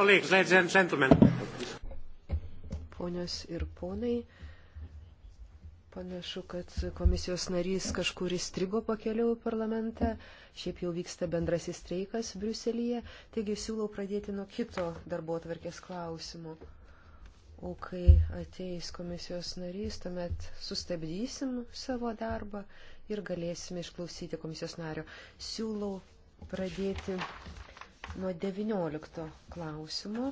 Colleagues, ladies and gentlemen. Ponios ir ponai, panašu, kad komisijos narys kažkur įstrigo pakeliau į parlamentą. Šiaip jau vyksta bendrasis streikas Briuselyje, taigi siūlau pradėti nuo kito darbo atvarkės klausimų. O kai ateis komisijos narys, tuomet sustabdysim savo darbą ir galėsime išklausyti komisijos nario. Siūlau pradėti nuo 19 klausimo.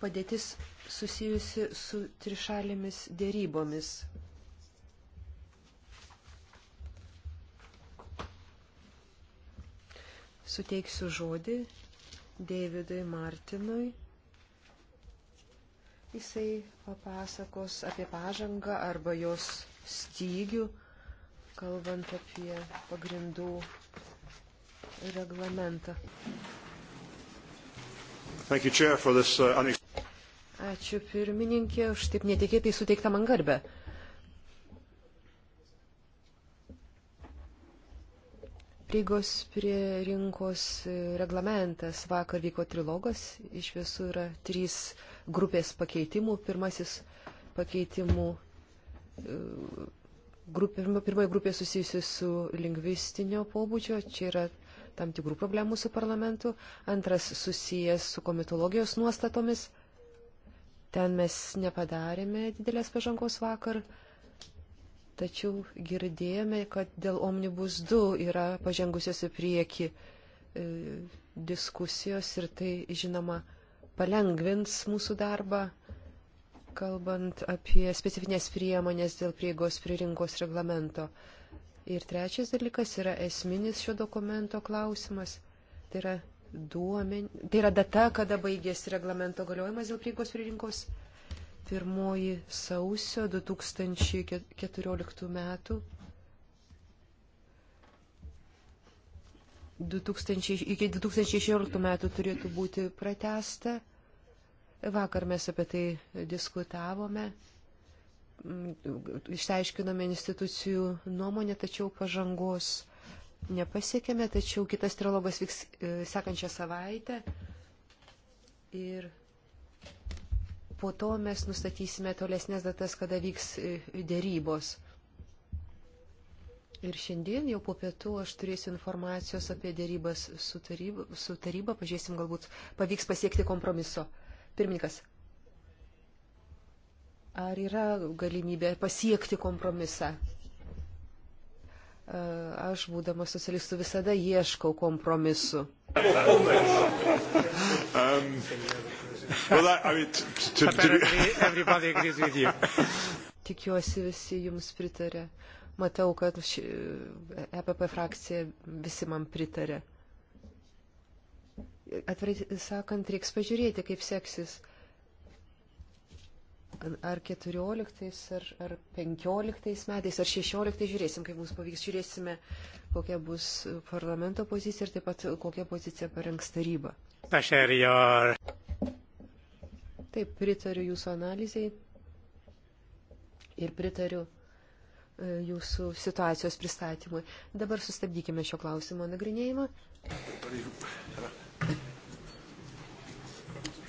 Padėtis susijusi su trišalėmis dėrybomis. Suteiksiu žodį Davidui Martinui. Jisai papasakos apie pažangą arba jos stygių, kalbant apie pagrindų reglamentą. Uh, Ačiū pirmininkė už taip netikėtai suteiktą man garbę. Prieigos prie rinkos reglamentas vakar vyko trilogas, iš visų yra trys grupės pakeitimų. Pirmasis pakeitimų e, grupė, pirmoji grupė susijusi su lingvistinio pobūdžio, čia yra tam tikrų problemų su parlamentu, antras susijęs su komitologijos nuostatomis. Ten mes nepadarėme didelės pažangos vakar, tačiau girdėjome, kad dėl Omnibus 2 yra pažengusios į priekį e, diskusijos ir tai, žinoma, palengvins mūsų darbą, kalbant apie specifines priemonės dėl prieigos prie rinkos reglamento. E, Ir trečias dalykas yra esminis šio dokumento klausimas. Tai yra, duomen... tai yra data, kada baigėsi reglamento galiojimas dėl prieigos prie rinkos. Pirmoji sausio 2014 metų. 2000, iki 2016 metų turėtų būti pratesta. Vakar mes apie tai diskutavome. Mm, išsiaiškinome institucijų nuomonę, tačiau pažangos nepasiekėme, tačiau kitas trilogas vyks e, sekančią savaitę. Ir po to mes nustatysime tolesnės datas, kada vyks e, dėrybos. Ir šiandien jau po pietų aš turėsiu informacijos apie dėrybas su taryba, su taryba. pažiūrėsim, galbūt pavyks pasiekti kompromiso. Pirmininkas, Ar yra galimybė pasiekti kompromisą? E, aš, būdamas socialistu, visada ieškau kompromisu. um, well, I mean, to, to... Tikiuosi visi jums pritarė. Matau, kad ši, EPP frakcija visi man pritarė. Atvirai sakant, reiks pažiūrėti, kaip seksis ar 14, ar, ar 15 metais, ar 16 žiūrėsim, kaip mums pavyks, žiūrėsime, kokia bus parlamento pozicija ir taip pat kokią poziciją parengs taryba. Pašerjor. Taip, pritariu jūsų analizai ir pritariu e, jūsų situacijos pristatymui. Dabar sustabdykime šio klausimo nagrinėjimą.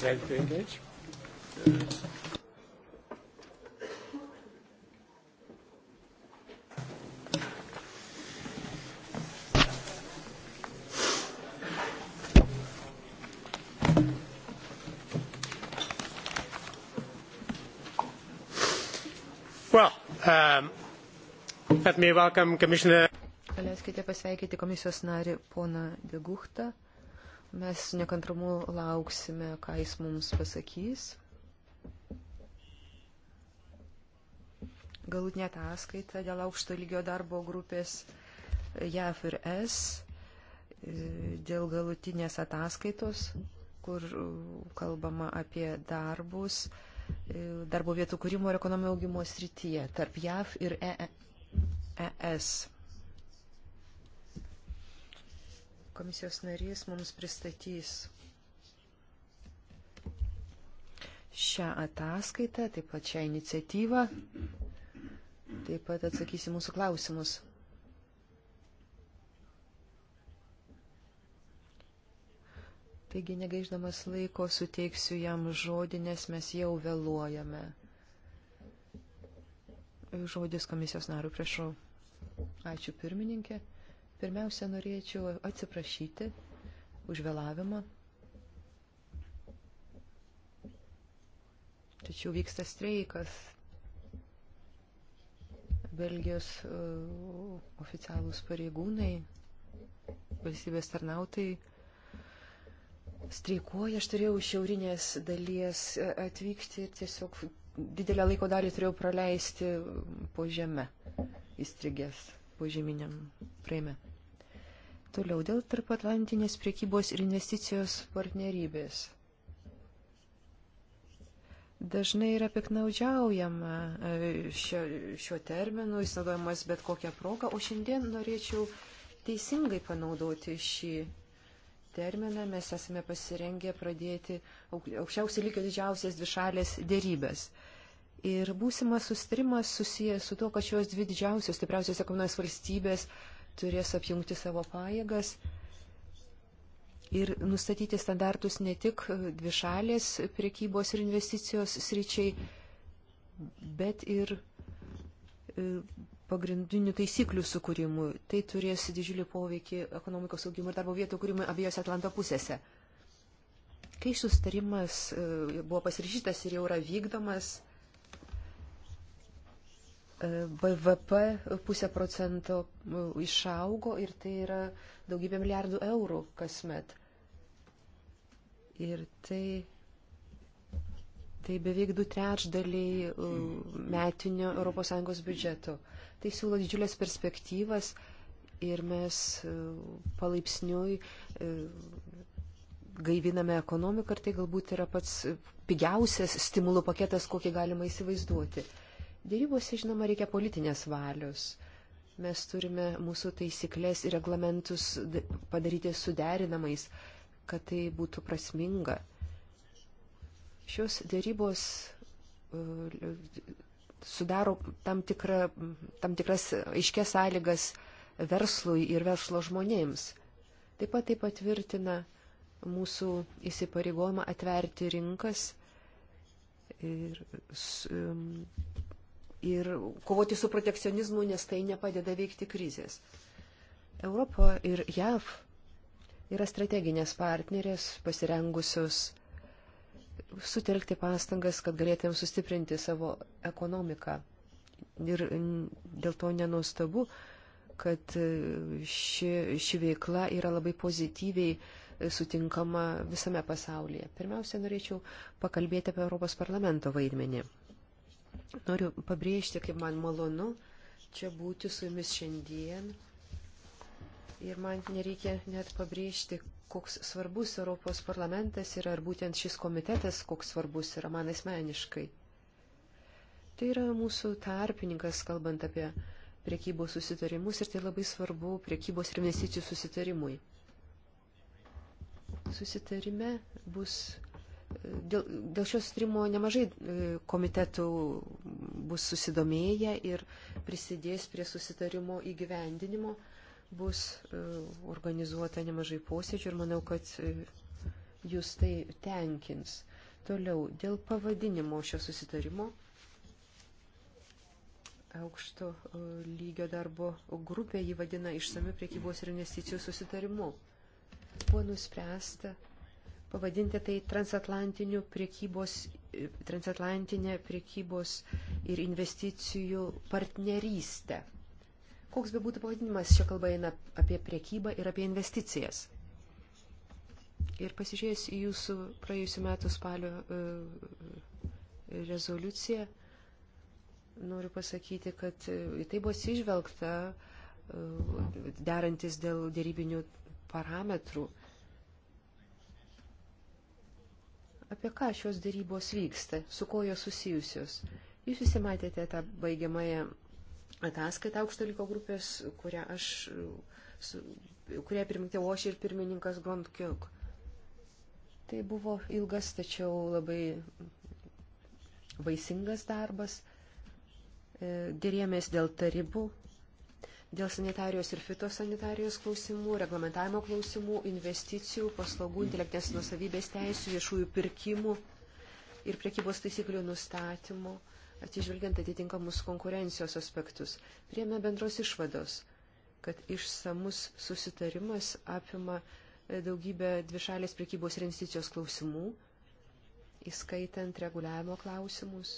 Thank you. Um, let me welcome Commissioner. Leiskite pasveikyti komisijos narį poną Deguchtą. Mes nekantramų lauksime, ką jis mums pasakys. Galutinė ataskaita dėl aukšto lygio darbo grupės JAF ir S, e, dėl galutinės ataskaitos, kur kalbama apie darbus, E, darbo vietų kūrimo ir ekonominio augimo srityje tarp JAV ir ES. E, e Komisijos narys mums pristatys šią ataskaitą, taip pat šią iniciatyvą, taip pat atsakysi mūsų klausimus. Taigi negaiždamas laiko suteiksiu jam žodį, nes mes jau vėluojame. Žodis komisijos nariu, prašau. Ačiū pirmininkė. Pirmiausia, norėčiau atsiprašyti už vėlavimą. Tačiau vyksta streikas. Belgijos uh, oficialūs pareigūnai, valstybės tarnautai streikuoja, aš turėjau šiaurinės dalies e, atvykti ir tiesiog didelę laiko dalį turėjau praleisti po žemę, įstrigęs po žeminiam praime. Toliau dėl tarp Atlantinės priekybos ir investicijos partnerybės. Dažnai yra piknaudžiaujama e, šio, šiuo terminu, jis naudojamas bet kokią progą, o šiandien norėčiau teisingai panaudoti šį terminą mes esame pasirengę pradėti aukščiausio lygio didžiausias dvišalės dėrybės. Ir būsimas sustarimas susijęs su to, kad šios dvi didžiausios, stipriausios ekonominės valstybės turės apjungti savo pajėgas ir nustatyti standartus ne tik dvišalės priekybos ir investicijos sričiai, bet ir e, pagrindinių taisyklių sukūrimui. Tai turės didžiulį poveikį ekonomikos augimui ir darbo vietų kūrimui abiejose Atlanto pusėse. Kai sustarimas e, buvo pasirašytas ir jau yra vykdomas, e, BVP pusę procento e, išaugo ir tai yra daugybė milijardų eurų kasmet. Ir tai, tai beveik du trečdaliai metinio ES biudžeto. Tai siūlo didžiulės perspektyvas ir mes e, palaipsniui e, gaiviname ekonomiką ir tai galbūt yra pats e, pigiausias stimulų paketas, kokį galima įsivaizduoti. Dėrybose, žinoma, reikia politinės valios. Mes turime mūsų taisyklės ir reglamentus padaryti suderinamais, kad tai būtų prasminga. Šios dėrybos sudaro tam, tikra, tam tikras aiškės sąlygas verslui ir verslo žmonėms. Taip pat tai patvirtina mūsų įsipareigojimą atverti rinkas ir, um, ir kovoti su protekcionizmu, nes tai nepadeda veikti krizės. Europa ir JAV yra strateginės partnerės pasirengusios sutelkti pastangas, kad galėtumėm sustiprinti savo ekonomiką. Ir dėl to nenustabu, kad e, ši, ši veikla yra labai pozityviai e, sutinkama visame pasaulyje. Pirmiausia, norėčiau pakalbėti apie Europos parlamento vaidmenį. Noriu pabrėžti, kaip man malonu čia būti su jumis šiandien. Ir man nereikia net pabrėžti, koks svarbus Europos parlamentas yra ir būtent šis komitetas, koks svarbus yra man asmeniškai. Tai yra mūsų tarpininkas, kalbant apie priekybos susitarimus ir tai labai svarbu priekybos ir investicijų susitarimui. Susitarime bus dėl, dėl šios strimo nemažai e, komitetų bus susidomėję ir prisidės prie susitarimo įgyvendinimo bus e, organizuota nemažai posėdžių ir manau, kad e, jūs tai tenkins. Toliau, dėl pavadinimo šio susitarimo aukšto e, lygio darbo grupė jį vadina išsami priekybos ir investicijų susitarimu. Buvo nuspręsta pavadinti tai transatlantinių priekybos, transatlantinė priekybos ir investicijų partnerystė. Koks be būtų pavadinimas, šia kalba eina apie priekybą ir apie investicijas. Ir pasižiūrėjus į jūsų praėjusiu metu spalio e, rezoliuciją, noriu pasakyti, kad e, į tai buvo atsižvelgta e, derantis dėl dėrybinių parametrų. Apie ką šios dėrybos vyksta, su ko jos susijusios? Jūs visi matėte tą baigiamąją ataskaitą aukšto lygio grupės, kurią aš, su, kurią pirmininkė Oš ir pirmininkas Grondkiuk. Tai buvo ilgas, tačiau labai vaisingas darbas. E, Dėrėmės dėl tarybų, dėl sanitarijos ir fitosanitarijos klausimų, reglamentavimo klausimų, investicijų, paslaugų, intelektinės nusavybės teisų, viešųjų pirkimų ir priekybos taisyklių nustatymo atsižvelgiant atitinkamus konkurencijos aspektus, priemė bendros išvados, kad išsamus susitarimas apima e, daugybę dvišalės prekybos ir investicijos klausimų, įskaitant reguliavimo klausimus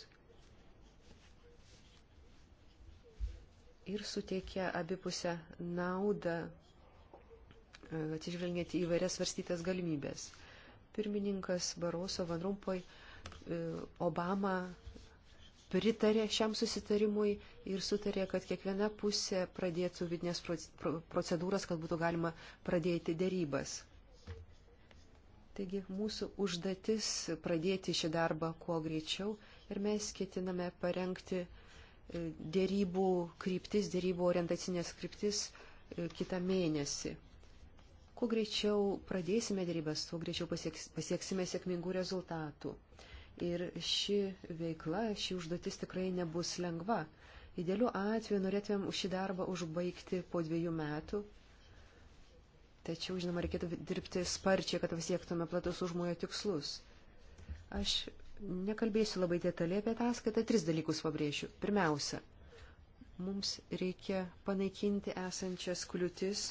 ir suteikia abipusę naudą, e, atsižvelgiant į vairias svarstytas galimybės. Pirmininkas Baroso Van Rumpoj e, Obama pritarė šiam susitarimui ir sutarė, kad kiekviena pusė pradėtų vidinės procedūras, kad būtų galima pradėti dėrybas. Taigi mūsų užduotis pradėti šį darbą kuo greičiau ir mes ketiname parengti e, dėrybų kryptis, dėrybų orientacinės kryptis e, kitą mėnesį. Kuo greičiau pradėsime dėrybas, tuo greičiau pasieks, pasieksime sėkmingų rezultatų. Ir ši veikla, ši užduotis tikrai nebus lengva. Idealiu atveju norėtumėm šį darbą užbaigti po dviejų metų. Tačiau, žinoma, reikėtų dirbti sparčiai, kad pasiektume platus užmojo tikslus. Aš nekalbėsiu labai detaliai apie ataskaitą, tris dalykus pabrėšiu. Pirmiausia, mums reikia panaikinti esančias kliūtis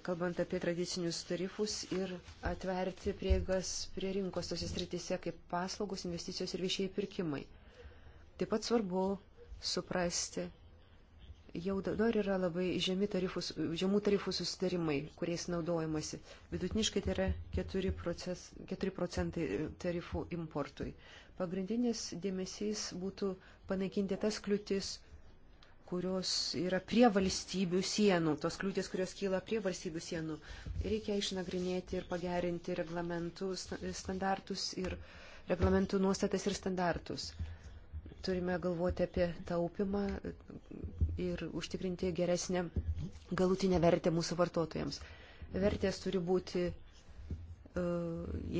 kalbant apie tradicinius tarifus ir atverti prieigas prie rinkos tose sritise kaip paslaugos, investicijos ir viešieji pirkimai. Taip pat svarbu suprasti, jau dabar yra labai tarifus, žemų tarifų susitarimai, kuriais naudojamasi. Vidutiniškai tai yra 4, proces, 4 procentai tarifų importui. Pagrindinis dėmesys būtų panaikinti tas kliūtis, kurios yra prie valstybių sienų, tos kliūtis, kurios kyla prie valstybių sienų. Reikia išnagrinėti ir pagerinti reglamentų standartus ir reglamentų nuostatas ir standartus. Turime galvoti apie taupimą ir užtikrinti geresnę galutinę vertę mūsų vartotojams. Vertės turi būti e,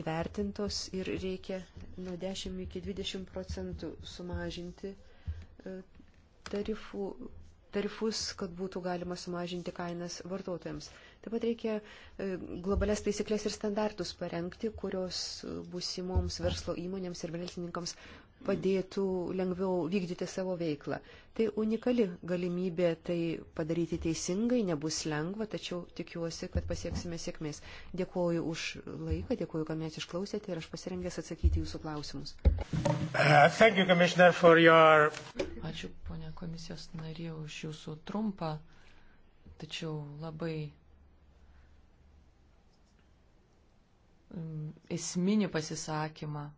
įvertintos ir reikia nuo 10 iki 20 procentų sumažinti e, tarifų, tarifus, kad būtų galima sumažinti kainas vartotojams. Taip pat reikia e, globales taisyklės ir standartus parengti, kurios e, būsimoms verslo įmonėms ir verslininkams padėtų lengviau vykdyti savo veiklą. Tai unikali galimybė tai padaryti teisingai, nebus lengva, tačiau tikiuosi, kad pasieksime sėkmės. Dėkuoju už laiką, dėkuoju, kad mes išklausėte ir aš pasirengęs atsakyti jūsų klausimus. Uh, you, your... Ačiū, ponia komisijos narė, už jūsų trumpą, tačiau labai mm, esminį pasisakymą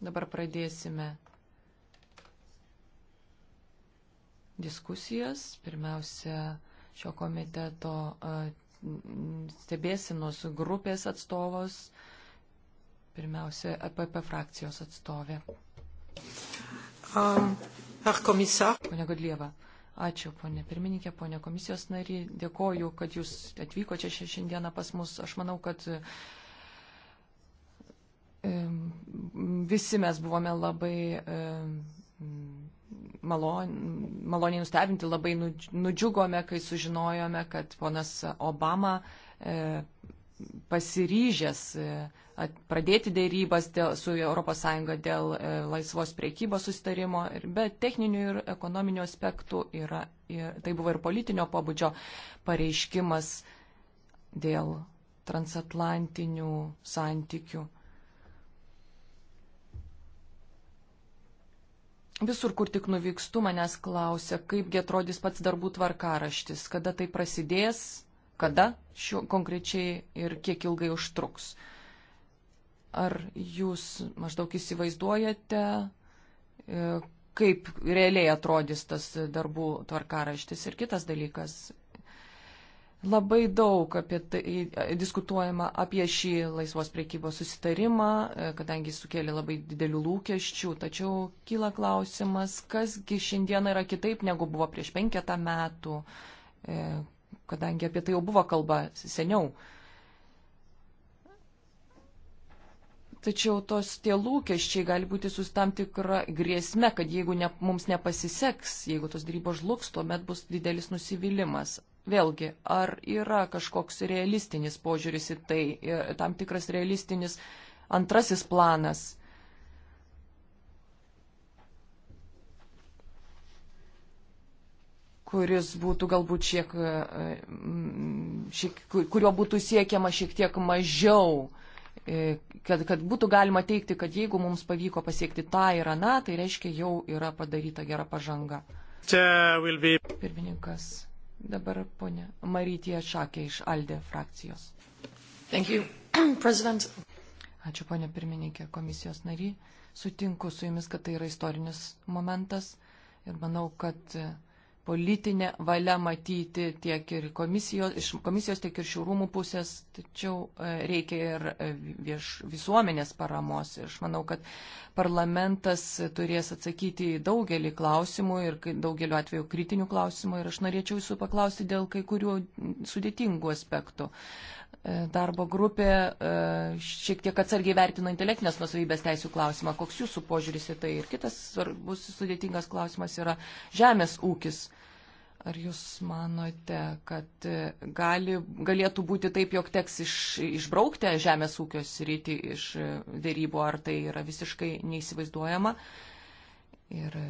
Dabar pradėsime diskusijas. Pirmiausia, šio komiteto stebėsinos grupės atstovos, pirmiausia, APP e frakcijos atstovė. Ar komisar? Pone Godlieva. Ačiū, ponė pirmininkė, ponė komisijos nariai. Dėkoju, kad jūs atvyko čia šiandieną pas mus. Aš manau, kad visi mes buvome labai malon, maloniai nustebinti, labai nudžiugome, kai sužinojome, kad ponas Obama e, pasiryžęs e, pradėti dėrybas dėl, su ES dėl e, laisvos priekybos sustarimo, bet techninių ir ekonominių aspektų yra, ir, tai buvo ir politinio pobūdžio pareiškimas dėl transatlantinių santykių Visur, kur tik nuvykstu, manęs klausia, kaipgi atrodys pats darbų tvarkaraštis, kada tai prasidės, kada šiuo konkrečiai ir kiek ilgai užtruks. Ar jūs maždaug įsivaizduojate, e, kaip realiai atrodys tas darbų tvarkaraštis ir kitas dalykas, Labai daug apie tai diskutuojama apie šį laisvos priekybos susitarimą, kadangi jis sukėlė labai didelių lūkesčių, tačiau kyla klausimas, kasgi šiandieną yra kitaip negu buvo prieš penketą metų, e, kadangi apie tai jau buvo kalba seniau. Tačiau tos tie lūkesčiai gali būti su tam tikra grėsme, kad jeigu ne, mums nepasiseks, jeigu tos darybos žlugs, tuomet bus didelis nusivylimas vėlgi, ar yra kažkoks realistinis požiūris į tai, e, tam tikras realistinis antrasis planas. kuris būtų galbūt šiek, e, šiek, kurio būtų siekiama šiek tiek mažiau, e, kad, kad būtų galima teikti, kad jeigu mums pavyko pasiekti tą ir aną, tai reiškia jau yra padaryta gera pažanga. Be... Pirmininkas. Dabar ponė Marytė Šakė iš Aldė frakcijos. Thank you, President. Ačiū, ponė pirmininkė, komisijos nary. Sutinku su jumis, kad tai yra istorinis momentas ir manau, kad politinė valia matyti tiek ir komisijos, iš komisijos, tiek ir šių rūmų pusės, tačiau e, reikia ir e, vieš, visuomenės paramos. Aš manau, kad parlamentas turės atsakyti į daugelį klausimų ir daugeliu atveju kritinių klausimų ir aš norėčiau jūsų paklausti dėl kai kurių sudėtingų aspektų. E, darbo grupė e, šiek tiek atsargiai vertino intelektinės nusavybės teisų klausimą. Koks jūsų požiūris į tai? Ir kitas svarbus sudėtingas klausimas yra žemės ūkis. Ar jūs manote, kad e, gali, galėtų būti taip, jog teks iš, išbraukti žemės ūkio sritį iš dėrybų, ar tai yra visiškai neįsivaizduojama? Ir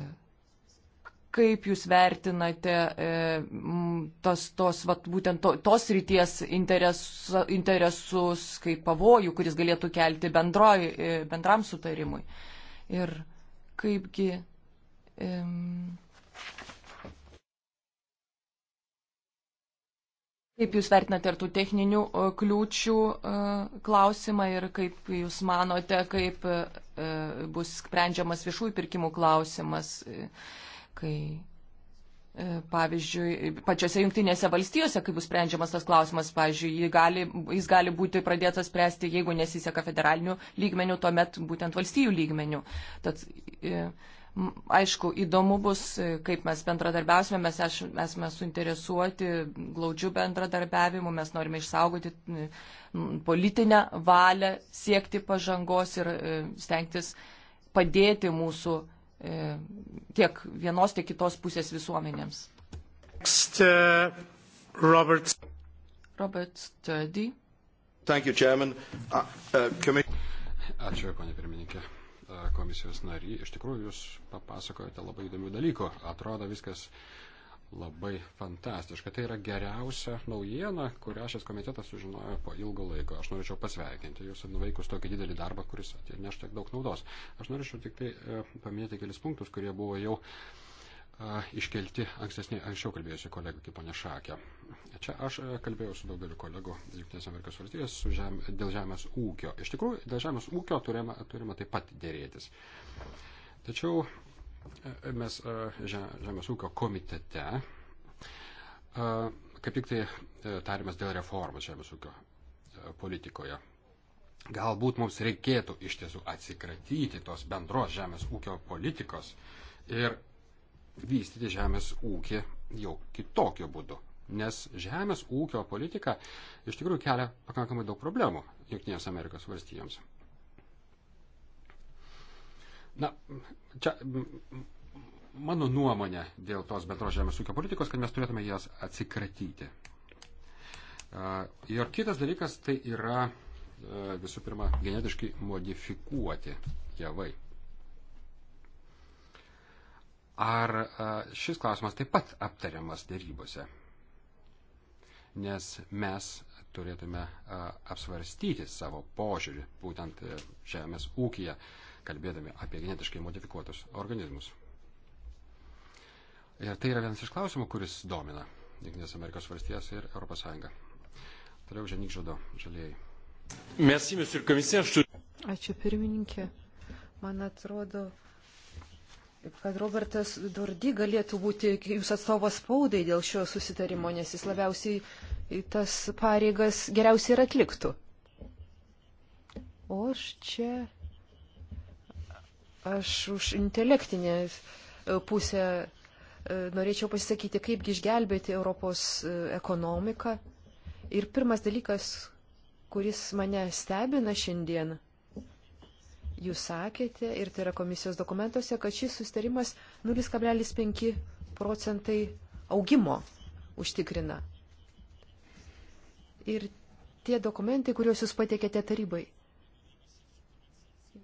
kaip jūs vertinate e, tas, tos, vat, būtent to, tos ryties interes, interesus kaip pavojų, kuris galėtų kelti bendroj, e, bendram sutarimui. Ir kaipgi. E, kaip jūs vertinate ir tų techninių e, kliūčių e, klausimą ir kaip jūs manote, kaip e, e bus sprendžiamas viešųjų pirkimų klausimas. E, kai e, Pavyzdžiui, pačiose jungtinėse valstijose, kai bus sprendžiamas tas klausimas, pavyzdžiui, jis gali, jis gali būti pradėtas spręsti, jeigu nesiseka federalinių lygmenių, tuomet būtent valstijų lygmenių. Tad, e, aišku, įdomu bus, e, kaip mes bendradarbiausime, mes esame suinteresuoti glaudžių bendradarbiavimų, mes norime išsaugoti politinę valią, siekti pažangos ir stengtis padėti mūsų E, tiek vienos, tiek kitos pusės visuomenėms. Next, uh, Robert. Robert Sturdy. Thank you, Chairman. Uh, uh, Ačiū, panė pirmininkė. Uh, komisijos nariai, iš tikrųjų jūs papasakojote labai įdomių dalykų. Atrodo viskas uh, labai fantastiška. Tai yra geriausia naujiena, kurią šis komitetas sužinojo po ilgo laiko. Aš norėčiau pasveikinti jūs nuveikus tokį didelį darbą, kuris atneš tiek daug naudos. Aš norėčiau tik tai e, paminėti kelis punktus, kurie buvo jau a, e, iškelti ankstesnė, anksčiau kalbėjusių kolegų, kaip ponė Šakė. Čia aš e, kalbėjau su daugeliu kolegų Junktinės Amerikos valstijos žem, dėl žemės ūkio. Iš tikrųjų, dėl žemės ūkio turime, turime taip pat dėrėtis. Tačiau E, mes e, Žemės ūkio komitete e, kaip tik tai tarėmės dėl reformos Žemės ūkio politikoje. Galbūt mums reikėtų iš tiesų atsikratyti tos bendros žemės ūkio politikos ir vystyti žemės ūkį jau kitokiu būdu. Nes žemės ūkio politika iš tikrųjų kelia pakankamai daug problemų Junktinės Amerikos valstijoms. Na, čia mano nuomonė dėl tos bendros žemės ūkio politikos, kad mes turėtume jas atsikratyti. Ir kitas dalykas tai yra visų pirma genetiškai modifikuoti javai. Ar šis klausimas taip pat aptariamas dėrybose? Nes mes turėtume apsvarstyti savo požiūrį būtent e, žemės ūkija. Uh, kalbėdami apie genetiškai modifikuotus organizmus. Ir tai yra vienas iš klausimų, kuris domina Junktinės Amerikos valstijas ir Europos Sąjungą. Toliau Ženik Žado, žalieji. Merci, monsieur le commissaire. Ačiū pirmininkė. Man atrodo, kad Robertas Dordy galėtų būti jūs atstovas spaudai dėl šio susitarimo, nes jis labiausiai tas pareigas geriausiai ir atliktų. O aš čia Aš už intelektinę e, pusę e, norėčiau pasisakyti, kaipgi išgelbėti Europos e, ekonomiką. Ir pirmas dalykas, kuris mane stebina šiandien, jūs sakėte, ir tai yra komisijos dokumentuose, kad šis sustarimas 0,5 procentai augimo užtikrina. Ir tie dokumentai, kuriuos jūs patiekėte tarybai,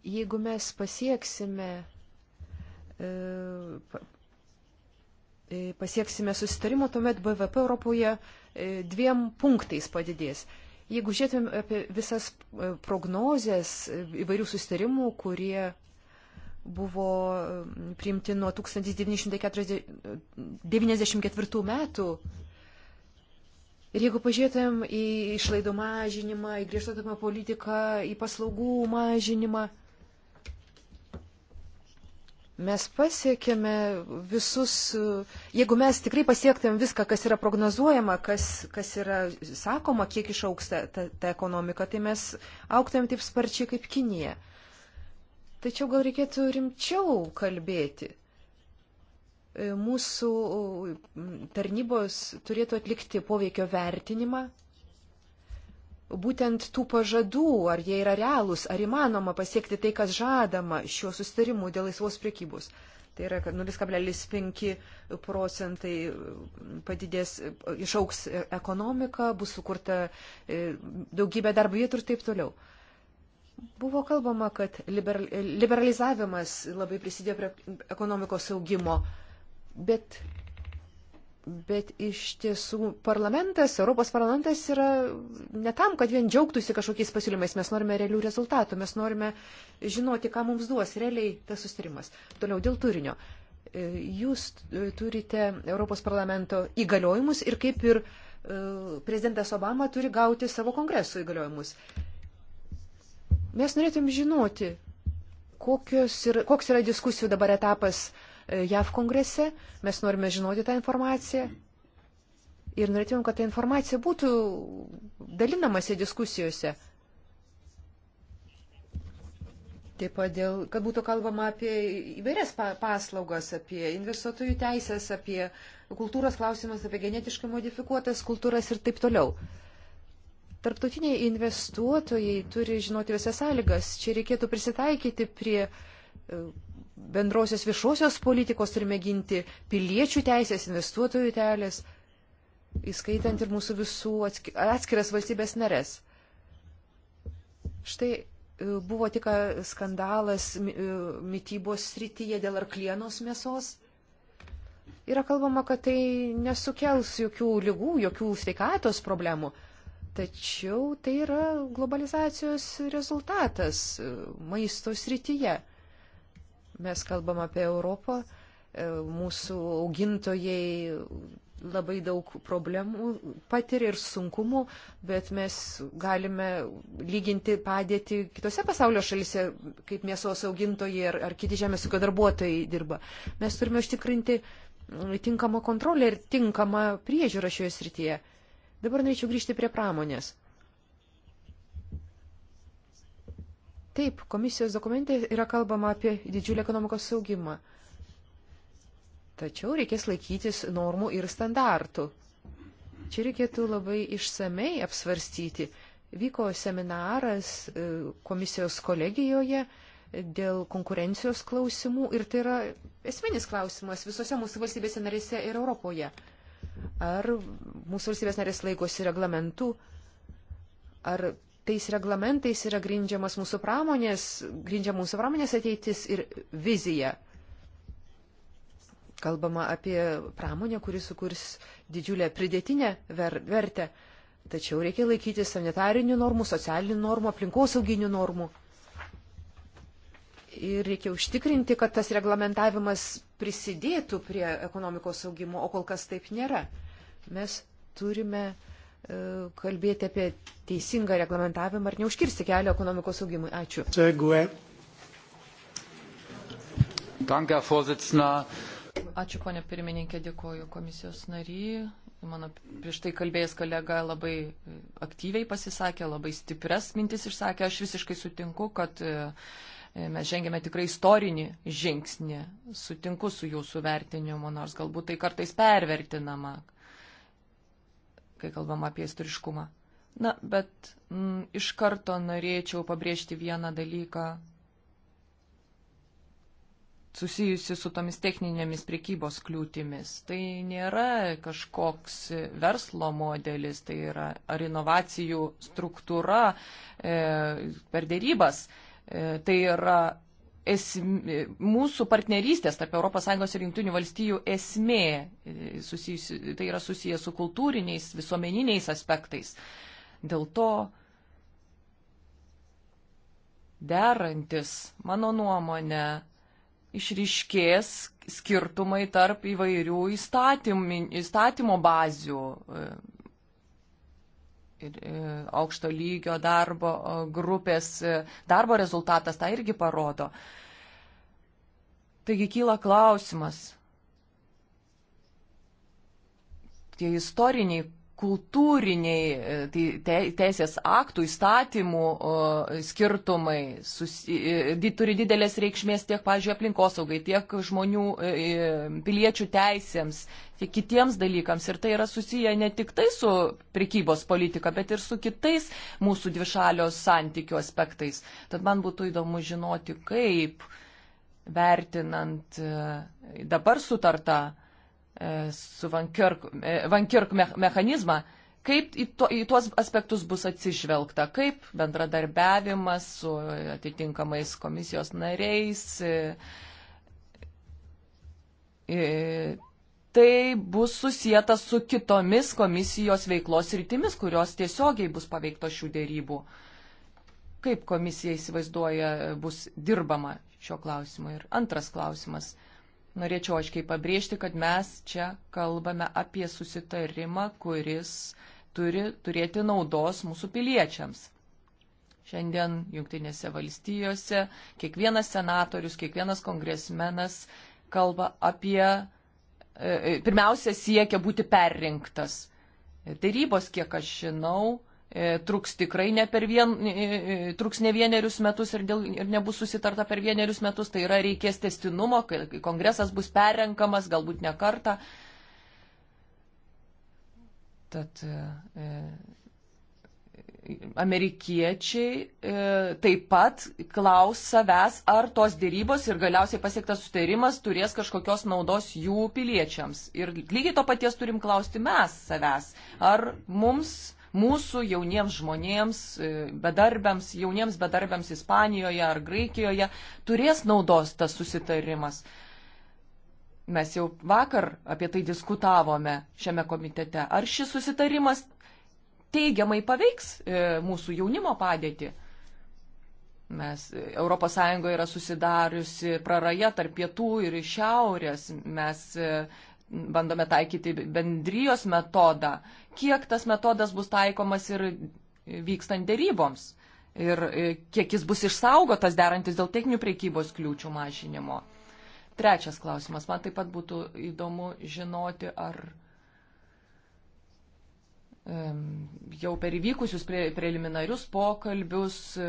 Jeigu mes pasieksime, e, e, pasieksime susitarimo, tuomet BVP Europoje e, dviem punktais padidės. Jeigu žiūrėtum apie visas prognozes įvairių susitarimų, kurie buvo priimti nuo 1994 metų. Ir jeigu pažiūrėtumėm į išlaidų mažinimą, į griežtotumą politiką, į paslaugų mažinimą, mes pasiekėme visus, jeigu mes tikrai pasiektėm viską, kas yra prognozuojama, kas, kas yra sakoma, kiek išauks ta, ta, ta ekonomika, tai mes auktumėm taip sparčiai kaip Kinija. Tačiau gal reikėtų rimčiau kalbėti. Mūsų tarnybos turėtų atlikti poveikio vertinimą, būtent tų pažadų, ar jie yra realūs, ar įmanoma pasiekti tai, kas žadama šiuo sustarimu dėl laisvos priekybos. Tai yra, kad 0,5 procentai padidės, išauks ekonomika, bus sukurta e, daugybė darbo vietų ir taip toliau. Buvo kalbama, kad liberalizavimas labai prisidėjo prie ekonomikos augimo, bet Bet iš tiesų parlamentas, Europos parlamentas yra ne tam, kad vien džiaugtųsi kažkokiais pasiūlymais. Mes norime realių rezultatų, mes norime žinoti, ką mums duos realiai tas sustarimas. Toliau dėl turinio. E, jūs e, turite Europos parlamento įgaliojimus ir kaip ir e, prezidentas Obama turi gauti savo kongresų įgaliojimus. Mes norėtum žinoti, kokios ir, koks yra diskusijų dabar etapas uh, JAV kongrese, mes norime žinoti tą informaciją ir norėtumėm, kad ta informacija būtų dalinamasi diskusijose. Taip pat dėl, kad būtų kalbama apie įvairias paslaugas, apie investuotojų teisės, apie kultūros klausimas, apie genetiškai modifikuotas kultūras ir taip toliau. Tarptautiniai investuotojai turi žinoti visas sąlygas. Čia reikėtų prisitaikyti prie bendrosios viešosios politikos turime ginti piliečių teisės, investuotojų teisės, įskaitant ir mūsų visų atskiras valstybės narės. Štai e, buvo tik skandalas mytybos e, srityje dėl arklienos mėsos. Yra kalbama, kad tai nesukels jokių lygų, jokių sveikatos problemų. Tačiau tai yra globalizacijos rezultatas e, maisto srityje mes kalbam apie Europą, e, mūsų augintojai labai daug problemų patiria ir sunkumų, bet mes galime lyginti padėti kitose pasaulio šalise, kaip mėsos augintojai ar, ar kiti žemės ūkio darbuotojai dirba. Mes turime užtikrinti tinkamą kontrolę ir tinkamą priežiūrą šioje srityje. Dabar norėčiau grįžti prie pramonės. Taip, komisijos dokumente yra kalbama apie didžiulį ekonomikos saugimą. Tačiau reikės laikytis normų ir standartų. Čia reikėtų labai išsamei apsvarstyti. Vyko seminaras e, komisijos kolegijoje dėl konkurencijos klausimų ir tai yra esminis klausimas visose mūsų valstybėse narėse ir Europoje. Ar mūsų valstybės narės laikosi reglamentų, ar tais reglamentais yra grindžiamas mūsų pramonės, grindžia mūsų pramonės ateitis ir vizija. Kalbama apie pramonę, kuris sukurs didžiulę pridėtinę ver vertę. Tačiau reikia laikyti sanitarinių normų, socialinių normų, aplinkosauginių normų. Ir reikia užtikrinti, kad tas reglamentavimas prisidėtų prie ekonomikos augimo, o kol kas taip nėra. Mes turime uh, E, kalbėti apie teisingą reglamentavimą ar neužkirsti kelio ekonomikos augimui. Ačiū. Ačiū, ponė pirmininkė, dėkoju komisijos nary. Mano prieš tai kalbėjęs kolega labai aktyviai pasisakė, labai stipres mintis išsakė. Aš visiškai sutinku, kad e, mes žengėme tikrai istorinį žingsnį. Sutinku su jūsų vertinimu, nors galbūt tai kartais pervertinama, kai kalbam apie istoriškumą. Na, bet m, mm, iš karto norėčiau pabrėžti vieną dalyką susijusi su tomis techninėmis priekybos kliūtimis. Tai nėra kažkoks verslo modelis, tai yra ar inovacijų struktūra e, per dėrybas. E, tai yra esmė, mūsų partnerystės tarp ES ir Junktinių valstybių esmė, e, susijusi, tai yra susijęs su kultūriniais, visuomeniniais aspektais. Dėl to derantis, mano nuomonė, išriškės skirtumai tarp įvairių įstatymų, įstatymo bazių e, ir e, aukšto lygio darbo e, grupės e, darbo rezultatas tą irgi parodo. Taigi kyla klausimas. Tie istoriniai kultūriniai e, tai teisės aktų, įstatymų skirtumai susi, e, turi didelės reikšmės tiek, pažiūrėjau, aplinkosaugai, tiek žmonių, e, piliečių teisėms, tiek kitiems dalykams. Ir tai yra susiję ne tik tai su prekybos politika, bet ir su kitais mūsų dvišalios santykių aspektais. Tad man būtų įdomu žinoti, kaip vertinant dabar sutartą E, su Vankirk, e, Vankirk mechanizmą, kaip į, to, į tuos aspektus bus atsižvelgta, kaip bendradarbiavimas su atitinkamais komisijos nariais. E, tai bus susijęta su kitomis komisijos veiklos rytimis, kurios tiesiogiai bus paveiktos šių dėrybų. Kaip komisija įsivaizduoja bus dirbama šio klausimo? Ir antras klausimas norėčiau aiškiai pabrėžti, kad mes čia kalbame apie susitarimą, kuris turi turėti naudos mūsų piliečiams. Šiandien Junktinėse valstijose kiekvienas senatorius, kiekvienas kongresmenas kalba apie, e, e pirmiausia, siekia būti perrinktas. Darybos, kiek aš žinau, E, truks tikrai ne per vien, e, e, truks ne vienerius metus ir, dėl, ir nebus susitarta per vienerius metus, tai yra reikės testinumo, kai kongresas bus perrenkamas, galbūt ne kartą. Tad e, amerikiečiai e, taip pat klaus savęs, ar tos dėrybos ir galiausiai pasiektas sutarimas turės kažkokios naudos jų piliečiams. Ir lygiai to paties turim klausti mes savęs, ar mums mūsų jauniems žmonėms, e, bedarbiams, jauniems bedarbiams Ispanijoje ar Graikijoje turės naudos tas susitarimas. Mes jau vakar apie tai diskutavome šiame komitete. Ar šis susitarimas teigiamai paveiks e, mūsų jaunimo padėtį? Mes ES yra susidariusi praraja tarp pietų ir šiaurės. Mes e, bandome taikyti bendrijos metodą, kiek tas metodas bus taikomas ir vykstant dėryboms ir e, kiek jis bus išsaugotas derantis dėl techninių priekybos kliūčių mažinimo. Trečias klausimas. Man taip pat būtų įdomu žinoti, ar jau per įvykusius pre, preliminarius pokalbius e,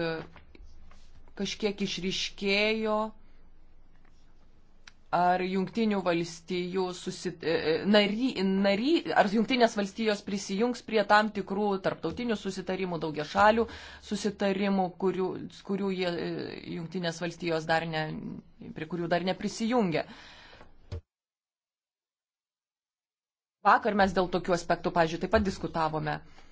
kažkiek išriškėjo ar jungtinių valstijų susit... E, e, nary, nary, ar jungtinės valstijos prisijungs prie tam tikrų tarptautinių susitarimų, daugia šalių susitarimų, kurių, kurių jie, e, jungtinės valstijos dar ne, prie kurių dar neprisijungia. Vakar mes dėl tokių aspektų, pažiūrėjau, taip pat diskutavome. Uh,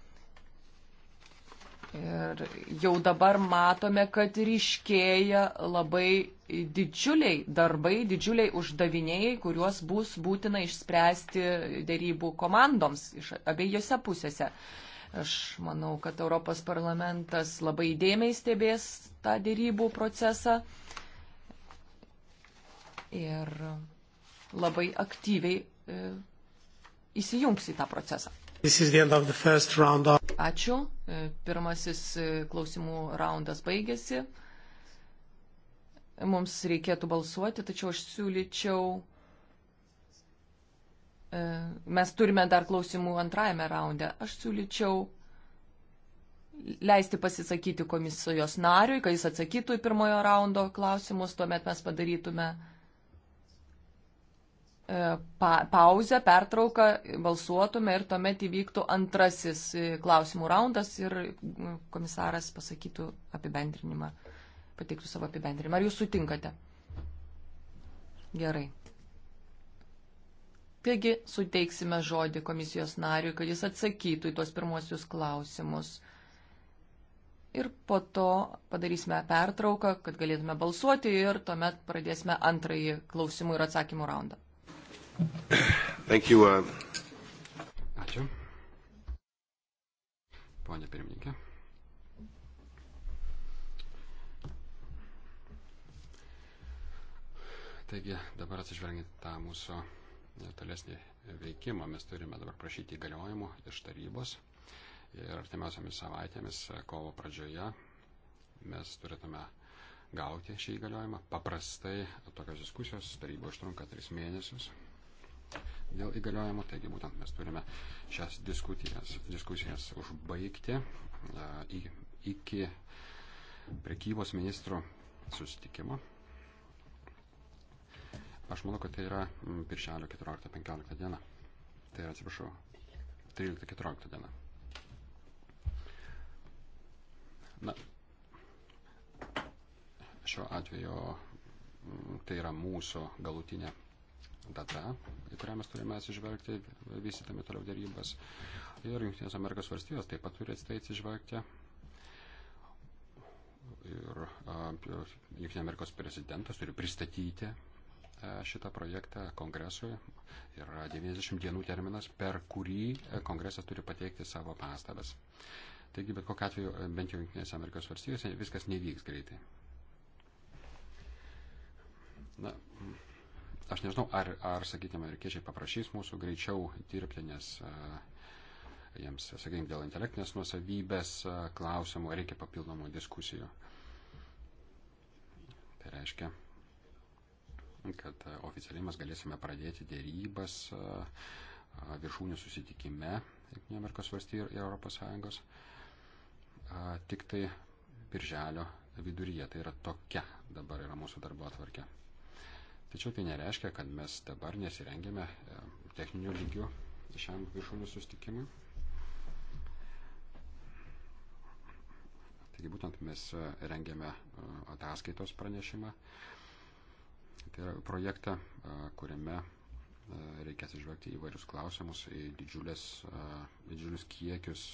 Ir jau dabar matome, kad ryškėja labai didžiuliai darbai, didžiuliai uždaviniai, kuriuos bus būtina išspręsti dėrybų komandoms iš abiejose pusėse. Aš manau, kad Europos parlamentas labai dėmiai stebės tą dėrybų procesą ir labai aktyviai e, įsijungs į tą procesą. Ačiū. E, pirmasis e, klausimų raundas baigėsi. Mums reikėtų balsuoti, tačiau aš siūlyčiau. E, mes turime dar klausimų antrajame raunde. Aš siūlyčiau leisti pasisakyti komisijos nariui, kai jis atsakytų į pirmojo raundo klausimus, tuomet mes padarytume uh, E, pa pauzę, pertrauką, balsuotume ir tuomet įvyktų antrasis e, klausimų raundas ir komisaras pasakytų apibendrinimą, pateiktų savo apibendrinimą. Ar jūs sutinkate? Gerai. Taigi suteiksime žodį komisijos nariui, kad jis atsakytų į tuos pirmosius klausimus. Ir po to padarysime pertrauką, kad galėtume balsuoti ir tuomet pradėsime antrąjį klausimų ir atsakymų raundą. Thank you. Uh... Ačiū. Pone pirmininkė. Taigi dabar atsižvelgiant tą mūsų tolesnį veikimą, mes turime dabar prašyti įgaliojimų iš tarybos ir artimiausiamis savaitėmis, kovo pradžioje, mes turėtume gauti šį įgaliojimą. Paprastai tokios diskusijos taryboje užtrunka tris mėnesius dėl įgaliojimų. Taigi būtent mes turime šias diskusijas, diskusijas užbaigti iki prekybos ministro susitikimo. Aš manau, kad tai yra piršelio 14-15 diena. Tai yra, atsiprašau, 13-14 diena. Na, šiuo atveju tai yra mūsų galutinė data, į kurią mes turime atsižvelgti, vystydami toliau dėrybas. Ir Junktinės Amerikos valstijos taip pat turi tai atsižvelgti. Ir Junktinės Amerikos prezidentas turi pristatyti šitą projektą kongresui. Yra 90 dienų terminas, per kurį kongresas turi pateikti savo pastabas. Taigi, bet kokiu atveju, bent jau Junktinės Amerikos valstijose viskas nevyks greitai. Na, Aš nežinau, ar, ar sakykime, amerikiečiai paprašys mūsų greičiau dirbti, nes e, jiems, e, sakykime, dėl intelektinės nuosavybės e, klausimų reikia papildomų diskusijų. Tai reiškia, kad oficialiai mes galėsime pradėti dėrybas viršūnių susitikime Amerikos valstybių ir Europos Sąjungos tik tai birželio viduryje. Tai yra tokia dabar yra mūsų darbo atvarkė. Tačiau tai nereiškia, kad mes dabar nesirengėme e, techninių lygių šiam viršūnių sustikimui. Taigi būtent mes e, rengėme e, ataskaitos pranešimą. Tai yra projektą, kuriame reikia atsižvelgti įvairius klausimus, į didžiulės, didžiulius kiekius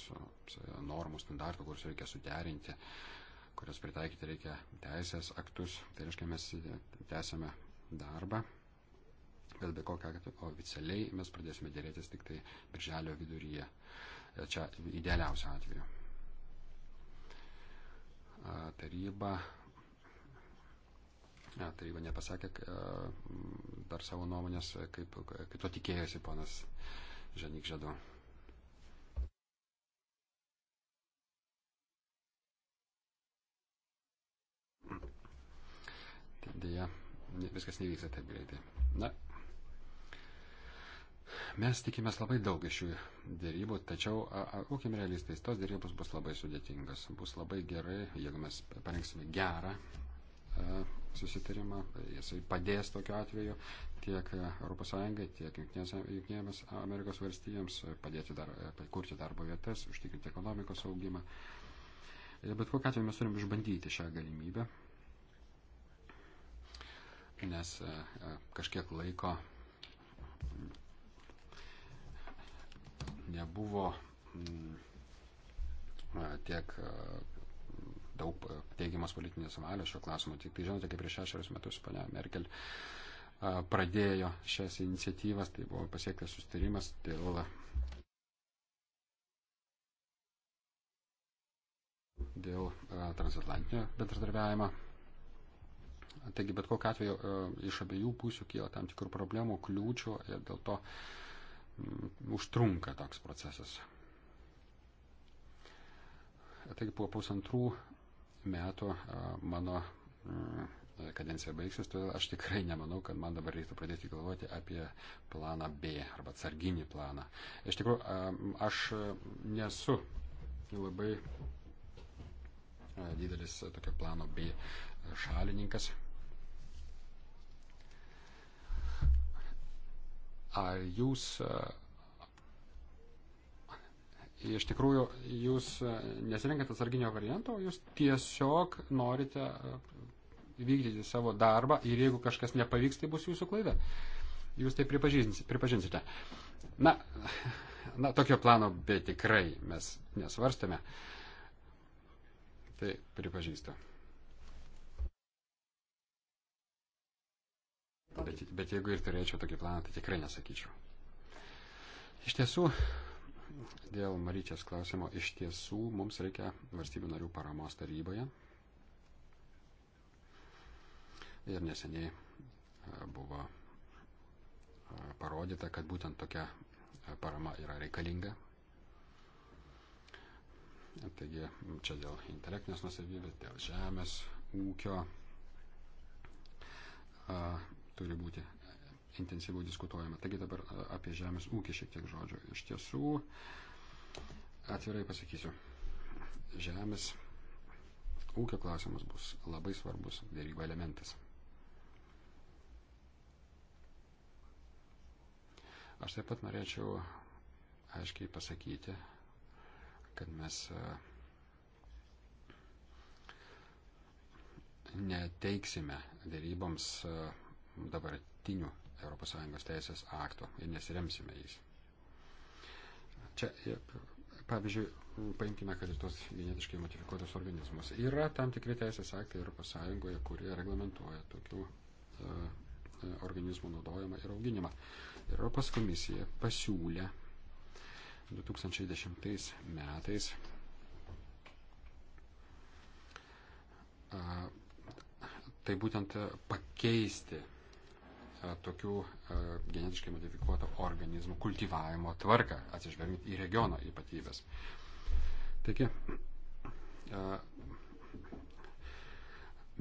normų standartų, kuriuos reikia suderinti, kurias pritaikyti reikia teisės aktus. Tai reiškia, mes tęsėme darbą, bet be kokio oficialiai mes pradėsime dėrėtis tik tai birželio viduryje. Čia idealiausiu atveju. Taryba. Taryba nepasakė dar savo nuomonės, kaip, kaip to tikėjosi ponas Žanik Žadu. Dėja, viskas nevyksta taip greitai. Na, mes tikimės labai daug iš šių dėrybų, tačiau, būkime realistais, tos dėrybos bus labai sudėtingos. Bus labai gerai, jeigu mes parengsime gerą a, susitarimą, jisai padės tokiu atveju tiek ES, tiek Junktinėms Amerikos valstijoms padėti dar, e, kurti darbo vietas, užtikrinti ekonomikos augimą. E, bet kokiu atveju mes turime išbandyti šią galimybę nes e, e, kažkiek laiko nebuvo mm, e, tiek daug teigiamas politinės valios šio klausimo. Tik tai žinote, kaip prieš šešerius metus ponia Merkel pradėjo šias iniciatyvas, tai buvo pasiektas sustarimas dėl, dėl transatlantinio bendradarbiavimo Taigi bet kokiu atveju e, iš abiejų pusių kyla tam tikrų problemų, kliūčių ir dėl to mm, užtrunka toks procesas. Taigi po pusantrų metų e, mano mm, kadencija baigsis, todėl aš tikrai nemanau, kad man dabar reiktų pradėti galvoti apie planą B arba atsarginį planą. Iš tikrųjų, e, aš nesu labai didelis tokio plano B šalininkas, Ar jūs e, iš tikrųjų jūs e, nesirinkate atsarginio varianto, jūs tiesiog norite e, vykdyti savo darbą ir jeigu kažkas nepavyks, tai bus jūsų klaida. Jūs tai pripažinsite. Na, na tokio plano be tikrai mes nesvarstame. Tai pripažįstu. Bet, bet jeigu ir turėčiau tokį planą, tai tikrai nesakyčiau. Iš tiesų, dėl Maryčias klausimo, iš tiesų mums reikia valstybių narių paramos taryboje. Ir neseniai e, buvo e, parodyta, kad būtent tokia e, parama yra reikalinga. Taigi čia dėl intelektinės nusavybės, dėl žemės, ūkio turi būti intensyviau diskutuojama. Taigi dabar apie žemės ūkį šiek tiek žodžių. Iš tiesų, atvirai pasakysiu, žemės ūkio klausimas bus labai svarbus dėrybo elementas. Aš taip pat norėčiau aiškiai pasakyti, kad mes neteiksime dėryboms uh, dabartinių ES teisės aktų ir nesiremsime jais. Čia, e, pavyzdžiui, paimkime, kad ir tos genetiškai modifikuotus organizmus. Yra tam tikri teisės aktai ES, kurie reglamentuoja tokių e, e, organizmų naudojimą ir auginimą. Europos komisija pasiūlė 2010 metais a, e, tai būtent pakeisti tokių genetiškai modifikuotų organizmų kultivavimo tvarką, atsižvelgiant į regiono ypatybės. Taigi,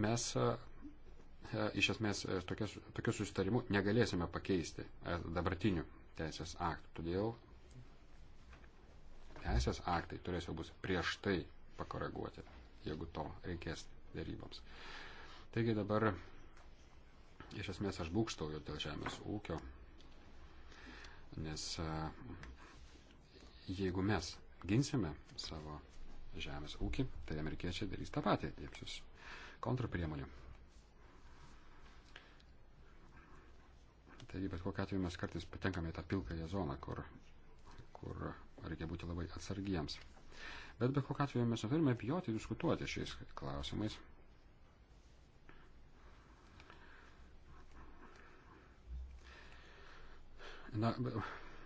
mes iš esmės tokiu susitarimu negalėsime pakeisti dabartinių teisės aktų. Todėl teisės aktai turės jau bus prieš tai pakoreguoti, jeigu to reikės daryboms. Taigi dabar Iš esmės aš būkštauju dėl žemės ūkio, nes e, jeigu mes ginsime savo žemės ūkį, tai amerikiečiai darys tą patį, imsis kontrapriemonių. Taigi, bet kokiu atveju mes kartais patenkame į tą pilkąją zoną, kur, kur reikia būti labai atsargiems. Bet bet kokiu atveju mes neturime bijoti diskutuoti šiais klausimais, Na,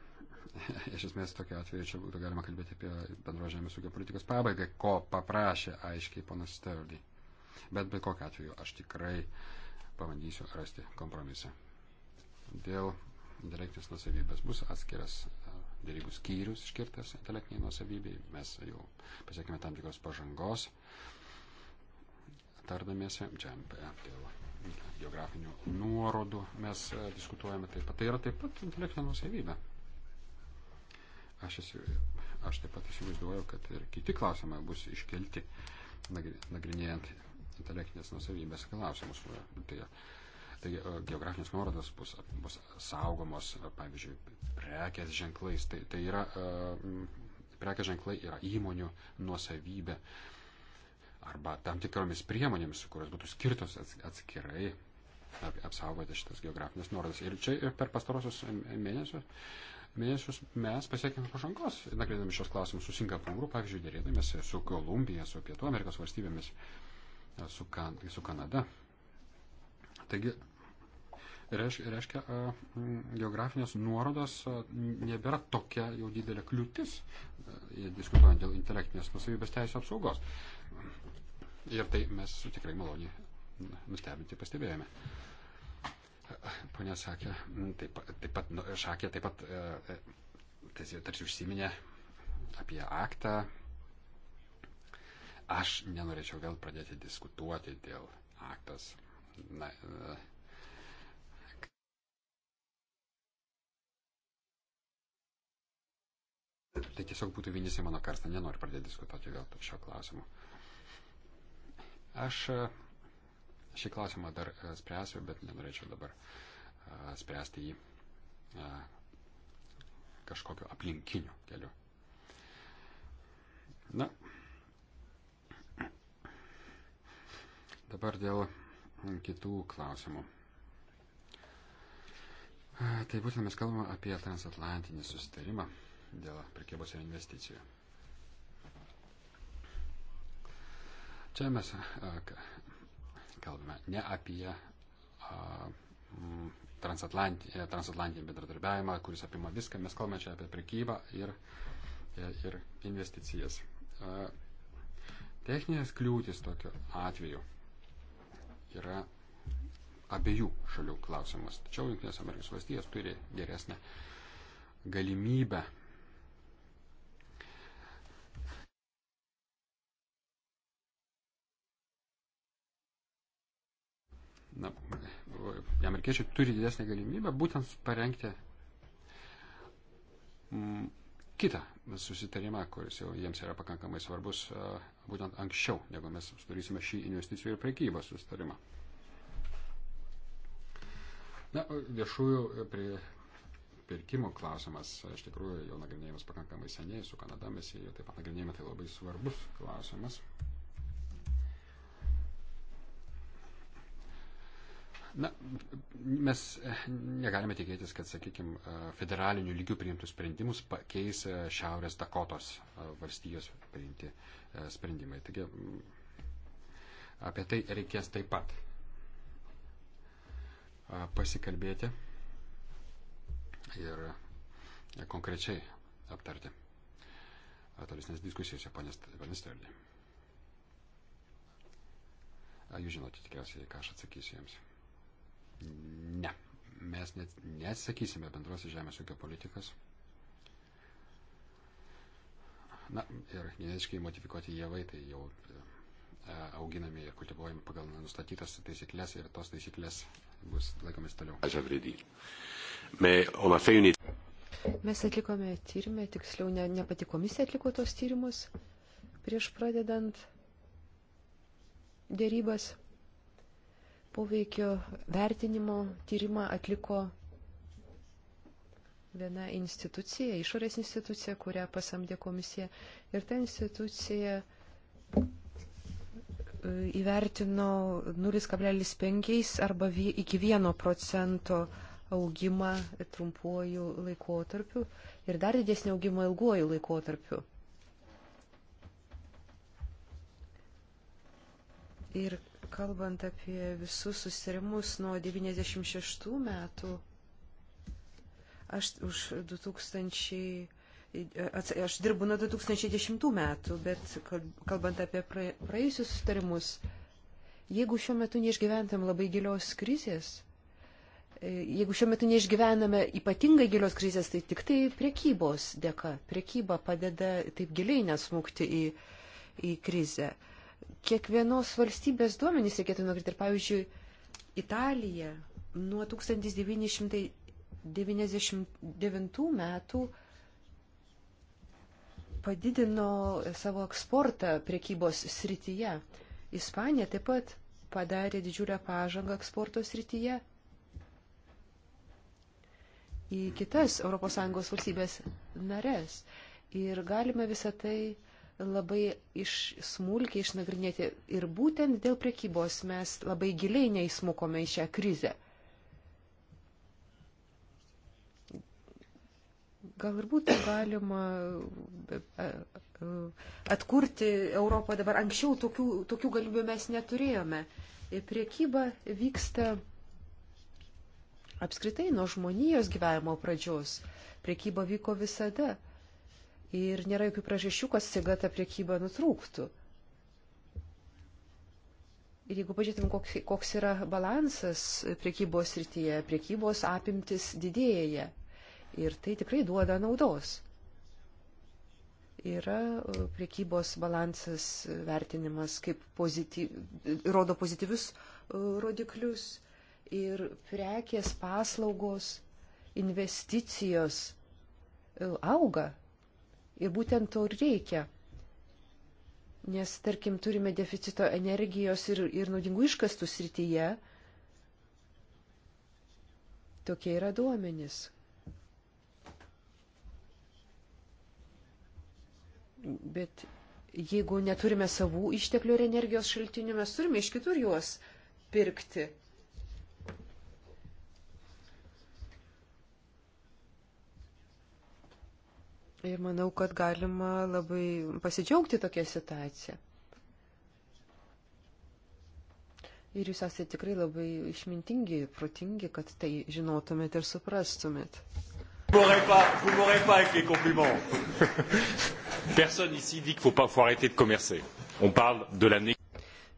iš esmės tokia atveju čia būtų galima kalbėti apie bendro žemės ūkio politikos pabaigą, ko paprašė aiškiai ponas Sterdy. Bet bet kokiu atveju aš tikrai pabandysiu rasti kompromisą. Dėl intelektinės nusavybės bus atskiras e, dėrybų skyrius skirtas intelektiniai nusavybei. Mes jau pasiekime tam tikros pažangos tardamiesi čia MPF e dėl geografinių nuorodų mes e, diskutuojame taip pat. Tai yra taip pat intelektinė nusavybė. Aš, esu, aš taip pat įsivaizduoju, kad ir kiti klausimai bus iškelti, nagrinėjant intelektinės nusavybės klausimus. Tai, tai geografinės nuorodos bus, bus saugomos, e, pavyzdžiui, prekės ženklais. Tai, tai yra, prekės ženklai yra įmonių nuosavybė. Uh, arba tam tikromis priemonėmis, kurios būtų skirtos atskirai apsaugoti šitas geografinės nuorodas. Ir čia per pastarosius mėnesius, mėnesius mes pasiekėme pažangos, nagrinėdami šios klausimus su Singapūru, pavyzdžiui, dėrėdamės su Kolumbija, su Pietų Amerikos valstybėmis, su, kan, su Kanada. Taigi, reiškia, geografinės nuorodos nebėra tokia jau didelė kliūtis, diskutuojant dėl intelektinės nusavybės teisų apsaugos. Ir tai mes tikrai maloniai nustebinti pastebėjome. Pone Sakė taip, taip pat, nu, Šakė taip pat e, e tarsi užsiminė apie aktą. Aš nenorėčiau vėl pradėti diskutuoti dėl aktas. Na, na, e, Tai tiesiog būtų vienisi mano karstą, nenoriu pradėti diskutuoti vėl šio klausimu. Uh, Aš e, šį klausimą dar e, spręsiu, bet nenorėčiau dabar e, spręsti jį kažkokiu aplinkiniu keliu. Na. Dabar dėl kitų klausimų. Tai būtent mes kalbame apie transatlantinį susitarimą dėl prekybos ir investicijų. Čia mes kalbame ne apie transatlantinį, e, transatlantinį bendradarbiavimą, kuris apima viską, mes kalbame čia apie prekybą ir, e, ir investicijas. Techninės kliūtis tokiu atveju yra abiejų šalių klausimas. Tačiau Junktinės Amerikos valstijos turi geresnę galimybę na, amerikiečiai turi didesnį galimybę būtent parengti m, mm, kitą susitarimą, kuris jau jiems yra pakankamai svarbus e, būtent anksčiau, negu mes sudarysime šį investicijų ir prekybos susitarimą. Na, viešųjų prie pirkimų klausimas, iš tikrųjų, jau nagrinėjimas pakankamai seniai, su Kanada mes jį taip pat nagrinėjame, tai labai svarbus klausimas. Na, mes eh, negalime tikėtis, kad, sakykime, eh, federalinių lygių priimtus sprendimus pakeis eh, Šiaurės Dakotos valstijos priimti sprendimai. Taigi, mm, apie tai reikės taip pat pasikalbėti ir konkrečiai aptarti tolesnės diskusijose, ponės Vanisterdė. Jūs žinote tikriausiai, ką aš atsakysiu jums. Ne, mes net nesakysime bendrosios žemės ūkio politikos. Na ir genetiškai modifikuoti javai, tai jau e, auginami ir kultivuojami pagal nustatytas taisyklės ir tos taisyklės bus laikomis toliau. Mes atlikome tyrimę, tiksliau ne, ne pati komisija atliko tos tyrimus prieš pradedant dėrybas. Poveikio vertinimo tyrimą atliko viena institucija, išorės institucija, kurią pasamdė komisija. Ir ta institucija e, įvertino 0,5 arba iki 1 procento augimą trumpuoju laikotarpiu ir dar didesnį augimą ilguoju laikotarpiu. Ir kalbant apie visus susitarimus nuo 96 metų, aš už 2000 aš dirbu nuo 2010 metų, bet kalbant apie praėjusius sustarimus, jeigu šiuo metu neišgyventam labai gilios krizės, jeigu šiuo metu neišgyvename ypatingai gilios krizės, tai tik tai priekybos dėka. Priekyba padeda taip giliai nesmukti į, į krizę kiekvienos valstybės duomenys reikėtų nagrinėti. Ir pavyzdžiui, Italija nuo 1999 metų padidino savo eksportą priekybos srityje. Ispanija taip pat padarė didžiulę pažangą eksporto srityje į kitas ES valstybės nares. Ir galime visą tai uh, labai smulkiai išnagrinėti. Ir būtent dėl prekybos mes labai giliai neįsmukome į šią krizę. Gal ir būtų galima atkurti Europą dabar. Anksčiau tokių, tokių galimybių mes neturėjome. E, Priekyba vyksta apskritai nuo žmonijos gyvenimo pradžios. Priekyba vyko visada ir nėra jokių priežasčių, kad siga ta priekyba nutrūktų. Ir jeigu pažiūrėtum, koks, koks yra balansas priekybos rytyje, priekybos apimtis didėja. Ir tai tikrai duoda naudos. Yra e, priekybos balansas e, vertinimas, kaip pozityv, rodo pozityvius e, rodiklius ir prekės, paslaugos, investicijos auga Ir būtent to ir reikia. Nes, tarkim, turime deficito energijos ir, ir naudingų iškastų srityje. Tokie yra duomenys. Bet jeigu neturime savų išteklių ir energijos šaltinių, mes turime iš kitur juos pirkti. Ir manau, kad galima labai pasidžiaugti tokią situaciją. Ir jūs esate tikrai labai išmintingi, protingi, kad tai žinotumėt ir suprastumėt. Vous m'aurez pas avec les compliments. Personne ici dit qu'il faut pas faut arrêter de commercer. On parle de la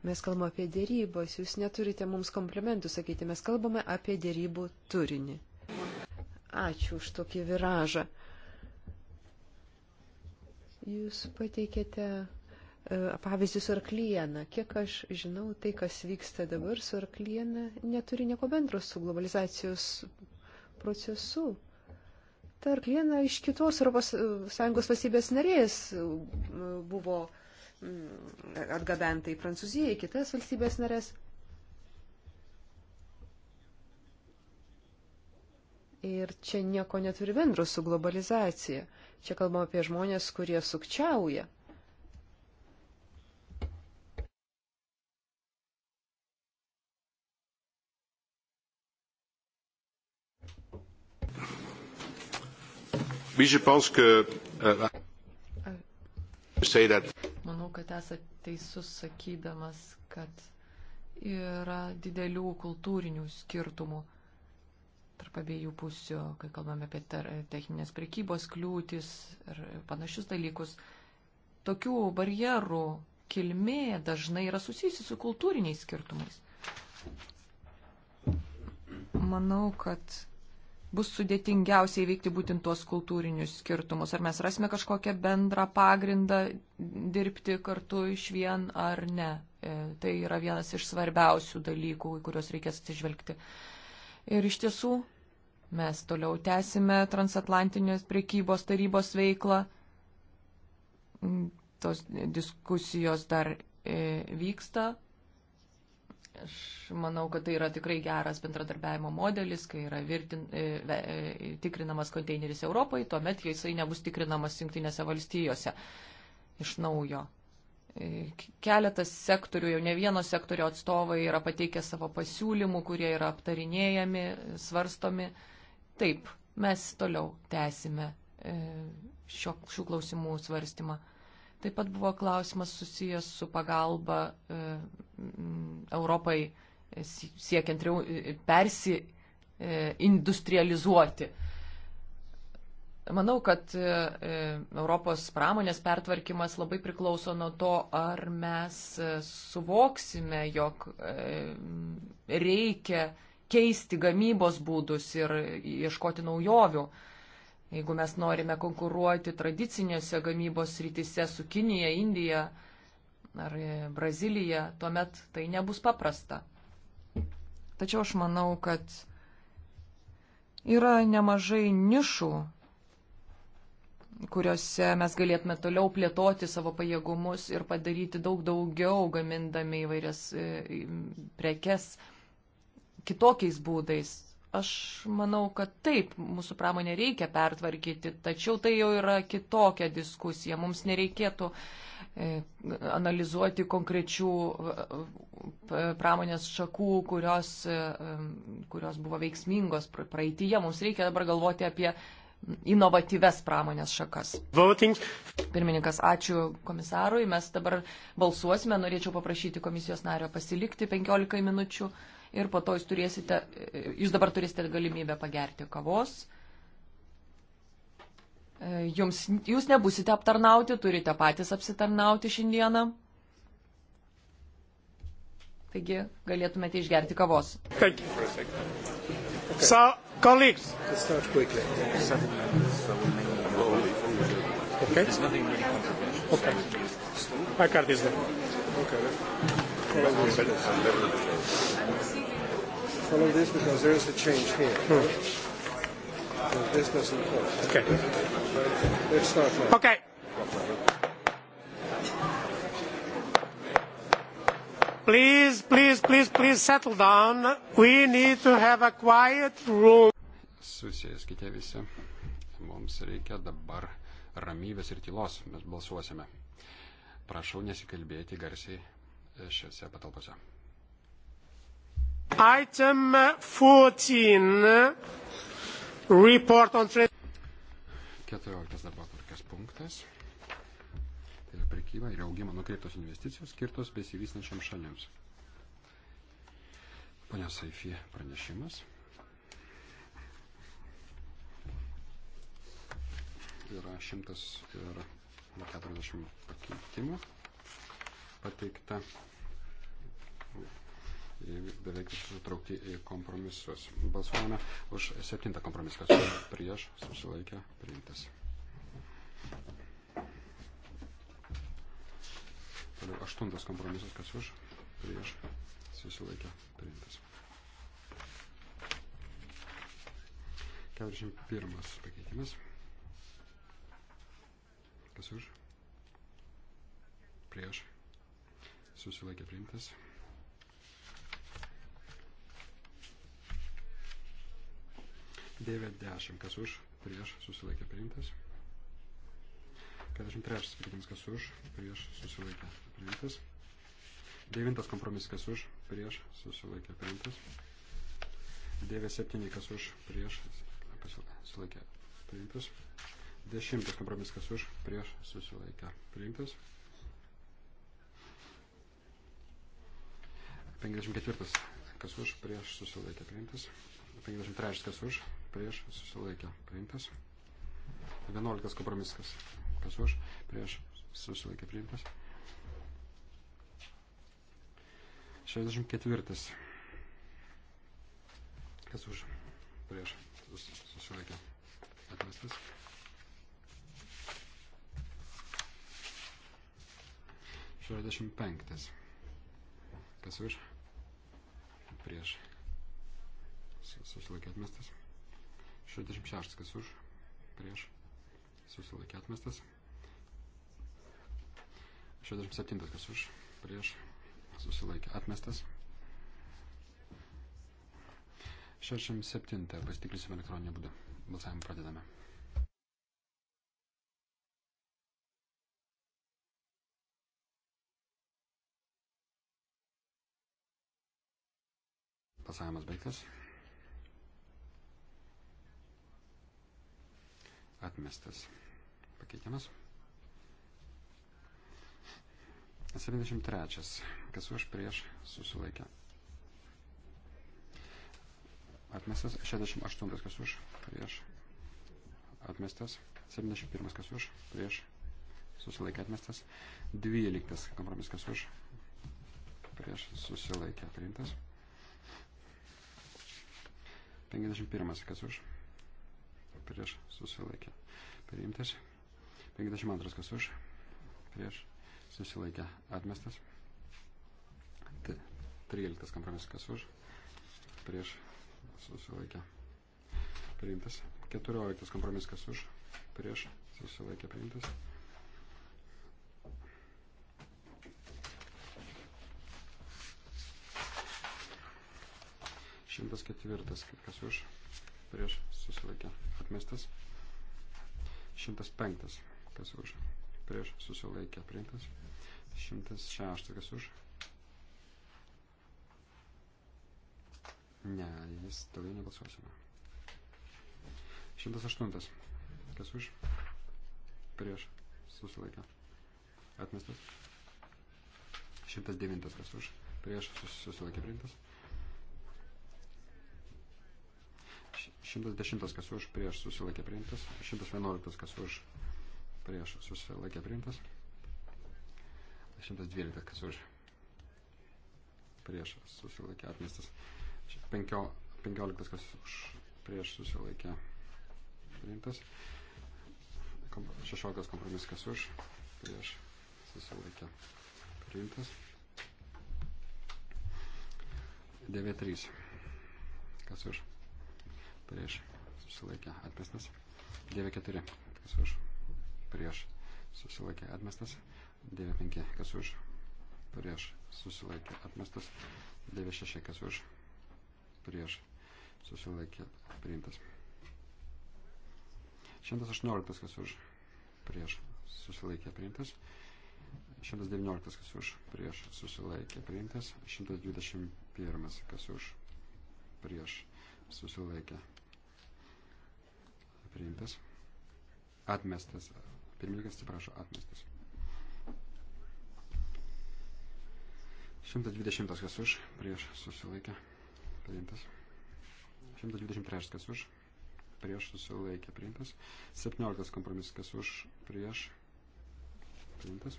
Mes kalbame apie dėrybas, jūs neturite mums komplimentų sakyti, mes kalbame apie dėrybų turinį. Ačiū už tokį viražą. Jūs pateikėte e, pavyzdį su arklieną. Kiek aš žinau, tai, kas vyksta dabar su arklieną, neturi nieko bendro su globalizacijos procesu. Ta arklieną iš kitos ES e, valstybės narės e, buvo atgabenta į Prancūziją, į kitas valstybės narės. Ir čia nieko neturi bendro su globalizacija. Čia kalbam apie žmonės, kurie sukčiauja. Eh, Manau, kad esate teisus sakydamas, kad yra didelių kultūrinių skirtumų tarp abiejų pusių, kai kalbame apie techninės prekybos kliūtis ir panašius dalykus. Tokių barjerų kilmė dažnai yra susijusi su kultūriniais skirtumais. Manau, kad bus sudėtingiausia įveikti būtent tuos kultūrinius skirtumus. Ar mes rasime kažkokią bendrą pagrindą dirbti kartu iš vien ar ne. E, tai yra vienas iš svarbiausių dalykų, į kuriuos reikės atsižvelgti. Ir iš tiesų Mes toliau tęsime transatlantinės priekybos tarybos veiklą. Mm, tos diskusijos dar e, vyksta. Aš manau, kad tai yra tikrai geras bendradarbiavimo modelis, kai yra virtin, e, e, tikrinamas konteineris Europai, tuomet jisai nebus tikrinamas Junktinėse valstijose iš naujo. E, keletas sektorių, jau ne vieno sektorio atstovai yra pateikę savo pasiūlymų, kurie yra aptarinėjami, svarstomi. E, Taip, mes toliau tęsime e, šio, šių klausimų svarstymą. Taip pat buvo klausimas susijęs su pagalba e, Europai e, siekiant persiindustrializuoti. Manau, kad Europos pramonės pertvarkymas labai priklauso nuo to, ar mes suvoksime, jog reikia keisti gamybos būdus ir ieškoti naujovių. Jeigu mes norime konkuruoti tradicinėse gamybos rytise su Kinija, Indija ar e, Brazilija, tuomet tai nebus paprasta. Tačiau aš manau, kad yra nemažai nišų, kuriuose mes galėtume toliau plėtoti savo pajėgumus ir padaryti daug daugiau, gamindami įvairias e, prekes kitokiais būdais. Aš manau, kad taip, mūsų pramonę reikia pertvarkyti, tačiau tai jau yra kitokia diskusija. Mums nereikėtų e, analizuoti konkrečių e, e, pramonės šakų, kurios, kurios buvo veiksmingos praeitie. Mums reikia dabar galvoti apie inovatyves pramonės šakas. Voting. Pirmininkas, ačiū komisarui. Mes dabar balsuosime. Norėčiau paprašyti komisijos nario pasilikti 15 minučių ir po to jūs, turėsite, jūs dabar turėsite galimybę pagerti kavos. E, jums, jūs nebusite aptarnauti, turite patys apsitarnauti šiandieną. Taigi galėtumėte išgerti kavos. So, colleagues. Let's start quickly. Okay. Okay. My card is there. Okay follow this because there is a change here. Hmm. Right? So this doesn't work. Okay. Let's start now. Okay. Please, please, please, please settle down. We need to have a quiet room. Susėskite visi. Mums reikia dabar ramybės ir tylos. Mes balsuosime. Prašau nesikalbėti garsiai šiuose patalpose. Item 14. Report on trade. 14 darbo atvarkės punktas. Tai yra prekyba ir augimo nukreiptos investicijos skirtos besivystančiam šalims. Pane Saifija pranešimas. Yra 140 pakeitimų pateikta beveik visus įtraukti į kompromisus. Balsuojame už septintą kompromisą, kas prieš susilaikė priimtas. Toliau aštuntas kompromisas, kas už prieš susilaikė priimtas. 41 pakeitimas. Kas už? Prieš. Susilaikė priimtas. 90, kas už, prieš susilaikė priimtas. 43 pakeitimas, kas už, prieš susilaikė priimtas. 9 kompromisas, kas už, prieš susilaikė priimtas. 97, kas už, prieš susilaikė priimtas. 10 kompromisas, kas už, prieš susilaikė priimtas. 54, kas už, prieš susilaikė priimtas. 53, kas už, prieš susilaikė priimtas. 11 kompromisas, kas už, prieš susilaikė priimtas. 64. Kas už, prieš susilaikė atmestas. Šešdešimt penktas. Kas už? Prieš. Susilaikė atmestas. 66 kas už, prieš, susilaikė atmestas. 67 kas už, prieš, susilaikė atmestas. 67 pasitikrinsim elektroninį būdą. Balsavimą pradedame. Balsavimas baigtas. atmestas. Pakeitimas. 73. Kas už prieš susilaikė. Atmestas. 68. Kas už prieš. Atmestas. 71. Kas už prieš. Susilaikė atmestas. 12. Kompromis. Kas už prieš susilaikė priimtas. 51. Kas už prieš susilaikę priimtas. 52 kas už, prieš susilaikę atmestas. 13 kompromisas kas už, prieš susilaikę priimtas. 14 kompromisas kas už, prieš susilaikę priimtas. 104 kas už, prieš susilaikė atmestas. 105 kas už prieš susilaikė priimtas. 106 kas už. Ne, jis toliau nebalsuosime. 108 kas už prieš susilaikė atmestas. 109 kas už prieš susilaikė priimtas. 110 kas už, prieš susilaikė priimtas. 111 kas už, prieš susilaikė priimtas. 112 kas už, prieš susilaikė atmestas. 15 kas už, prieš susilaikė priimtas. 16 kompromisas kas už, prieš susilaikė priimtas. 9.3. Kas už? prieš susilaikė atmestas. 94, kas už, prieš susilaikė atmestas. 95, kas už, prieš susilaikė atmestas. 96, kas už, prieš susilaikė priimtas. 118, kas už, prieš susilaikė priimtas. 119 kas už prieš susilaikė priimtas, 121 kas už prieš susilaikė priimtas. Atmestas. Pirmininkas atsiprašo, atmestas. 120 kas už, prieš susilaikė, priimtas. 123 kas už, prieš susilaikė, priimtas. 17 kompromisas kas už, prieš, priimtas.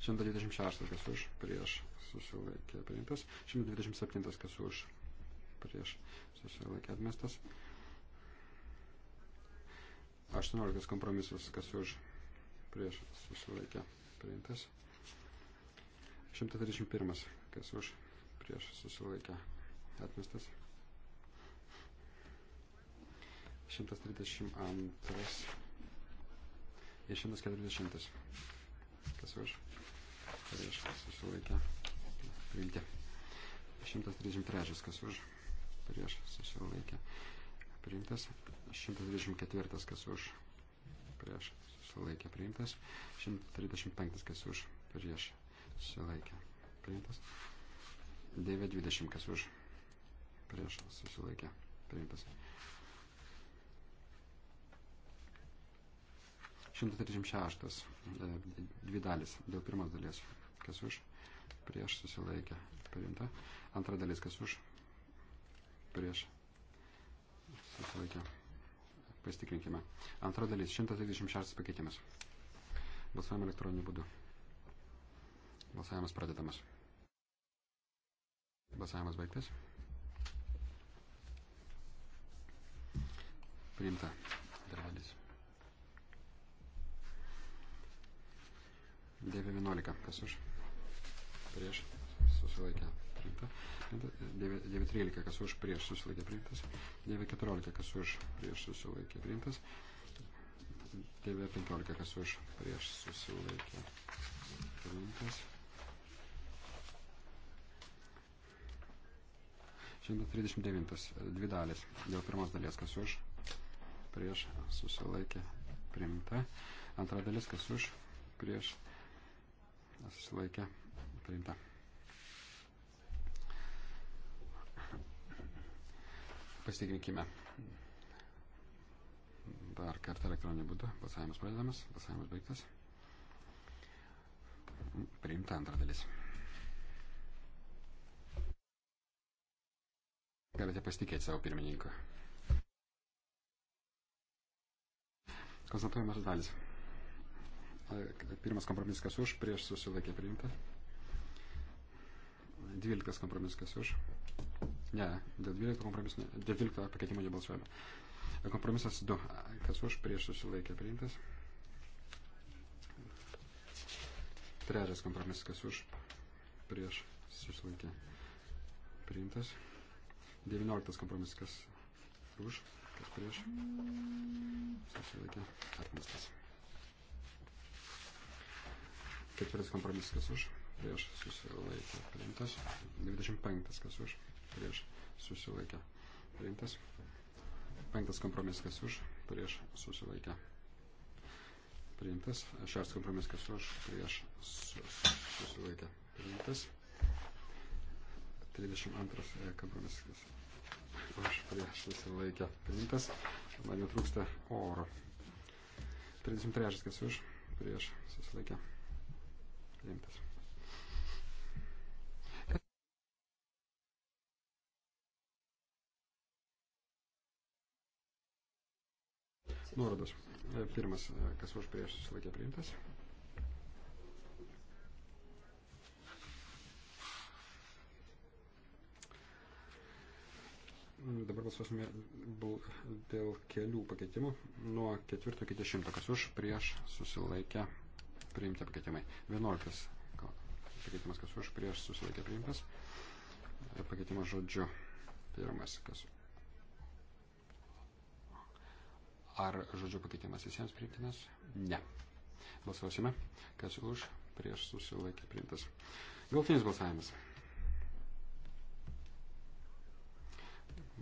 126 kas už, prieš susilaikė, priimtas. 127 kas už, prieš susilaikė, atmestas. 18 kompromisas, kas už prieš susilaikė priimtas. 131, kas už prieš susilaikė atmestas. 132 ir 140, kas už prieš susilaikė priimti. 133, kas už prieš susilaikė priimtas. 124 kas už prieš susilaikė priimtas, 135 kas už prieš susilaikė priimtas, 920 kas už prieš susilaikė priimtas. 136 e, dvi dalis dėl pirmos dalies kas už prieš susilaikė priimta antra dalis kas už prieš susilaikė Pasitikrinkime. Antra dalis, 136 pakeitimas. Balsuojame elektroniniu būdu. Balsavimas pradedamas. Balsavimas baigtas. Priimta. Antra dalis. 9.11. Kas už? Prieš susilaikę priimta, 9.13 kas už prieš susilaikė priimtas, 9.14 kas už prieš susilaikė priimtas, 9.15 kas už prieš susilaikė priimtas. 139 dvi dalis. Dėl pirmos dalies kas už prieš susilaikė priimta. Antra dalis kas už prieš susilaikė priimta. Pasitikrinkime. Dar kartą elektroninį būdą. Balsavimas pradedamas, balsavimas baigtas. Priimta antra dalis. Galite pasitikėti savo pirmininku. Konstatuojamas dalis. Pirmas kompromisas kas už, prieš susilaikė priimta. Dvyliktas kompromisas kas už, Ne, dėl 12 kompromisinio, dėl 12 pakeitimo nebalsuojame. Kompromisas 2. Kas už prieš susilaikė priimtas? Trečias kompromisas, kas už prieš susilaikė priimtas. 19 kompromisas, kas už, kas prieš susilaikė atmestas. Ketvirtas kompromisas, kas už prieš susilaikė priimtas. 25 kas už prieš susilaikę priimtas. Penktas kompromisas kas už, prieš susilaikę priimtas. Šeštas kompromisas kas už, prieš susilaikę priimtas. 32 e, kompromisas kas už, prieš susilaikę priimtas. Man netrūksta oro. 33 kas už, prieš susilaikę priimtas. nuorodos. E, pirmas, e, kas už prieš susilaikė priimtas. Dabar balsuosime dėl kelių pakeitimų nuo ketvirto iki dešimto, kas už prieš susilaikę priimti pakeitimai. Vienuoliktas pakeitimas, kas už prieš susilaikę priimtas. E, pakeitimas žodžiu. Pirmas, kas Ar žodžio pakeitimas visiems priimtinas? Ne. Balsuosime, kas už, prieš susilaikė priimtas. Galtinis balsavimas.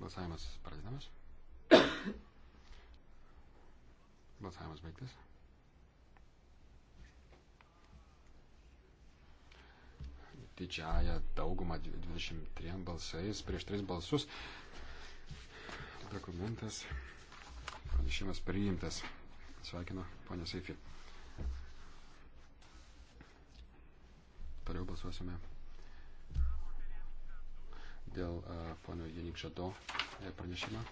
Balsavimas pradedamas. Balsavimas baigtas. Didžiaja dauguma 23 balsais prieš 3 balsus. Dokumentas pranešimas priimtas. Sveikinu, ponė Seifi. Toliau balsuosime dėl uh, ponio Janikšado e, pranešimą.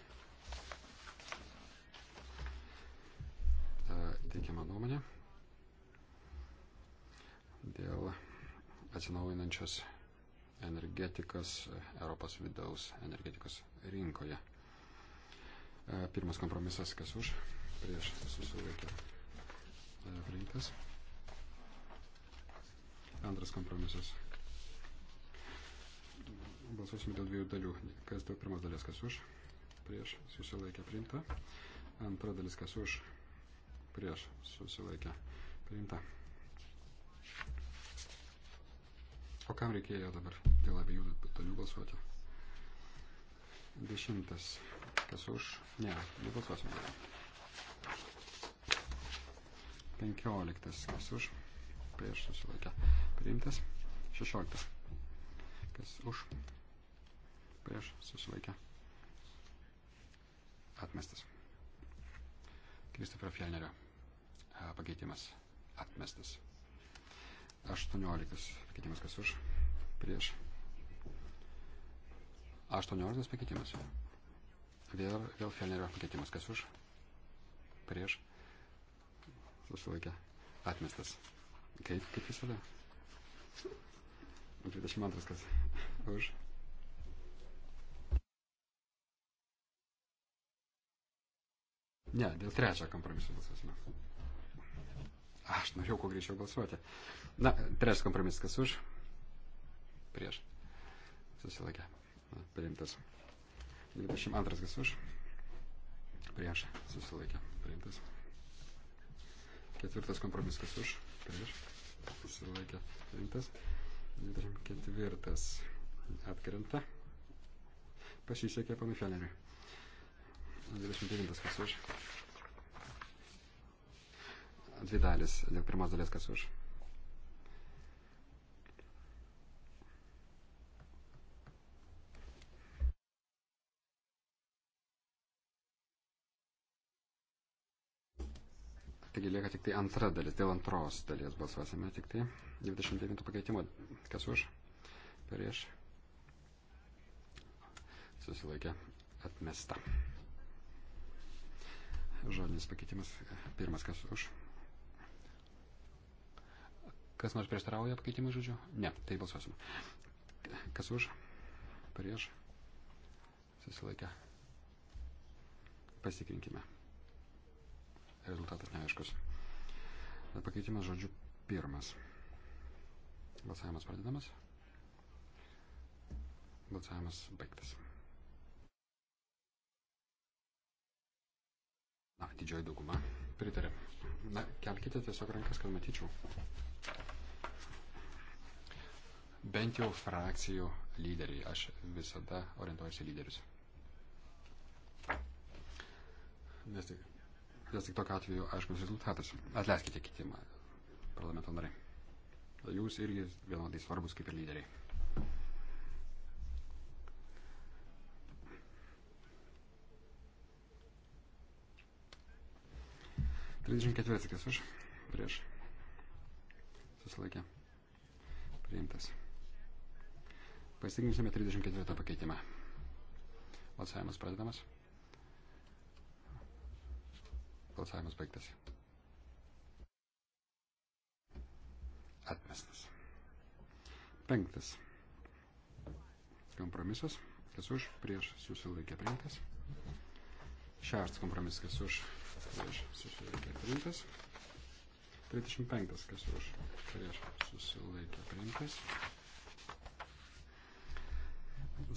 Teikiama nuomonė dėl atsinaujinančios energetikos Europos vidaus energetikos rinkoje. Pirmas kompromisas, kas už, prieš susilaikė priimtas. Antras kompromisas. Balsuosime dėl dviejų dalių. Kas dėl pirmas dalies, kas už, prieš susilaikė priimta. Antra dalis, kas už, prieš susilaikė priimta. O kam reikėjo dabar dėl abiejų dalių balsuoti? Dešimtas Kas už? Ne, nebalsuosime. 15. Kas už? Prieš susilaikę. Priimtas. 16. Kas už? Prieš susilaikę. Atmestas. Kristofer Fjellnerio e, pakeitimas atmestas. 18 pakeitimas kas už prieš. 18 pakeitimas vėl, vėl Felnerio pakeitimas. Kas už? Prieš. Susilaikė. Atmestas. Kaip, kaip visada? 22 kas. Už. Ne, dėl trečio kompromiso balsuosime. Aš norėjau kuo greičiau balsuoti. Na, trečias kompromisas kas už? Prieš. Susilaikė. Priimtas. 22 kas už. Prieš susilaikė. Priimtas. Ketvirtas kompromisas kas už. Prieš susilaikė. Priimtas. 24 atkrenta. Pasisekė panu Feneriui. 29 kas už. Dvi dalis. Dėl pirmos dalies kas už. Taigi lieka tik tai antra dalis, dėl antros dalies balsuosime tik tai 29 pakeitimo. Kas už? Prieš. Susilaikė atmesta. Žodinis pakeitimas. Pirmas kas už. Kas nors prieštarauja pakeitimui žodžiu? Ne, tai balsuosim. Kas už? Prieš. Susilaikę. Pasikrinkime rezultatas neaiškus. Pakeitimas žodžiu pirmas. Balsavimas pradedamas. Balsavimas baigtas. Na, didžioji dauguma pritarė. Na, kelkite tiesiog rankas, kad matyčiau. Bent jau frakcijų lyderiai. Aš visada orientuojuosi lyderius. Nes tik nes tik tokiu atveju aiškus rezultatas. Atleiskite kiti parlamento nariai. Jūs irgi vienodai svarbus kaip ir lyderiai. Trisdešimt ketvirtas už, prieš, susilaikė, priimtas. Pasitikrinsime 34 pakeitimą. Balsavimas pradedamas. Balsavimas baigtas. Atmestas. Penktas. Kompromisas. Kas už, prieš susilaikė priimtas. Šeštas kompromisas. Kas už, prieš susilaikė priimtas. 35. Kas už, prieš susilaikė priimtas.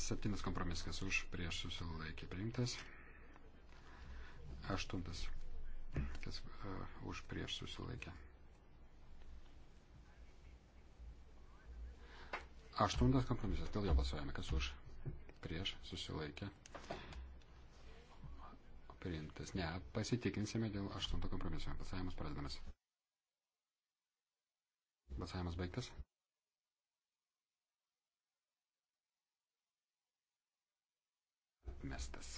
Septynas kompromisas. Kas už, prieš susilaikė priimtas. Aštuntas kas uh, už prieš susilaikė. Aštuntas kompromisas, dėl jo balsuojame, kas už prieš susilaikė. Priimtas. Ne, pasitikinsime dėl aštunto kompromiso. Balsavimas pradedamas. Balsavimas baigtas. Mestas.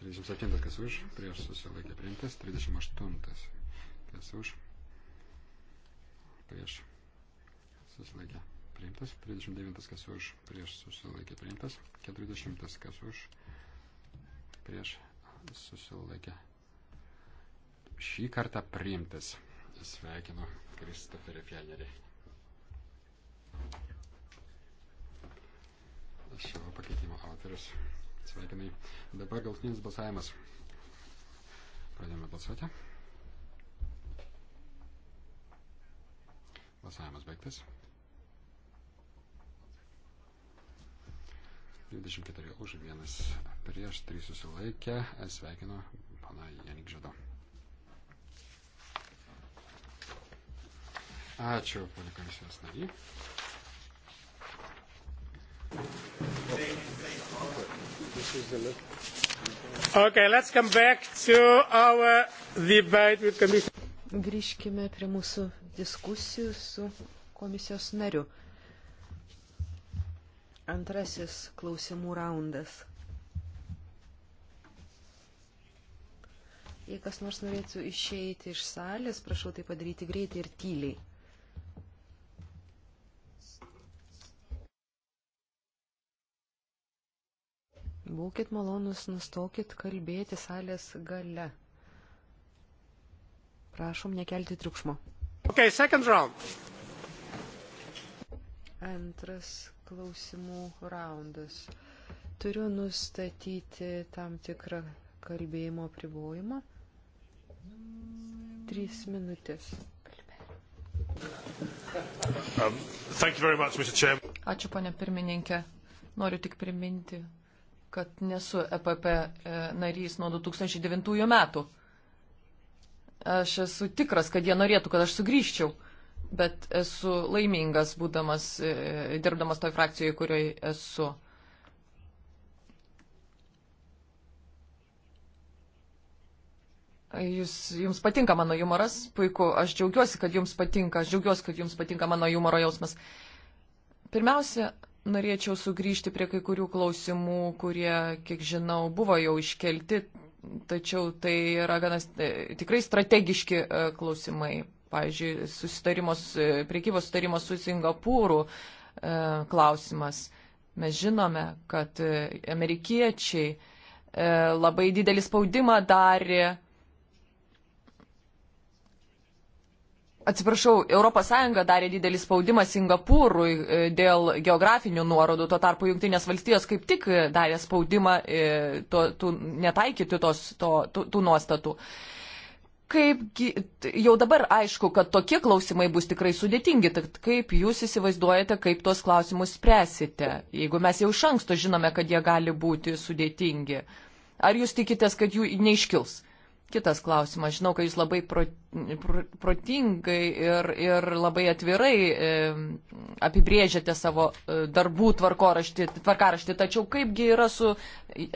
37 kas už, prieš susilaikė priimtas, 38 kas už, prieš susilaikė priimtas, 39 kas už, prieš susilaikė priimtas, 40 kas už, prieš susilaikė. Šį kartą priimtas. Sveikinu Kristoferį Fjellerį. Šio pakeitimo autorius. Sveikinai. Dabar galtinis balsavimas. Pradėjome balsuoti. Balsavimas baigtas. 24 už, vienas prieš, 3 susilaikė. Sveikinu pana Janik Žado. Ačiū, pana komisijos nariai. Okay, let's come back to our debate with Commission. Grįžkime prie mūsų diskusijų su komisijos nariu. Antrasis klausimų raundas. Jei kas nors norėtų išeiti iš salės, prašau tai padaryti greitai ir tyliai. Būkit malonus, nustokit kalbėti salės gale. Prašom nekelti triukšmo. Okay, second round. Antras klausimų raundas. Turiu nustatyti tam tikrą kalbėjimo pribojimą. Trys minutės. Um, much, Ačiū, ponė pirmininkė. Noriu tik priminti kad nesu EPP e, narys nuo 2009 metų. Aš esu tikras, kad jie norėtų, kad aš sugrįžčiau, bet esu laimingas, būdamas, e, dirbdamas toj frakcijoje, kurioje esu. Jūs, jums patinka mano humoras, puiku, aš džiaugiuosi, kad jums patinka, aš džiaugiuosi, kad jums patinka mano humoro jausmas. Pirmiausia, norėčiau sugrįžti prie kai kurių klausimų, kurie, kiek žinau, buvo jau iškelti, tačiau tai yra ganas e, tikrai strategiški e, klausimai. Pavyzdžiui, susitarimos, e, priekybos sutarimas su Singapūru klausimas. Mes žinome, kad amerikiečiai labai didelį spaudimą darė Atsiprašau, ES darė didelį spaudimą Singapūrui e, dėl geografinių nuorodų, tuo tarpu Junktinės valstijos kaip tik e, darė spaudimą e, to, tų, netaikyti tos, to, tų, tų nuostatų. Kaip jau dabar aišku, kad tokie klausimai bus tikrai sudėtingi, tad kaip jūs įsivaizduojate, kaip tuos klausimus spręsite, jeigu mes jau iš anksto žinome, kad jie gali būti sudėtingi? Ar jūs tikitės, kad jų neiškils? Kitas klausimas. Žinau, kad jūs labai pro, pro, protingai ir, ir labai atvirai e, apibrėžiate savo e, darbų tvarkaraštį, tvarkaraštį, tačiau kaipgi yra su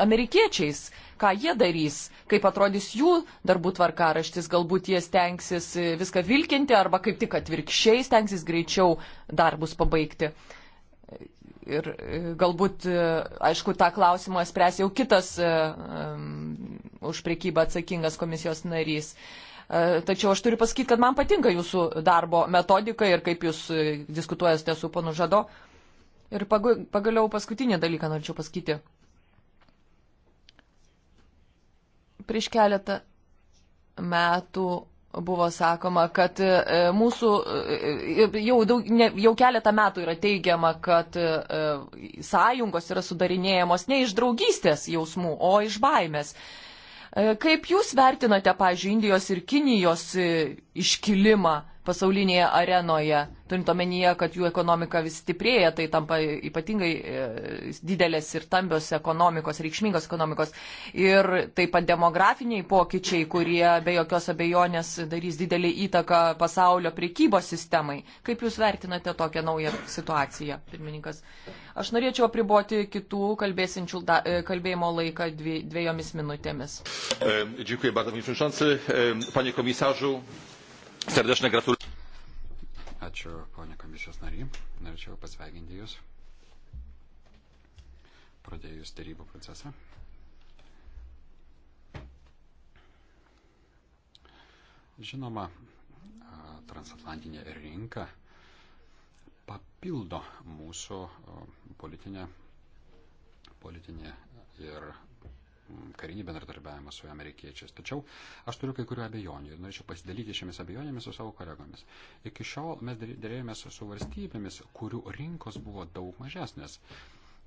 amerikiečiais, ką jie darys, kaip atrodys jų darbų tvarkaraštis, galbūt jie stengsis viską vilkinti arba kaip tik atvirkščiai stengsis greičiau darbus pabaigti. E, ir e, galbūt, e, aišku, tą klausimą spręs jau kitas um, už priekybą atsakingas komisijos narys. Tačiau aš turiu pasakyti, kad man patinka jūsų darbo metodika ir kaip jūs diskutuojate su ponu Žado. Ir pagaliau paskutinį dalyką norėčiau pasakyti. Prieš keletą metų buvo sakoma, kad e, mūsų e, e, jau, daug, ne, jau keletą metų yra teigiama, kad sąjungos yra sudarinėjamos ne iš draugystės jausmų, o iš baimės. Kaip Jūs vertinate, pažiūrėjau, Indijos ir Kinijos iškilimą? pasaulinėje arenoje, turint omenyje, kad jų ekonomika vis stiprėja, tai tampa ypatingai e, didelės ir tambios ekonomikos, reikšmingos ekonomikos. Ir taip pat demografiniai pokyčiai, kurie be jokios abejonės darys didelį įtaką pasaulio priekybos sistemai. Kaip Jūs vertinate tokią naują situaciją, pirmininkas? Aš norėčiau apriboti kitų kalbėsinčių da, e, kalbėjimo laiką dviejomis minutėmis. E, dziękuję bardzo, panie przewodniczący, panie komisarzu. Serdešinė gratulacija. Ačiū, ponė komisijos nariai. Norėčiau pasveikinti Jūs. Pradėjus darybų procesą. Žinoma, transatlantinė rinka papildo mūsų politinę, politinę ir Mm, karinį bendradarbiavimą su amerikiečiais. Tačiau aš turiu kai kurių abejonių ir norėčiau pasidalyti šiomis abejonėmis su savo kolegomis. Iki šiol mes dėrėjomės su valstybėmis, kurių rinkos buvo daug mažesnės.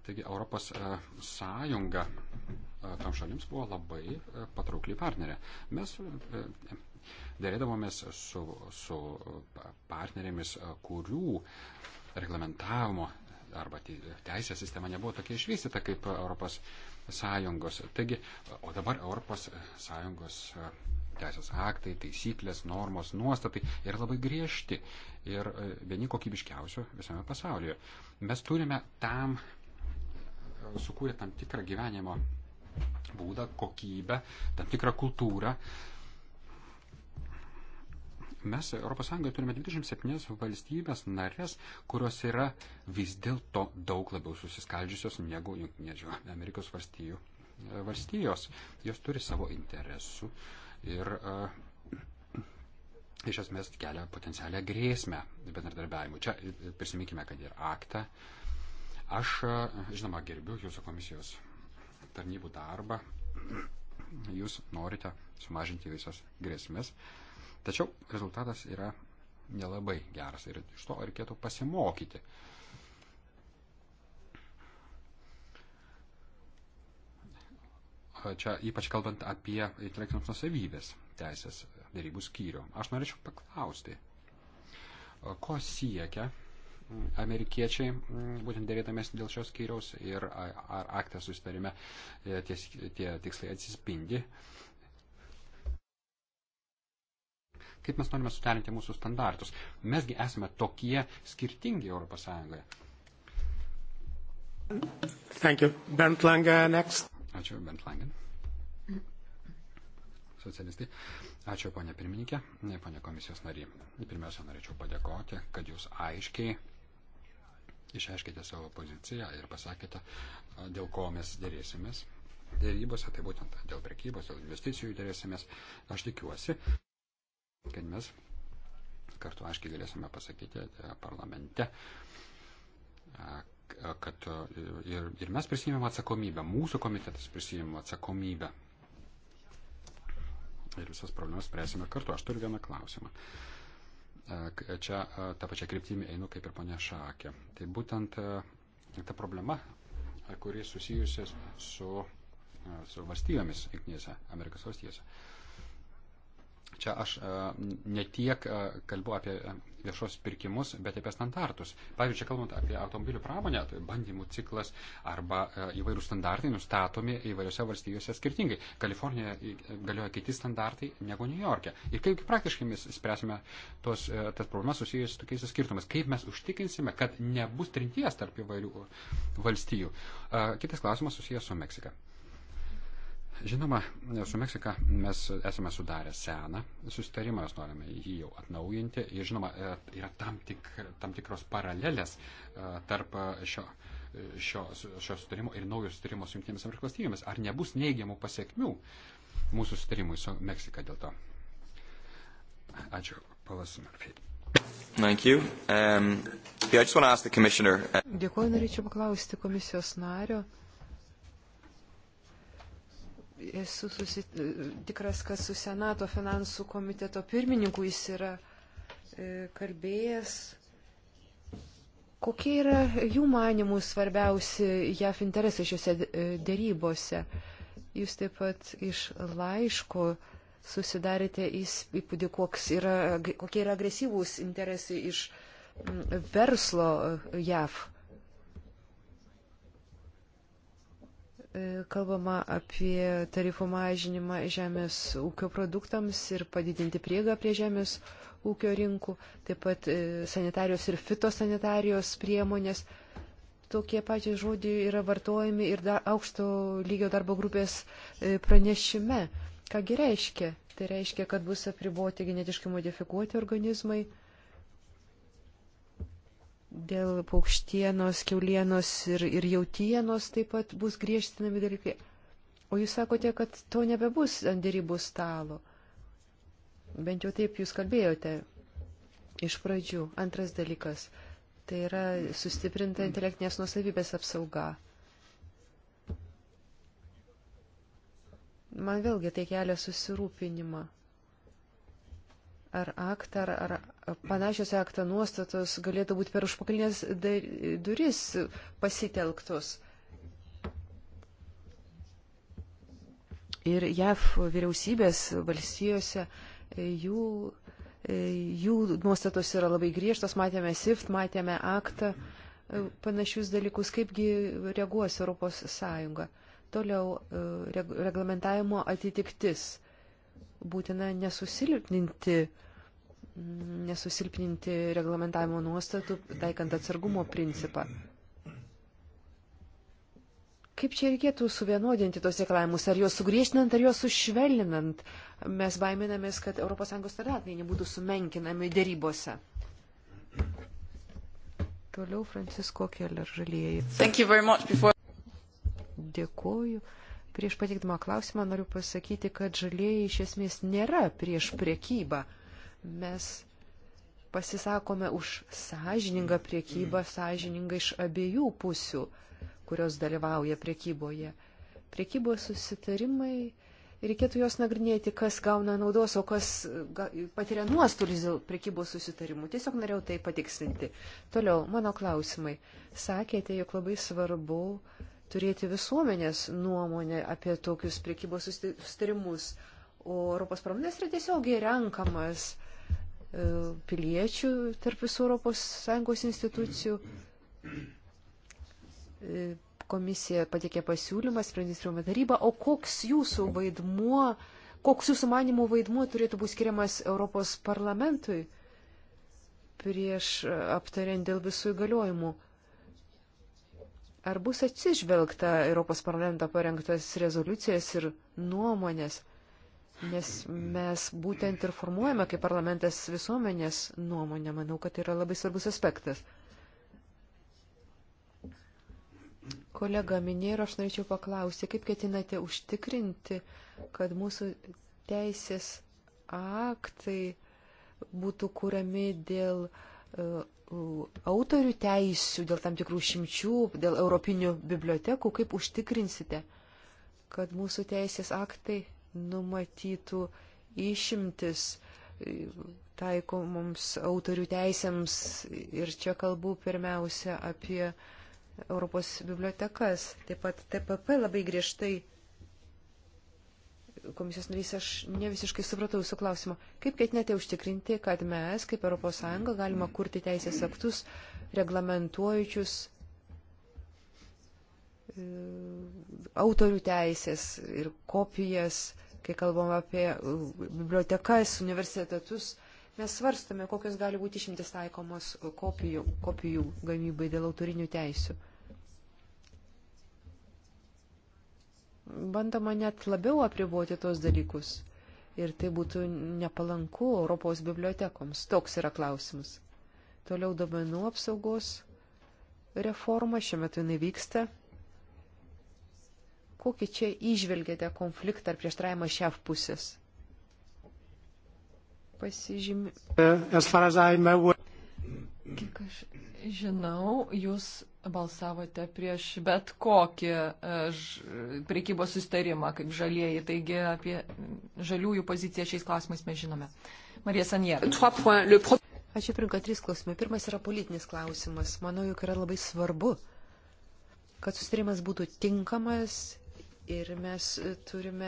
Taigi Europos e, sąjunga e, tam šalims buvo labai e, patraukli partnerė. Mes dėrėdavomės su, su partnerėmis, kurių reglamentavimo arba teisės sistema nebuvo tokia išvystyta kaip Europos sąjunga Sąjungos. Taigi, o dabar Europos Sąjungos teisės aktai, taisyklės, normos, nuostatai yra labai griežti ir e, vieni kokybiškiausių visame pasaulyje. Mes turime tam e, sukūrę tam tikrą gyvenimo būdą, kokybę, tam tikrą kultūrą, mes ES turime 27 valstybės narės, kurios yra vis dėlto daug labiau susiskaldžiusios negu Junktinėčių Amerikos valstijų e, valstijos. Jos turi savo interesų ir uh, iš esmės kelia potencialią grėsmę bendradarbiavimui. Čia e, prisiminkime, kad ir aktą. Aš, uh, žinoma, gerbiu jūsų komisijos tarnybų darbą. Jūs norite sumažinti visas grėsmės. Uh, Tačiau rezultatas yra nelabai geras ir iš to reikėtų pasimokyti. Čia ypač kalbant apie intelektinės nusavybės teisės darybų skyrių. Aš norėčiau paklausti, ko siekia amerikiečiai, mm, būtent dėrėtamės dėl šios skyriaus ir ar aktą susitarime e, tie, tie tikslai atsispindi. Uh, kaip mes norime suderinti mūsų standartus. Mesgi esame tokie skirtingi Europos Sąjungoje. Thank you. Bent Lange, next. Ačiū, Bent Langen. Socialistai. Ačiū, ponė pirmininkė, ponė komisijos nariai. Pirmiausia, norėčiau padėkoti, kad jūs aiškiai išaiškite savo poziciją ir pasakėte, dėl ko mes dėrėsimės dėrybose, tai būtent dėl prekybos, dėl investicijų dėrėsimės. Aš tikiuosi, kad mes kartu aiškiai galėsime pasakyti e, parlamente, e, kad e, ir, ir mes prisijimėm atsakomybę, mūsų komitetas prisijimėm atsakomybę. Ir visas problemas spręsime kartu. Aš turiu vieną klausimą. Čia tą pačią kryptimį einu kaip ir ponia Šakė. Tai būtent ta problema, kuri susijusi su, su valstybėmis, Junktinėse Amerikos valstijose. Čia aš e, ne tiek e, kalbu apie e, viešos pirkimus, bet apie standartus. Pavyzdžiui, kalbant apie automobilių pramonę, tai bandymų ciklas arba įvairių standartai nustatomi įvairiose valstijose skirtingai. Kalifornijoje galioja kiti standartai negu New York'e. Ir kaip praktiškai mes spręsime tos, tas problemas susijęs su tokiais skirtumas. Kaip mes užtikinsime, kad nebus trinties tarp įvairių valstijų. Kitas klausimas susijęs su Meksika. Žinoma, su Meksika mes esame sudarę seną susitarimą, mes norime jį jau atnaujinti. Ir žinoma, e, yra tam, tik, tam tikros paralelės e, tarp e, šio, šio, šio sutarimo ir naujo sutarimo su Junktinėmis Amerikos valstybėmis. Ar nebus neigiamų pasiekmių mūsų sutarimui su Meksika dėl to? Ačiū, Paulas Murphy. Um, yeah, uh, Dėkuoju, norėčiau paklausti komisijos nario. Uh, esu susit... tikras, kad su Senato finansų komiteto pirmininku jis yra e, kalbėjęs. Kokie yra jų manimų svarbiausi JAF interesai šiuose e, dėrybose? Jūs taip pat iš laiško susidarėte įspūdį, yra, kokie yra agresyvūs interesai iš verslo e, JAF. E, kalbama apie tarifų mažinimą žemės ūkio produktams ir padidinti priegą prie žemės ūkio rinkų, taip pat e, sanitarijos ir fitosanitarijos priemonės. Tokie patys žodžiai yra vartojami ir dar, aukšto lygio darbo grupės e, pranešime. Kągi reiškia? Tai reiškia, kad bus apriboti genetiškai modifikuoti organizmai dėl paukštienos, keulienos ir, ir jautienos taip pat bus griežtinami dalykai. O jūs sakote, kad to nebebus ant dėrybų stalo. Bent jau taip jūs kalbėjote iš pradžių. Antras dalykas - tai yra sustiprinta intelektinės nusavybės apsauga. Man vėlgi tai kelia susirūpinimą ar aktą, ar, ar panašios aktą nuostatos galėtų būti per užpakalinės duris pasitelktos. Ir JAV vyriausybės valstijose e, jų, e, jų nuostatos yra labai griežtos, matėme SIFT, matėme aktą, e, panašius dalykus, kaipgi reaguos Europos Sąjunga. Toliau reglamentavimo atitiktis būtina nesusilpninti nesusilpninti reglamentavimo nuostatų, taikant atsargumo principą. Kaip čia reikėtų suvienodinti tos reikalavimus, ar juos sugriežtinant, ar juos sušvelninant? Mes baiminamės, kad ES standartai nebūtų sumenkinami dėrybose. Toliau Francisko Keller žalieji. Dėkuoju. Prieš patikdama klausimą noriu pasakyti, kad žalieji iš esmės nėra prieš priekybą. Mes pasisakome už sąžiningą priekybą, sąžiningą iš abiejų pusių, kurios dalyvauja priekyboje. Priekybos susitarimai, reikėtų juos nagrinėti, kas gauna naudos, o kas patiria nuostolius dėl priekybos susitarimų. Tiesiog norėjau tai patikslinti. Toliau, mano klausimai. Sakėte, jog labai svarbu turėti visuomenės nuomonę apie tokius priekybos susitarimus, o Europos pramonės yra tiesiogiai renkamas piliečių tarp visų ES institucijų. Komisija patikė pasiūlymą, sprendys priima taryba, o koks jūsų vaidmuo, koks jūsų manimų vaidmuo turėtų būti skiriamas Europos parlamentui prieš aptariant dėl visų įgaliojimų? Ar bus atsižvelgta Europos parlamento parengtas rezoliucijas ir nuomonės? Nes mes būtent ir formuojame kaip parlamentas visuomenės nuomonę. Manau, kad tai yra labai svarbus aspektas. Kolega minėjo ir aš norėčiau paklausti, kaip ketinate užtikrinti, kad mūsų teisės aktai būtų kūrami dėl uh, autorių teisių, dėl tam tikrų šimčių, dėl europinių bibliotekų, kaip užtikrinsite, kad mūsų teisės aktai numatytų išimtis e, taikomoms autorių teisėms ir čia kalbu pirmiausia apie Europos bibliotekas. Taip pat TPP labai griežtai. Komisijos narys, aš ne visiškai supratau jūsų klausimą. Kaip ketinate užtikrinti, kad mes, kaip ES, galima kurti teisės aktus, reglamentuojančius e, autorių teisės ir kopijas, kai kalbam apie uh, bibliotekas, universitetus, mes svarstame, kokios gali būti išimtis taikomos kopijų, kopijų gamybai dėl autorinių teisių. Bandoma net labiau apriboti tos dalykus. Ir tai būtų nepalanku Europos bibliotekoms. Toks yra klausimas. Toliau domenų apsaugos reforma šiuo metu jinai vyksta kokį čia išvelgėte konfliktą ar prieštaravimą šiaf pusės? Pasižymė. Kiek aš žinau, jūs balsavote prieš bet kokį e, prekybos sustarimą, kaip žalieji, taigi apie žaliųjų poziciją šiais klausimais mes žinome. Marija Sanjer. Ačiū, Prinka, trys klausimai. Pirmas yra politinis klausimas. Manau, jog yra labai svarbu, kad sustarimas būtų tinkamas Ir mes e, turime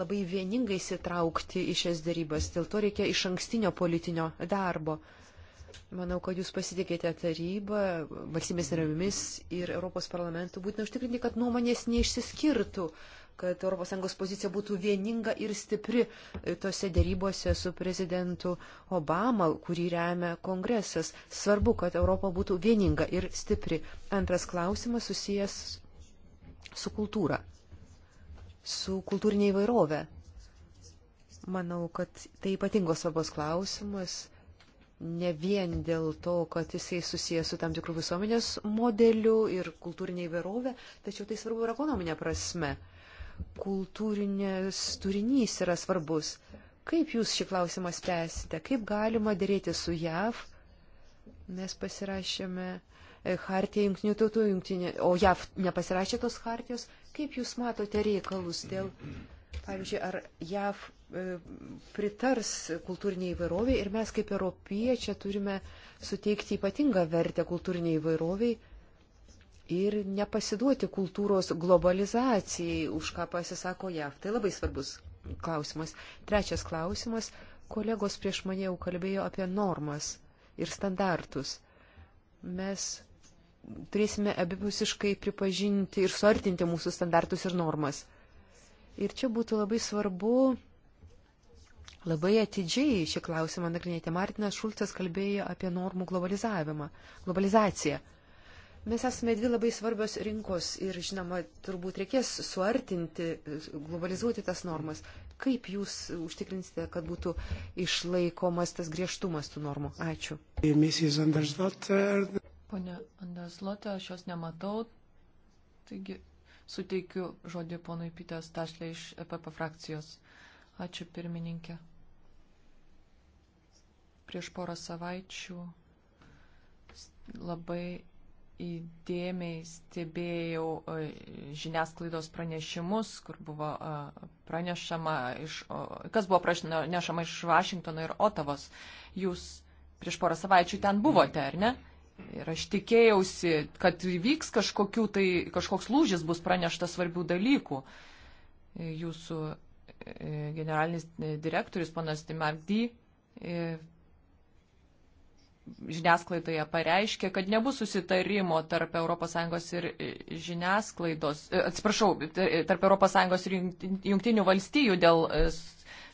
labai vieningai sitraukti į šias darybas. Dėl to reikia iš ankstinio politinio darbo. Manau, kad jūs pasitikėte tarybą, valstybės narėmis ir Europos parlamentu. Būtina užtikrinti, kad nuomonės neišsiskirtų, kad ES pozicija būtų vieninga ir stipri e, tose dėrybose su prezidentu Obama, kurį remia kongresas. Svarbu, kad Europa būtų vieninga ir stipri. Antras klausimas susijęs su kultūra su kultūrinė įvairovė. Manau, kad tai ypatingos svarbos klausimas, ne vien dėl to, kad jisai susijęs su tam tikrų visuomenės modeliu ir kultūrinė įvairovė, tačiau tai svarbu ir ekonominė prasme. Kultūrinės turinys yra svarbus. Kaip jūs šį klausimą spręsite? Kaip galima dėrėti su JAV? Mes pasirašėme e, hartiją jungtinių tautų, jungtinė, o JAV nepasirašė tos hartijos, Kaip Jūs matote reikalus dėl, pavyzdžiui, ar JAV e, pritars kultūriniai įvairoviai ir mes kaip europiečiai turime suteikti ypatingą vertę kultūriniai įvairoviai ir nepasiduoti kultūros globalizacijai, už ką pasisako JAV. Tai labai svarbus klausimas. Trečias klausimas. Kolegos prieš mane jau kalbėjo apie normas ir standartus. Mes turėsime abipusiškai pripažinti ir suartinti mūsų standartus ir normas. Ir čia būtų labai svarbu labai atidžiai šį klausimą nagrinėti. Martinas Šulcas kalbėjo apie normų globalizavimą, globalizaciją. Mes esame dvi labai svarbios rinkos ir, žinoma, turbūt reikės suartinti, globalizuoti tas normas. Kaip jūs užtikrinsite, kad būtų išlaikomas tas griežtumas tų normų? Ačiū. Mrs. Andersdotter, Pone Andeslotė, aš jos nematau, taigi suteikiu žodį ponui Pitės Tašlė iš EPP frakcijos. Ačiū pirmininkė. Prieš porą savaičių labai įdėmiai stebėjau e, žiniasklaidos pranešimus, kur buvo e, pranešama, iš, kas buvo pranešama iš Vašingtono ir Otavos. Jūs prieš porą savaičių ten buvote, ar ne? Ir aš tikėjausi, kad vyks tai, kažkoks lūžis, bus pranešta svarbių dalykų. Jūsų e, generalinis e, direktorius, panas Timardy, e, žiniasklaidoje pareiškė, kad nebus susitarimo tarp ES ir žiniasklaidos, atsiprašau, tarp ES ir jungtinių valstijų dėl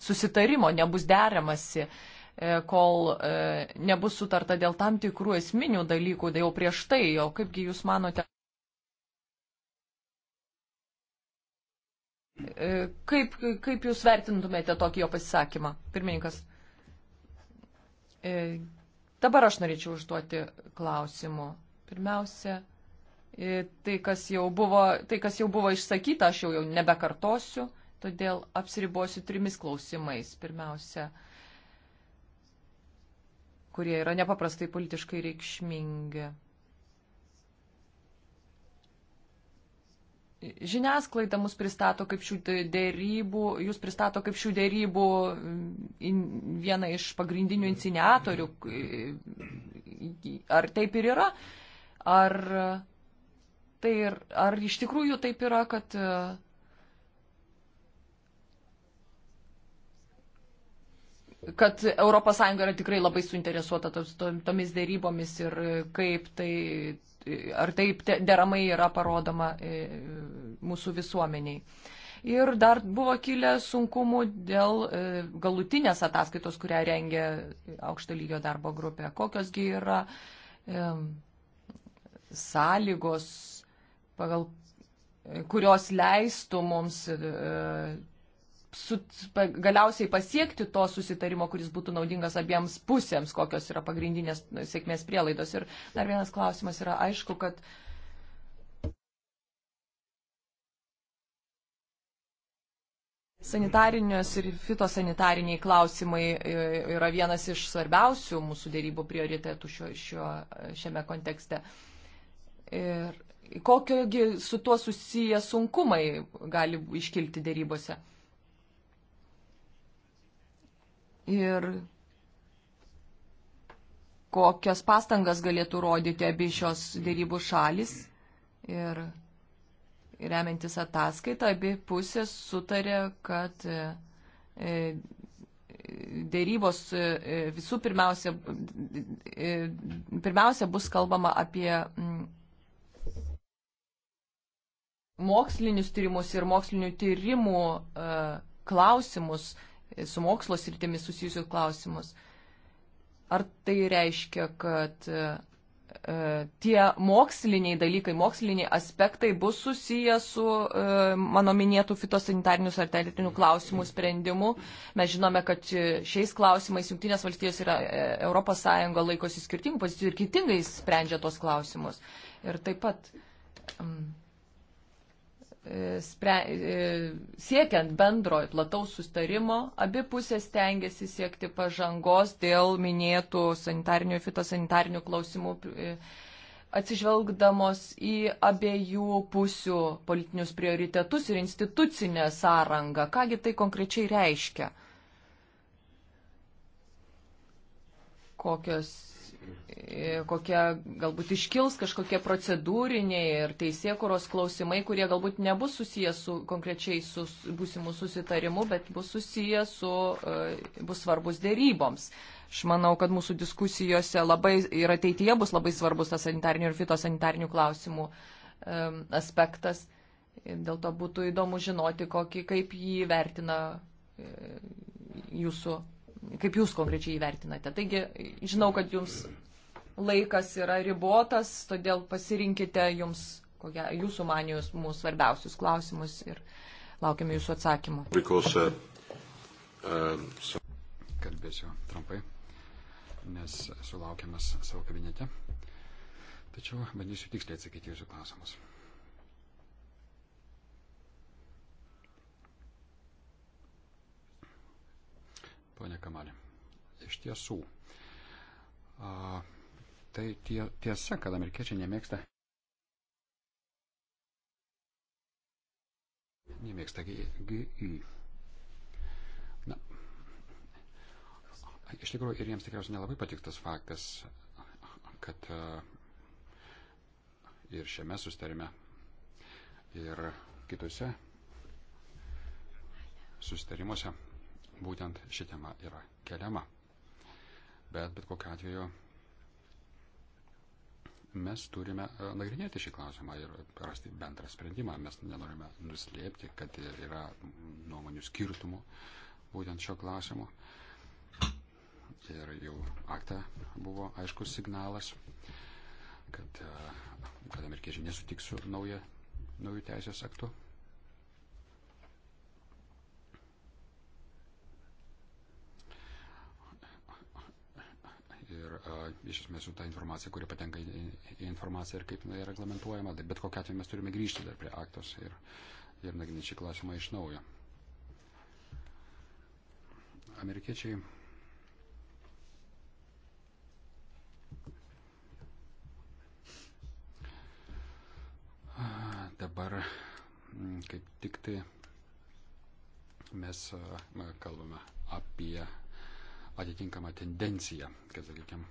susitarimo, nebus deramasi. Uh, E, kol e, nebus sutarta dėl tam tikrų esminių dalykų, tai jau prieš tai, o kaipgi jūs manote, e, Kaip, kaip Jūs vertintumėte tokį jo pasisakymą, pirmininkas? E, dabar aš norėčiau užduoti klausimų. Pirmiausia, e, tai, kas buvo, tai, kas jau buvo išsakyta, aš jau, jau nebekartosiu, todėl apsiribosiu trimis klausimais. Pirmiausia, e, kurie yra nepaprastai politiškai reikšmingi. Žiniasklaida mus pristato kaip šių dėrybų, jūs pristato kaip šių dėrybų mm, in, vieną iš pagrindinių iniciatorių. Ar taip ir yra? Ar, tai ir, ar iš tikrųjų taip yra, kad uh, kad ES yra tikrai labai suinteresuota tos, tomis dėrybomis ir kaip tai, ar taip deramai yra parodoma e, mūsų visuomeniai. Ir dar buvo kilę sunkumų dėl e, galutinės ataskaitos, kurią rengia aukšto lygio darbo grupė. Kokiosgi yra e, sąlygos, pagal, kurios leistų mums su, galiausiai pasiekti to susitarimo, kuris būtų naudingas abiems pusėms, kokios yra pagrindinės nu, sėkmės prielaidos. Ir dar vienas klausimas yra aišku, kad Sanitarinės ir fitosanitariniai klausimai e, yra vienas iš svarbiausių mūsų dėrybų prioritetų šio, šio, šiame kontekste. Ir kokiogi su tuo susiję sunkumai gali iškilti dėrybose? ir kokias pastangas galėtų rodyti abi šios dėrybų šalis. Ir remiantis ataskaitą, abi pusės sutarė, kad e, e, dėrybos e, visų pirmiausia, pirmiausia bus kalbama apie mokslinius tyrimus ir mokslinių tyrimų klausimus su mokslo sritimis susijusius klausimus. Ar tai reiškia, kad e, e, tie moksliniai dalykai, moksliniai aspektai bus susiję su e, mano minėtų fitosanitarinių satelitinių klausimų sprendimu. Mes žinome, kad šiais klausimais Junktinės valstijos ir ES laikosi skirtingų pozicijų ir kitingai sprendžia tos klausimus. Ir taip pat. Um, spre, e, siekiant bendro plataus sustarimo, abi pusės tengiasi siekti pažangos dėl minėtų sanitarinių ir fitosanitarinių klausimų, e, atsižvelgdamos į abiejų pusių politinius prioritetus ir institucinę sąrangą. Kągi tai konkrečiai reiškia? Kokios E, kokie galbūt iškils kažkokie procedūriniai ir teisėkuros klausimai, kurie galbūt nebus susijęs su konkrečiai su būsimų susitarimu, bet bus susijęs su, e, bus svarbus dėryboms. Aš manau, kad mūsų diskusijose labai ir ateityje bus labai svarbus tas sanitarnių ir fitosanitarnių klausimų e, aspektas. Dėl to būtų įdomu žinoti, kokį, kaip jį vertina jūsų kaip jūs konkrečiai įvertinate. Taigi, žinau, kad jums laikas yra ribotas, todėl pasirinkite jums, kokia, jūsų manijos mūsų svarbiausius klausimus ir laukiame jūsų atsakymų. Because, uh, uh, so... Kalbėsiu trumpai, nes esu laukiamas savo kabinete. Tačiau bandysiu tiksliai atsakyti jūsų klausimus. ponė Kamalė. Iš tiesų, a, tai tie, tiesa, kad amerikiečiai nemėgsta. Nemėgsta GI. Na, iš tikrųjų, ir jiems tikriausiai nelabai patiks tas faktas, kad a, ir šiame sustarime, ir kitose sustarimuose būtent ši tema yra keliama. Bet bet kokiu atveju mes turime e, nagrinėti šį klausimą ir rasti bendrą sprendimą. Mes nenorime nuslėpti, kad yra nuomonių skirtumų būtent šio klausimu. Ir jau akta buvo aiškus signalas, kad, e, kad amerikiečiai nesutiks su nauja, naujų teisės aktu. ir iš esmės su tą informacija, kuri patenka į, į informaciją ir kaip jinai reglamentuojama. Tai bet kokia atveju mes turime grįžti dar prie aktos ir, ir nagrinėti šį klausimą iš naujo. Amerikiečiai dabar kaip tik tai mes kalbame apie atitinkamą tendenciją, kad, sakykime,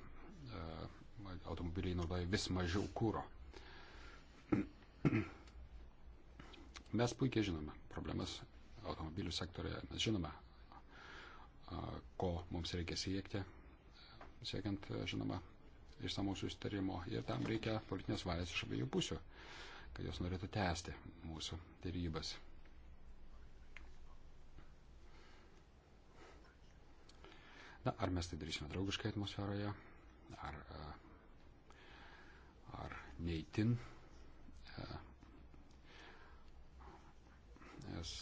automobiliai naudoja vis mažiau kūro. Mes puikiai žinome problemas automobilių sektorėje, mes žinome, e, ko mums reikia siekti, siekiant, e, žinoma, išsamaus sustarimo ir tam reikia politinės valios iš abiejų pusių, kad jos norėtų tęsti mūsų dėrybas. Na, ar mes tai darysime draugiškai atmosferoje, ar, e, ar neįtin. E, es,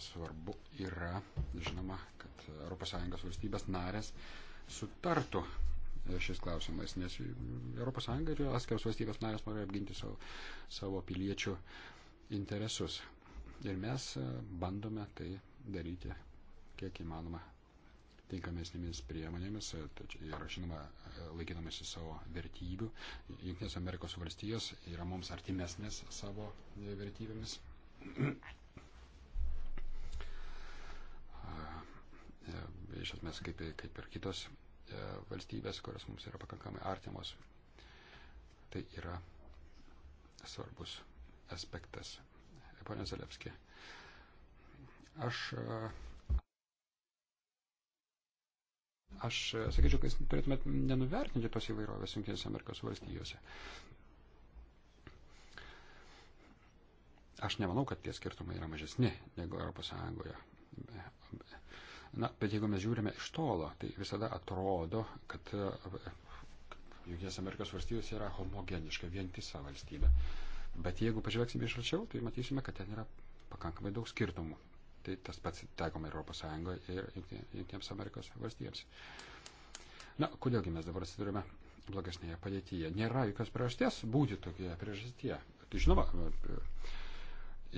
svarbu yra, žinoma, kad ES valstybės narės sutartų e, šiais klausimais, nes ES ir atskiros valstybės narės nori apginti savo, savo piliečių interesus. Ir mes bandome tai daryti kiek įmanoma tinkamesnėmis priemonėmis ir, žinoma, laikydamasi savo vertybių. Junktinės Amerikos valstijos yra mums artimesnės savo vertybėmis. Iš esmės, kaip, kaip ir kitos e, valstybės, kurios mums yra pakankamai artimos. Tai yra svarbus aspektas. Pone Zalevski, aš e, Aš sakyčiau, kad turėtumėt nenuvertinti tos įvairovės Junktinėse Amerikos valstijose. Aš nemanau, kad tie skirtumai yra mažesni negu Europos Sąjungoje. Na, bet jeigu mes žiūrime iš tolo, tai visada atrodo, kad Junktinės Amerikos valstijos yra homogeniška, vientisa valstybė. Bet jeigu pažvelgsime iš arčiau, tai matysime, kad ten yra pakankamai daug skirtumų. Tai tas pats taikoma Europos Sąjungoje ir Junktinėms Amerikos valstijams. Na, kodėlgi mes dabar atsidurime blogesnėje padėtyje? Nėra jokios priežasties būti tokioje priežastyje. Tai žinoma,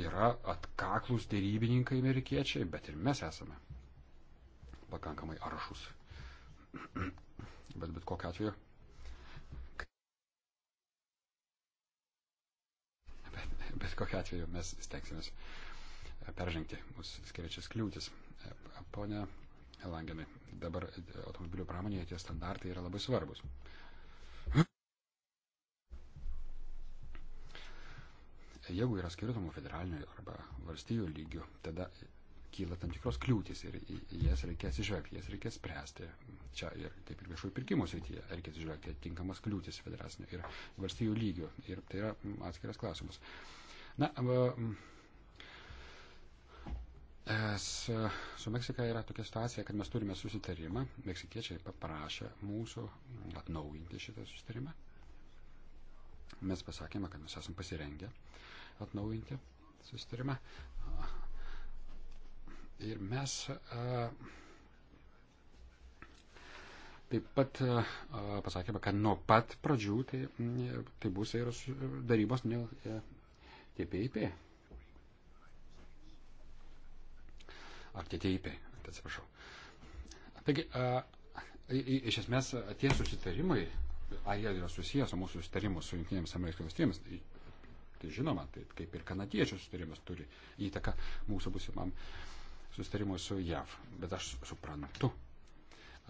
yra atkaklus dėrybininkai amerikiečiai, bet ir mes esame pakankamai aršus. Bet bet kokiu atveju. Bet, bet kokiu atveju mes stengsimės uh, peržengti mūsų skiriačias kliūtis. Pone Langenai, dabar automobilių pramonėje tie standartai yra labai svarbus. Jeigu yra skirtumų federalinių arba valstybių lygių, tada kyla tam tikros kliūtis ir jas reikės išvelgti, jas reikės spręsti. Čia ir taip ir viešųjų pirkimų srityje reikės išvelgti atitinkamas kliūtis federacinio ir valstybių lygių. Ir tai yra atskiras klausimas. Na, va, Su Meksika yra tokia situacija, kad mes turime susitarimą. Meksikiečiai paprašė mūsų atnaujinti šitą susitarimą. Mes pasakėme, kad mes esam pasirengę atnaujinti susitarimą. Ir mes e, taip pat e, pasakėme, kad nuo pat pradžių tai, tai bus ir darybos dėl e, TPIP. ar TTIP, atsiprašau. Taigi, iš esmės, tie susitarimai, ar jie yra susijęs su mūsų susitarimu su Junktinėmis Amerikos valstybėmis, tai, tai žinoma, tai kaip ir kanadiečių susitarimas turi įtaką mūsų busimam susitarimui su JAV. Bet aš suprantu,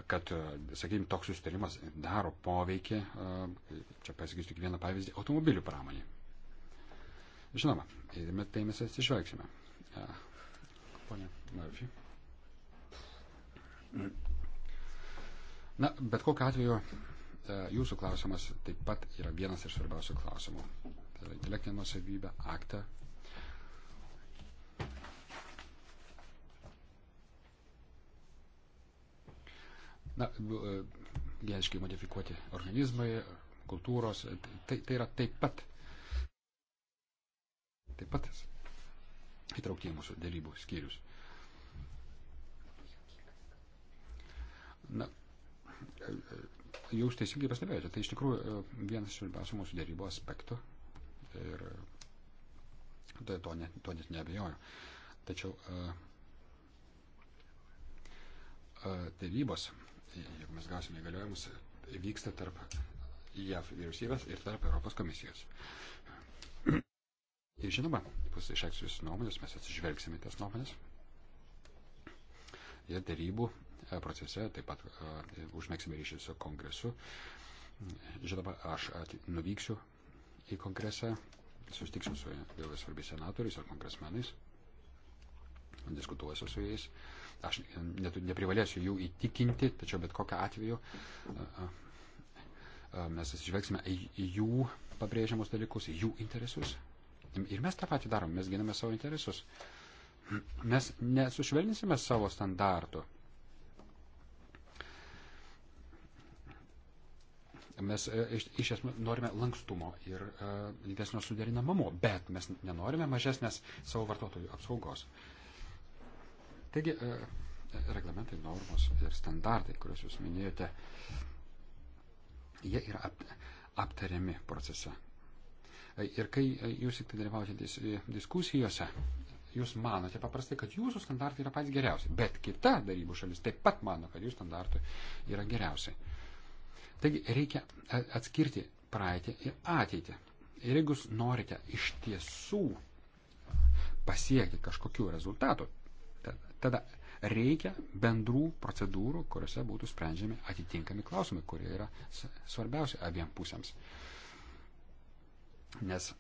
kad, sakykime, toks susitarimas daro poveikį, čia pasakysiu tik vieną pavyzdį, automobilių pramonį. Žinoma, tai mes atsižvelgsime ponė Murphy. Na, bet kokiu atveju e, jūsų klausimas taip pat yra vienas iš svarbiausių klausimų. Tai yra intelektinė nusavybė, aktą. Na, geniškai modifikuoti organizmai, kultūros, tai, tai yra taip pat. Taip pat įtraukti į mūsų dėrybų skyrius. Na, jūs teisingai pastebėjote, tai iš tikrųjų e, vienas svarbiausių mūsų dėrybų aspektų ir tai to, ne, to net neabejoju. Tačiau e, e, dėrybos, jeigu mes gausime įgaliojimus, vyksta tarp JAV vyriausybės ir tarp Europos komisijos. Ir žinoma, bus išreikštus nuomonės, mes atsižvelgsime tas nuomonės. Ir darybų e, procese taip pat uh, užmėgsime ryšį su kongresu. Žinoma, aš nuvyksiu į kongresą, susitiksiu su vėl svarbiais senatoriais ar kongresmenais, diskutuosiu su jais. Aš net, neprivalėsiu jų įtikinti, tačiau bet kokiu atveju uh, uh, mes atsižvelgsime į jų pabrėžiamus dalykus, į jų interesus Ir mes tą patį darom, mes giname savo interesus. Mes nesušvelninsime savo standartų. Mes e, iš, iš esmės norime lankstumo ir e, didesnio suderinamumo, bet mes nenorime mažesnės savo vartotojų apsaugos. Taigi, e, reglamentai, normos ir standartai, kuriuos jūs minėjote, jie yra ap, aptariami procese. Ir kai jūs tik tai dalyvaujate diskusijose, jūs manote paprastai, kad jūsų standartai yra patys geriausi, bet kita darybų šalis taip pat mano, kad jūsų standartai yra geriausi. Taigi reikia e, atskirti praeitį ir ateitį. Ir jeigu jūs norite iš tiesų pasiekti kažkokių rezultatų, tada reikia bendrų procedūrų, kuriuose būtų sprendžiami atitinkami klausimai, kurie yra svarbiausi abiem pusėms. Uh, Nes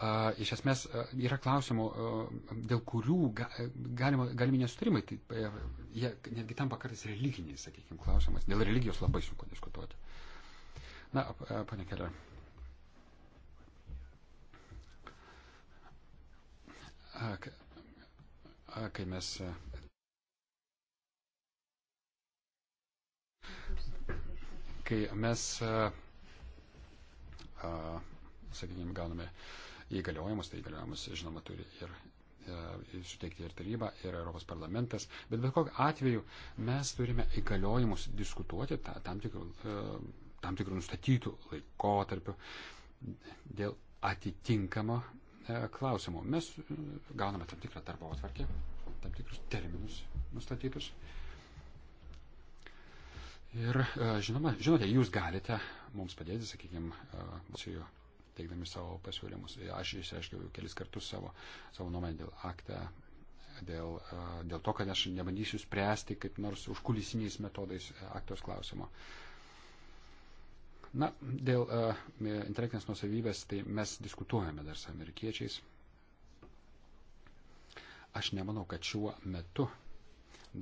a, iš esmės a, yra klausimų, a, dėl kurių ga, galima, galimi nesutarimai. Tai, a, e, jie netgi tampa kartais religiniai, sakykime, klausimas. Dėl religijos labai sunku diskutuoti. Na, pane Keller. Kai mes kai mes a, a, sakykime, gauname įgaliojimus, tai įgaliojimus, žinoma, turi e, ir suteikti ir taryba, ir Europos parlamentas, bet bet kokiu atveju mes turime įgaliojimus diskutuoti ta, tam, tikrų, e, tam tikrų nustatytų laikotarpių dėl atitinkamo e, klausimo. Mes gauname tam tikrą darbo atvarkę, tam tikrus terminus nustatytus. Ir žinoma, žinote, jūs galite mums padėti, sakykime, su juo teikdami savo pasiūlymus. Aš išreiškiau kelis kartus savo, savo nuomonę dėl aktą, dėl, e, dėl to, kad aš nebandysiu spręsti kaip nors užkulisiniais metodais e, aktos klausimo. Na, dėl uh, intelektinės nusavybės, tai mes diskutuojame dar su amerikiečiais. Aš nemanau, kad šiuo metu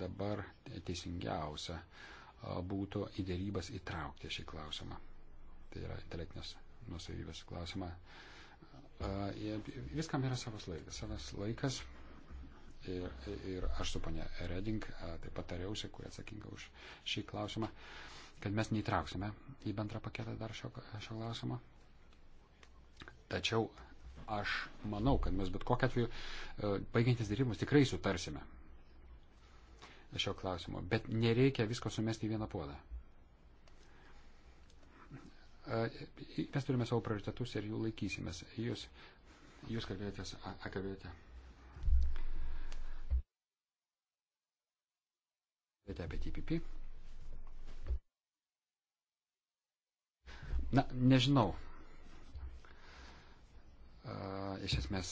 dabar teisingiausia uh, būtų į dėrybas įtraukti šį klausimą. Tai yra intelektinės nusavybės klausimą. Viskam yra savas laikas. Savas laikas. Ir, ir aš su ponė Reding taip pat tariausi, kuri atsakinga už šį klausimą, kad mes neįtrauksime į bendrą paketą dar šio, šio klausimo. Tačiau aš manau, kad mes bet kokiu atveju, baigiantis dėrimus, tikrai sutarsime šio klausimo. Bet nereikia visko sumesti į vieną puodą mes turime savo prioritetus ir jų laikysimės. Jūs, jūs kalbėjotės, a kalbėjote. Kalbėjote apie TPP. Na, nežinau. Uh, iš esmės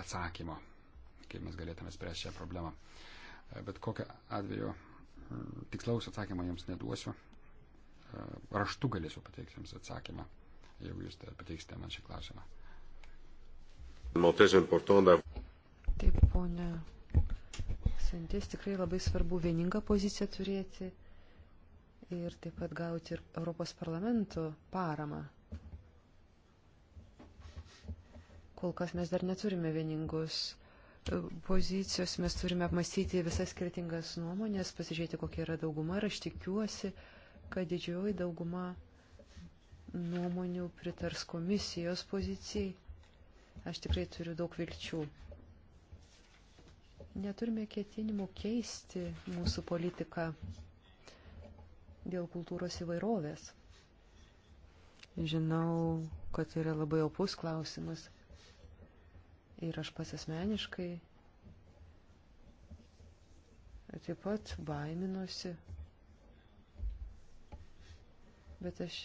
atsakymo, kaip mes galėtume spręsti šią problemą. Uh, bet kokią atveju tikslaus atsakymą jums neduosiu, E, raštu galėsiu pateikti jums atsakymą, jeigu jūs tai pateiksite man šį klausimą. Taip, ponia Sintės, tikrai labai svarbu vieningą poziciją turėti ir taip pat gauti ir Europos parlamento paramą. Kol kas mes dar neturime vieningus e, pozicijos, mes turime apmastyti visas skirtingas nuomonės, pasižiūrėti, kokia yra dauguma ir aš tikiuosi, kad didžioji dauguma nuomonių pritars komisijos pozicijai. Aš tikrai turiu daug vilčių. Neturime ketinimų keisti mūsų politiką dėl kultūros įvairovės. Žinau, kad tai yra labai opus klausimas. Ir aš pas asmeniškai taip pat baiminuosi bet aš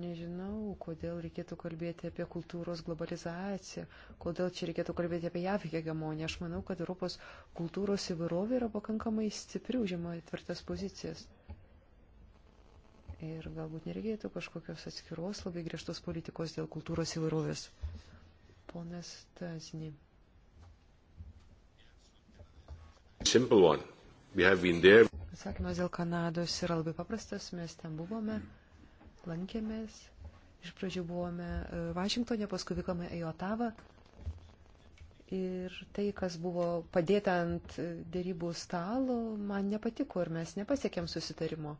nežinau, kodėl reikėtų kalbėti apie kultūros globalizaciją, kodėl čia reikėtų kalbėti apie JAV hegemoniją. Aš manau, kad Europos kultūros įvairovė yra pakankamai stipri, užima tvirtas pozicijas. Ir galbūt nereikėtų kažkokios atskiros labai griežtos politikos dėl kultūros įvairovės. Ponas Tazni. Simple one. We have been there. Atsakymas dėl Kanados yra labai paprastas. Mes ten buvome, lankėmės. Iš pradžių buvome e, Vašingtonė, paskui vykome į Otavą. Ir tai, kas buvo padėta ant e, dėrybų stalo, man nepatiko ir mes nepasiekėm susitarimo.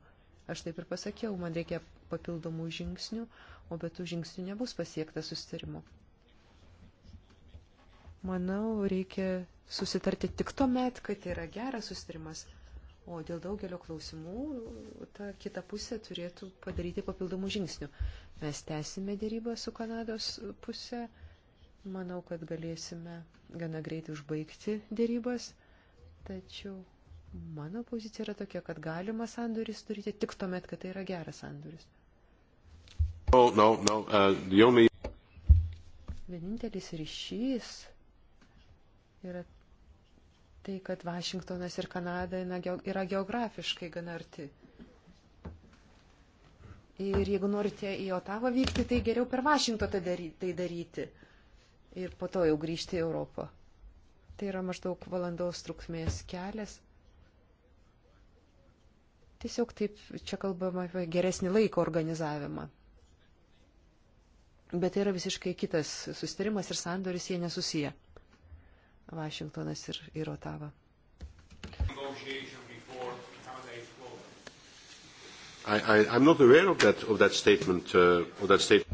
Aš taip ir pasakiau, man reikia papildomų žingsnių, o be tų žingsnių nebus pasiekta susitarimo. Manau, reikia susitarti tik tuo met, kad yra geras susitarimas. O dėl daugelio klausimų ta kita pusė turėtų padaryti papildomų žingsnių. Mes tęsime dėrybą su Kanados pusė. Manau, kad galėsime gana greitai užbaigti dėrybas. Tačiau mano pozicija yra tokia, kad galima sandoris turėti tik tuomet, kad tai yra geras sandoris. No, no, no, uh, only... Vienintelis ryšys yra tai, kad Vašingtonas ir Kanada na, yra geografiškai gana arti. Ir jeigu norite į Otavą vykti, tai geriau per Vašingtoną tai, tai daryti. Ir po to jau grįžti į Europą. Tai yra maždaug valandos trukmės kelias. Tiesiog taip čia kalbama apie geresnį laiko organizavimą. Bet tai yra visiškai kitas sustarimas ir sandoris, jie nesusiję. Vašingtonas ir, ir Otava. I, I, of that, of that uh, that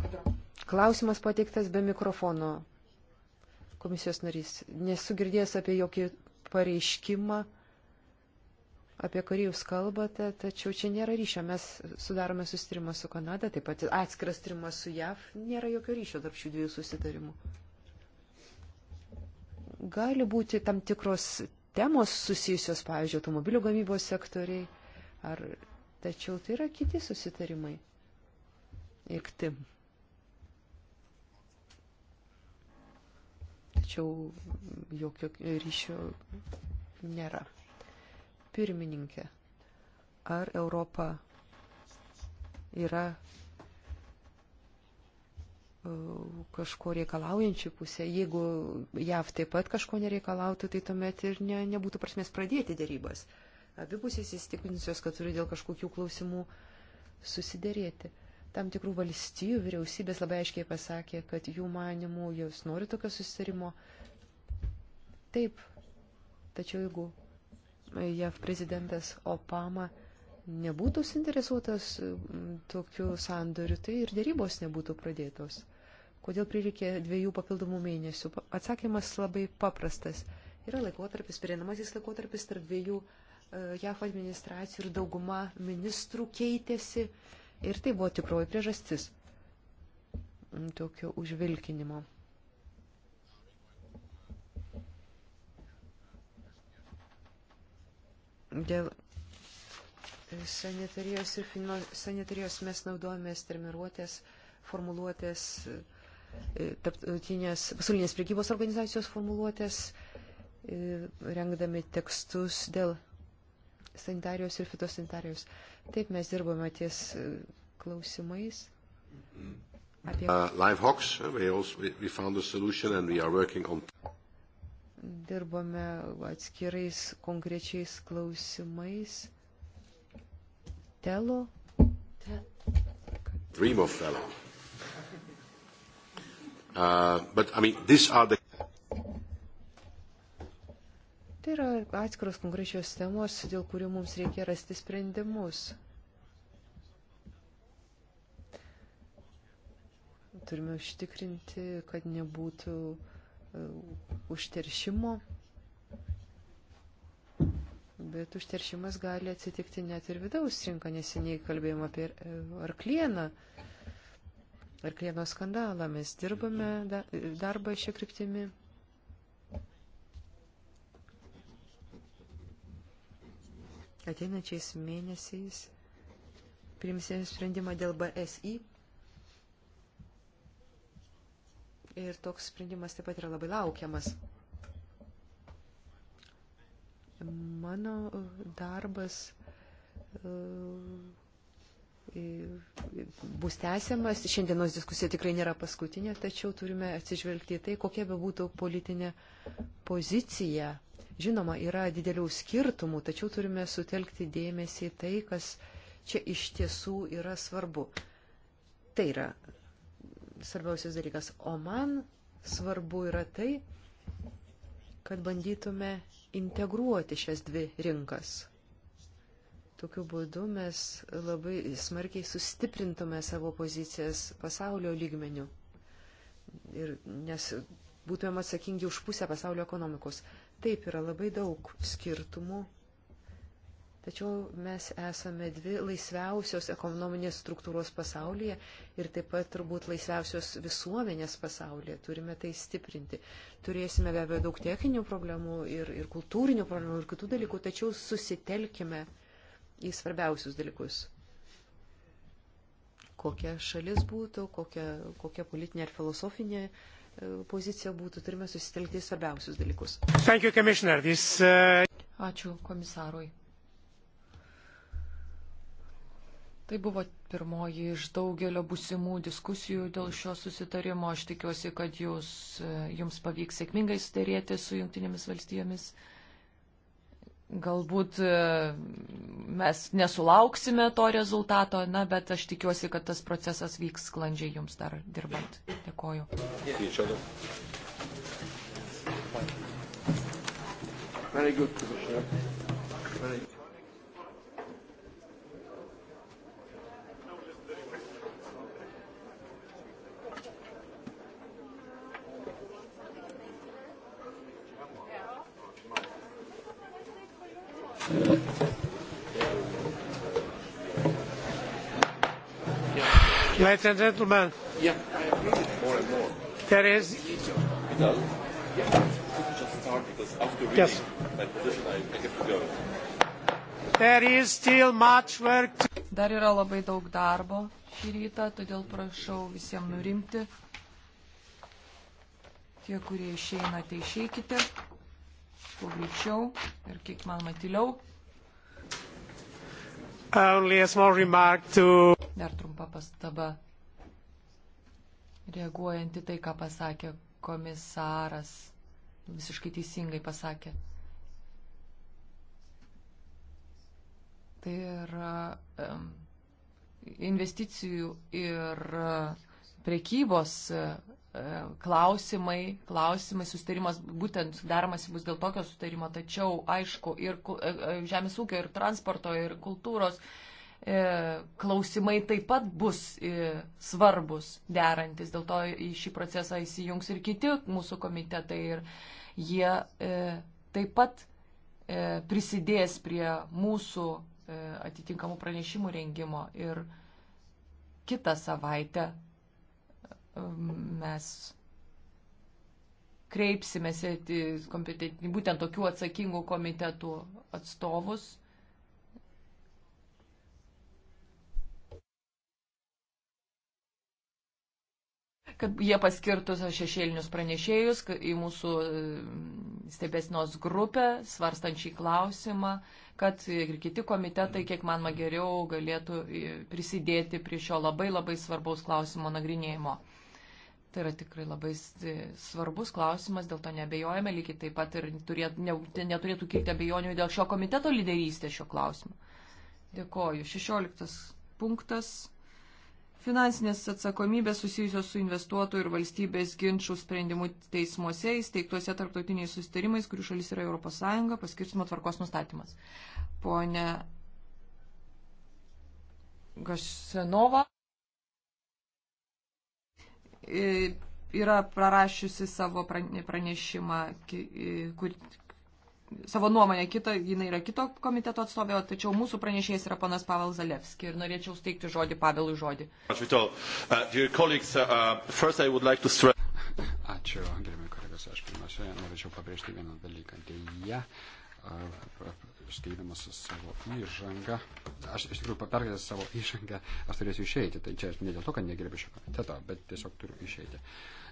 Klausimas pateiktas be mikrofono. Komisijos narys, nesu girdėjęs apie jokį pareiškimą, apie kurį jūs kalbate, tačiau čia nėra ryšio. Mes sudarome susitarimą su Kanada, taip pat atskiras susitarimas su JAV, nėra jokio ryšio tarp šių dviejų susitarimų. Gali būti tam tikros temos susijusios, pavyzdžiui, automobilių gamybos sektoriai, ar, tačiau tai yra kiti susitarimai. Ir ktim. Tačiau jokio ryšio nėra. Pirmininkė, ar Europa yra kažko reikalaujančių pusę. Jeigu JAV taip pat kažko nereikalautų, tai tuomet ir ne, nebūtų prasmės pradėti dėrybas. Abipusės įstikinusios, kad turi dėl kažkokių klausimų susidėrėti. Tam tikrų valstijų vyriausybės labai aiškiai pasakė, kad jų manimų jūs nori tokio susitarimo. Taip, tačiau jeigu JAV prezidentas Obama nebūtų suinteresuotas tokiu sandoriu, tai ir dėrybos nebūtų pradėtos. Kodėl prireikė dviejų papildomų mėnesių? Atsakymas labai paprastas. Yra laikotarpis, perinamasis laikotarpis tarp dviejų e, JAF administracijų ir dauguma ministrų keitėsi. Ir tai buvo tikroji priežastis tokio užvilkinimo. Dėl e, sanitarijos ir fino sanitarijos mes naudojame termiruotės, formuluotės E, tarptautinės pasaulinės priekybos organizacijos formuluotės, e, rengdami tekstus dėl sanitarijos ir fitosanitarijos. Taip mes dirbame ties e, klausimais. Apie... Uh, Livehox, uh, we, also, we found a solution and we are working on. Dirbame atskirais konkrečiais klausimais. Telo. Te... Dream of Telo. Uh, but, I mean, the... Tai yra atskiros konkrečios temos, dėl kurių mums reikia rasti sprendimus. Turime užtikrinti, kad nebūtų uh, užteršimo, bet užteršimas gali atsitikti net ir vidaus rinką, neseniai kalbėjom apie arklieną. Uh, ir plieno skandalą. Mes dirbame darbą šią kryptimį. Ateinačiais mėnesiais priimsime sprendimą dėl BSI. Ir toks sprendimas taip pat yra labai laukiamas. Mano darbas uh, bus tęsiamas. Šiandienos diskusija tikrai nėra paskutinė, tačiau turime atsižvelgti į tai, kokia be būtų politinė pozicija. Žinoma, yra didelių skirtumų, tačiau turime sutelkti dėmesį į tai, kas čia iš tiesų yra svarbu. Tai yra svarbiausias dalykas. O man svarbu yra tai, kad bandytume integruoti šias dvi rinkas Tokiu būdu mes labai smarkiai sustiprintume savo pozicijas pasaulio lygmenių. Ir nes būtumėm atsakingi už pusę pasaulio ekonomikos. Taip yra labai daug skirtumų, Tačiau mes esame dvi laisviausios ekonominės struktūros pasaulyje ir taip pat turbūt laisviausios visuomenės pasaulyje. Turime tai stiprinti. Turėsime be abejo daug techninių problemų ir, ir kultūrinių problemų ir kitų dalykų, tačiau susitelkime į svarbiausius dalykus. Kokia šalis būtų, kokia, kokia politinė ar filosofinė e, pozicija būtų, turime susitelkti į svarbiausius dalykus. Thank you, This, uh... Ačiū komisarui. Tai buvo pirmoji iš daugelio busimų diskusijų dėl šio susitarimo. Aš tikiuosi, kad jūs, e, jums pavyks sėkmingai sudarėti su jungtinėmis valstijomis. Galbūt e, mes nesulauksime to rezultato, na, bet aš tikiuosi, kad tas procesas vyks sklandžiai jums dar dirbant. Dėkoju. Very good, Commissioner. Very good. Ladies and gentlemen, yeah, I agree with more and more. There is. You know, yeah, I just start because after reading yes. my position, I, I have to go. There is still much work. Dar yra labai daug darbo šį rytą, todėl prašau visiems nurimti. Tie, kurie išeina, tai išeikite kuo greičiau ir kiek man matiliau. To... Dar trumpa pastaba. Reaguojant į tai, ką pasakė komisaras, visiškai teisingai pasakė. Tai yra investicijų ir prekybos E, klausimai, klausimai, sustarimas būtent daromas bus dėl tokio sustarimo, tačiau aišku ir e, e, žemės ūkio, ir transporto, ir kultūros klausimai taip pat bus svarbus derantis, dėl to į šį procesą įsijungs ir kiti mūsų komitetai ir jie taip pat prisidės prie mūsų atitinkamų pranešimų rengimo ir kitą savaitę Ehm, mes kreipsimės į būtent tokių atsakingų komitetų atstovus. kad jie paskirtų šešėlinius pranešėjus į mūsų ehm, stebėsinos grupę, svarstant šį klausimą, kad ir kiti komitetai, kiek manoma geriau, galėtų prisidėti prie šio labai labai svarbaus klausimo nagrinėjimo. Tai yra tikrai labai svarbus klausimas, dėl to nebejojame, lygiai taip pat ir turėt, ne, neturėtų kilti abejonių dėl šio komiteto lyderystės šio klausimu. Dėkoju. 16 punktas. Finansinės atsakomybės susijusios su investuotojų ir valstybės ginčių sprendimų teismuose įsteigtuose tarptautiniais sustarimais, kurių šalis yra ES, paskirstimo tvarkos nustatymas. Pone Gašenova. E, yra prarašiusi savo pranešimą, e, kur, savo nuomonę kitą, jinai yra kito komiteto atstovė, tačiau mūsų pranešėjas yra panas Pavel Zalevski ir norėčiau steigti žodį Pavelui žodį. Uh, uh, uh, Ačiū, gerbiami kolegos, aš pirmiausia norėčiau pabrėžti vieną dalyką. Deja, skaidamas savo įžangą, aš iš tikrųjų paperkęs savo įžangą, aš turėsiu išeiti. Tai čia ne dėl to, kad negerbiu šio komiteto, bet tiesiog turiu išeiti.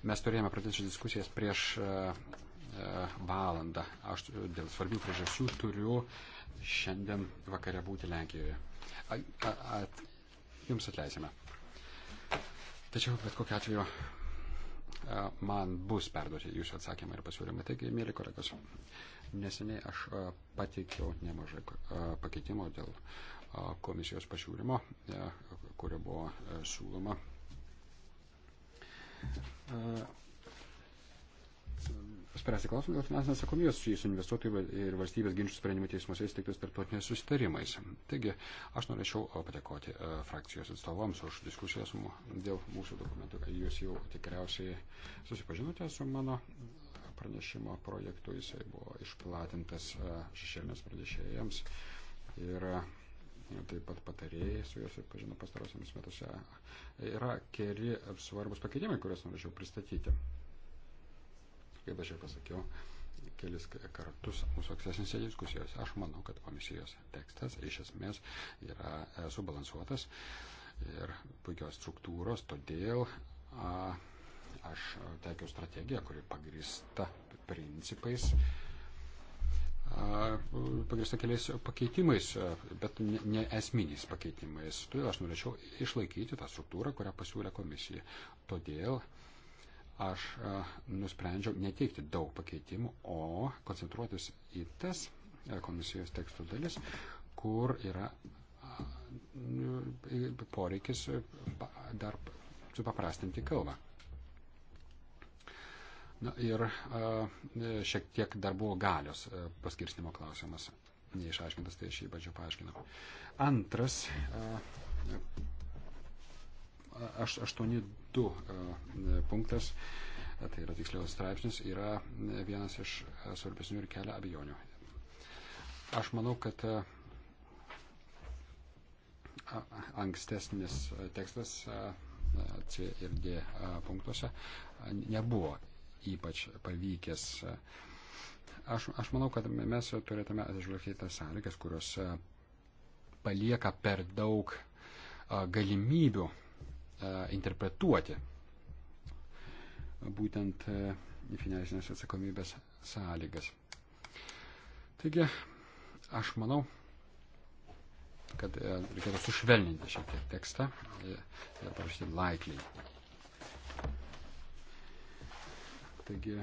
Mes turėjome pradėti šias diskusijas prieš uh, uh, valandą. Aš dėl svarbių priežasčių turiu šiandien vakare būti Lenkijoje. A, a, a, jums atleisime. Tačiau bet kokiu atveju e, man bus perduoti jūsų atsakymai ir pasiūlymai. Taigi, mėly kolegos, Neseniai aš e, pateikiau nemažai e, pakeitimo dėl e, komisijos pasiūlymo, kurio buvo siūloma spręsti klausimą dėl finansinės atsakomybės susijusių investuotojų ir valstybės ginčių sprendimų teismuose įsteigtus tarptautiniais susitarimais. Taigi, aš norėčiau padėkoti frakcijos atstovams už diskusijas dėl mūsų dokumentų. Jūs jau tikriausiai susipažinote su mano pranešimo projektu, jisai buvo išplatintas e, šešėlėms pranešėjams ir e, taip pat patarėjai su juos pažino pastarosiamis metuose. E, yra keli svarbus pakeitimai, kuriuos norėčiau pristatyti. Kaip aš jau pasakiau, kelis kartus mūsų ankstesnėse diskusijose. Aš manau, kad komisijos tekstas iš esmės yra subalansuotas ir puikios struktūros, todėl a, aš teikiau strategiją, kuri pagrįsta principais, pagrįsta keliais pakeitimais, bet ne esminiais pakeitimais. Todėl aš norėčiau išlaikyti tą struktūrą, kurią pasiūlė komisija. Todėl aš nusprendžiau neteikti daug pakeitimų, o koncentruotis į tas komisijos tekstų dalis, kur yra poreikis dar supaprastinti kalbą. Na, ir e, šiek tiek dar buvo galios e, paskirstimo klausimas neišaiškintas, tai aš jį bandžiau paaiškinau. Antras, 8.2 e, punktas, tai yra tiksliau straipsnis, yra vienas iš svarbesnių ir kelia abejonių. Aš manau, kad ankstesnis tekstas C ir D punktuose nebuvo ypač pavykęs. Aš, aš manau, kad mes turėtume atsižvelgti tas sąlygas, kurios e, palieka per daug e, galimybių e, interpretuoti būtent finansinės atsakomybės sąlygas. Taigi, aš manau, kad reikėtų sušvelninti šiek tiek tekstą ir parašyti likely Taigi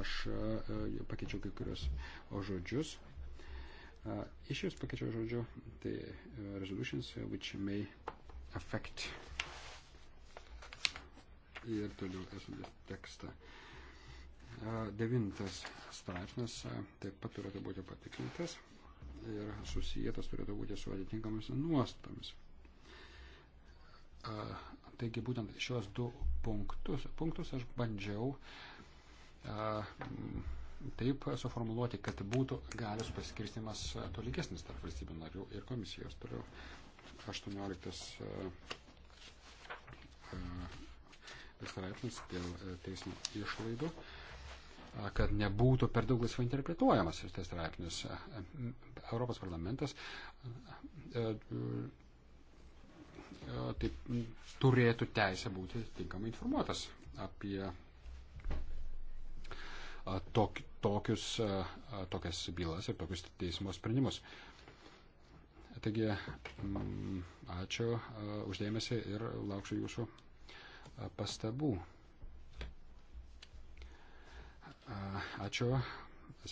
aš e, e, pakeičiau kai kurios žodžius. E, iš jūs pakeičiau žodžių, tai resolutions which may affect. Ir toliau esu tekstą. Devintas straipsnis taip pat turėtų būti patikrintas ir susijęs turėtų būti su atitinkamomis nuostomis. Taigi būtent šios du punktus, punktus aš bandžiau a, taip suformuluoti, kad būtų galios paskirstimas tolygesnis tarp valstybių narių ir komisijos. Toliau 18 straipsnis dėl teismo išlaidų, kad nebūtų per daug laisvai interpretuojamas šis straipsnis. Europos parlamentas taip, turėtų teisę būti tinkamai informuotas apie tok, tokius, tokias bylas ir tokius teismo sprendimus. Taigi, mm, ačiū uždėmesi ir laukšiu jūsų pastabų. Ačiū,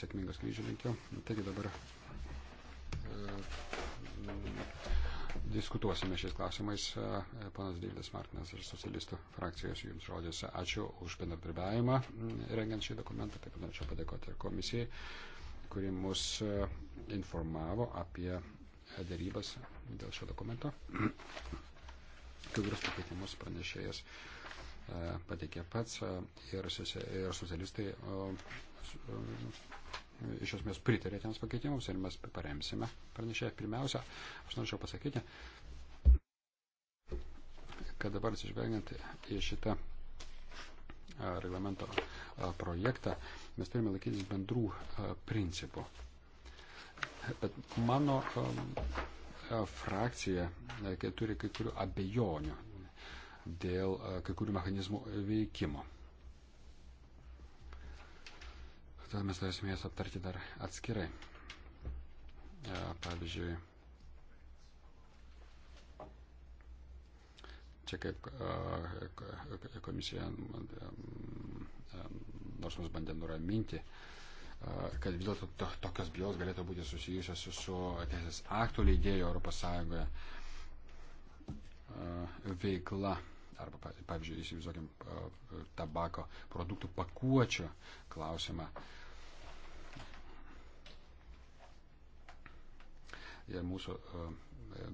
sėkmingos kryžių linkiu. Taigi dabar mm, diskutuosime šiais klausimais. E, Panas Deividas Martinas ir socialistų frakcijos jums žodis. Ačiū už bendradarbiavimą mm, rengiant šį dokumentą. Taip pat norėčiau padėkoti ir komisijai, kuri mus e, informavo apie darybas dėl šio dokumento. Kai kurios pakeitimus pranešėjas e, pateikė pats ir socialistai iš esmės pritarė tiems pakeitimams ir mes paremsime pranešėją. Pirmiausia, aš norėčiau pasakyti, kad dabar atsižvelgiant į šitą reglamento projektą, mes turime laikytis bendrų principų. Bet mano frakcija turi kai kurių abejonių dėl kai kurių mechanizmų veikimo. Todėl mes turėsime jas aptarti dar atskirai. Ja, e, pavyzdžiui, čia kaip e, e, komisija, nors mus bandė nuraminti, kad vis dėlto tokios bylos galėtų būti susijusios su teisės aktų leidėjo ES veikla. Arba, pavyzdžiui, įsivaizduokim tabako produktų pakuočio klausimą. Uh, ir mūsų e,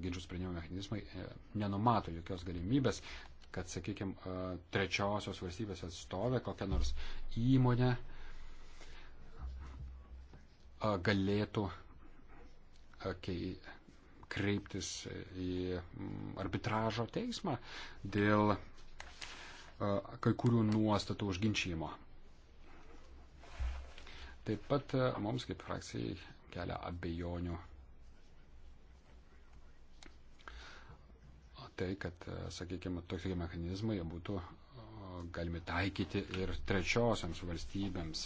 ginčių sprendimo mechanizmai e, nenumato jokios galimybės, kad, sakykime, trečiosios valstybės atstovė kokia nors įmonė e, galėtų kreiptis į mm, arbitražo teismą dėl kai kurių nuostatų užginčymo. Taip pat mums kaip frakcijai kelia abejonių tai, kad, e, sakykime, tokie mechanizmai būtų galimi taikyti ir trečiosiams valstybėms,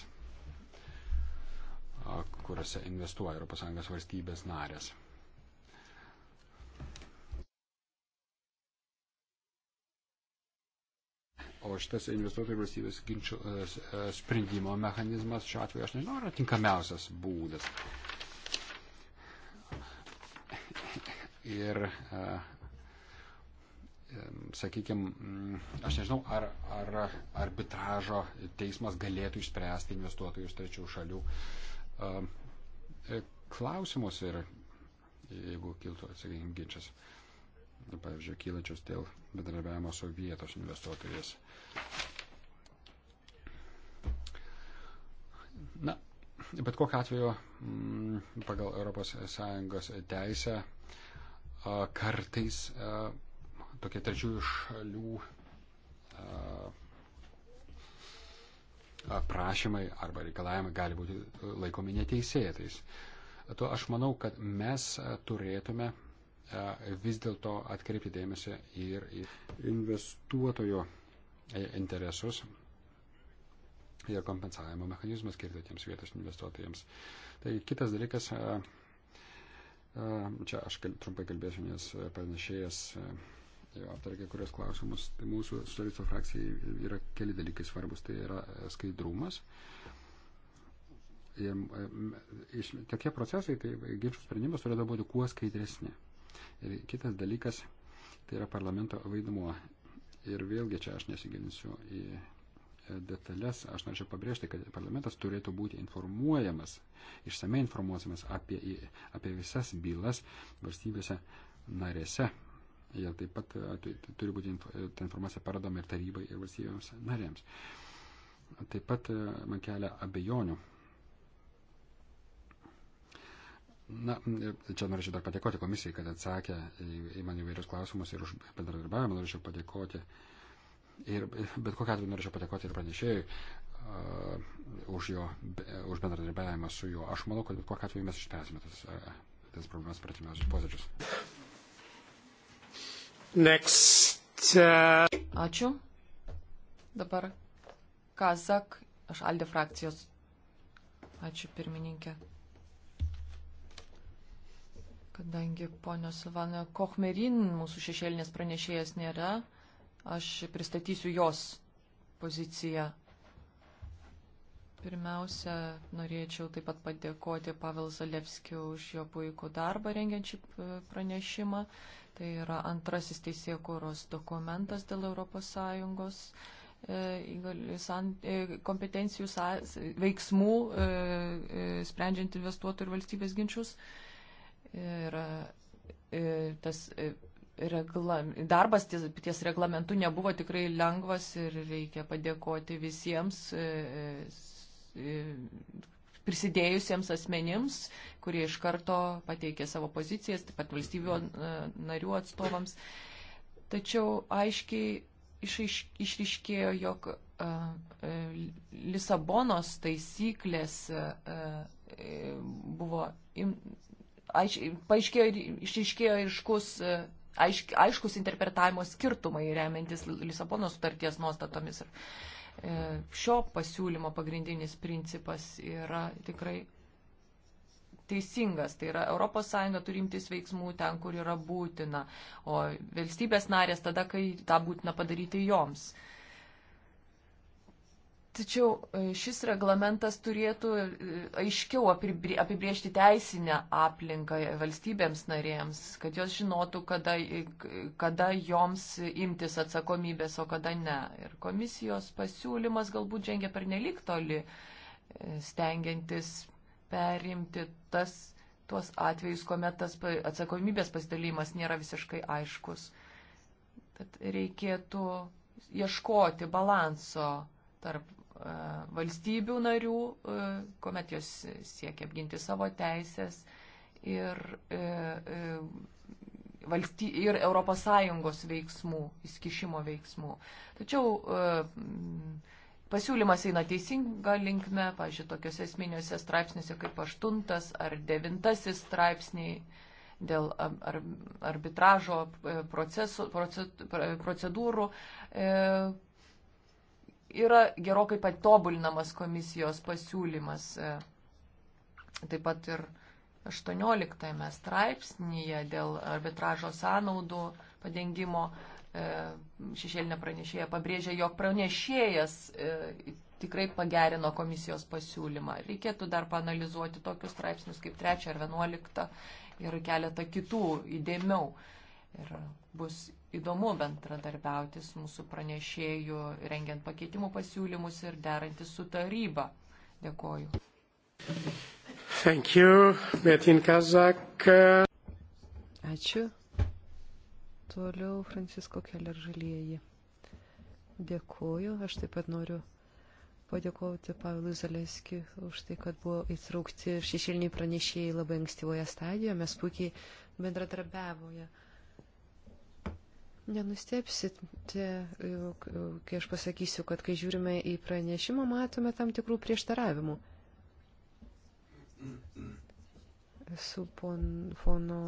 kuriuose investuoja ES valstybės narės. O šitas investuotojų valstybės ginčių e, e, sprendimo mechanizmas šiuo atveju, aš nežinau, yra tinkamiausias būdas. Ir uh, sakykime, mm, aš nežinau, ar, ar arbitražo teismas galėtų išspręsti investuotojų iš trečių šalių e, klausimus ir jeigu kiltų, sakykime, ginčias, pavyzdžiui, kylančius dėl bendradarbiavimo su vietos investuotojais. Na, bet kokiu atveju, mm, pagal ES teisę, kartais tokie trečiųjų šalių prašymai arba reikalavimai gali būti laikomi neteisėtais. To aš manau, kad mes turėtume vis dėlto atkreipti dėmesį ir į investuotojo e, interesus ir kompensavimo mechanizmus skirti tiems vietos investuotojams. Tai kitas dalykas, čia aš trumpai kalbėsiu, nes pranešėjas aptarė kai kurios klausimus. Tai mūsų socialistų frakcijai yra keli dalykai svarbus. Tai yra e, skaidrumas. Ir e, iš, tokie procesai, tai ginčių sprendimas turėtų būti kuo skaidresni. Ir kitas dalykas, tai yra parlamento vaidmuo. Ir vėlgi čia aš nesigilinsiu į e, detalės, aš norėčiau pabrėžti, kad parlamentas turėtų būti informuojamas, išsamei informuojamas apie, apie visas bylas valstybėse narėse Jie taip pat e, turi būti e, ta informacija parodoma ir tarybai, ir valstybėms narėms. Taip pat e, man kelia abejonių. Na, čia norėčiau dar padėkoti komisijai, kad atsakė į, į man įvairius klausimus ir už bendradarbiavimą norėčiau padėkoti. Ir bet kokią atveju norėčiau padėkoti ir pranešėjui uh, už, jo, be, už bendradarbiavimą su juo. Aš manau, kad bet kokią atveju mes išteisime tas, uh, tas problemas per atimiausius posėdžius. Next. Uh, Ačiū. Dabar Kazak, aš Aldė frakcijos. Ačiū pirmininkė. Kadangi ponios Vana Kochmerin, mūsų šešėlinės pranešėjas nėra, aš pristatysiu jos poziciją Pirmiausia, norėčiau taip pat padėkoti Pavel Zalevskiu už jo puikų darbą rengiančią e, pranešimą. Tai yra antrasis teisėkūros dokumentas dėl ES e, e, kompetencijų veiksmų, sprendžiant investuotojų ir valstybės ginčius. Ir tas regla, darbas ties, ties reglamentu nebuvo tikrai lengvas ir reikia padėkoti visiems E, prisidėjusiems asmenims, kurie iš karto pateikė savo pozicijas, taip pat valstybių e, narių atstovams. Tačiau aiškiai išriškėjo, jog e, Lisabonos taisyklės buvo, aiš, paaiškėjo ir išriškėjo aiškus, aišk, aiškus interpretavimo skirtumai remiantis Lisabonos sutarties nuostatomis ir E, šio pasiūlymo pagrindinis principas yra tikrai teisingas. Tai yra ES turi imtis veiksmų ten, kur yra būtina, o valstybės narės tada, kai tą būtina padaryti joms. Uh, Tačiau e, šis reglamentas turėtų e, aiškiau apibriežti teisinę aplinką valstybėms narėms, kad jos žinotų, kada, e, kada joms imtis atsakomybės, o kada ne. Ir komisijos pasiūlymas galbūt žengia per nelik toli, stengiantis perimti tas, tuos atvejus, kuomet tas atsakomybės pasidalymas nėra visiškai aiškus. Tad reikėtų ieškoti balanso tarp E, valstybių narių, e, kuomet jos siekia apginti savo teisės ir, e, valsty, ir ES veiksmų, įskišimo veiksmų. Tačiau pasiūlymas eina teisinga linkme, pažiūrėjau, tokiuose esminiuose straipsniuose kaip aštuntas ar devintasis straipsniai dėl arbitražo procesu, procedūrų yra gerokai patobulinamas komisijos pasiūlymas. E, taip pat ir 18 straipsnėje dėl arbitražo sąnaudų padengimo e, šešėlinė pranešėja pabrėžia, jog pranešėjas e, tikrai pagerino komisijos pasiūlymą. Reikėtų dar panalizuoti tokius straipsnius kaip 3 ar 11 ir keletą kitų įdėmiau. Ir bus įdomu bendradarbiauti su mūsų pranešėju, rengiant pakeitimų pasiūlymus ir derantis su taryba. Dėkoju. Thank you, Betin Kazak. Ačiū. Toliau Francisko Keller žalieji. Dėkuoju. Aš taip pat noriu padėkoti Pavlui Zaleski už tai, kad buvo įtraukti šešėliniai pranešėjai labai ankstyvoje stadijoje. Mes puikiai bendradarbiavome Nenustepsit, e, kai aš pasakysiu, kad kai žiūrime į pranešimą, matome tam tikrų prieštaravimų. Su pon, pono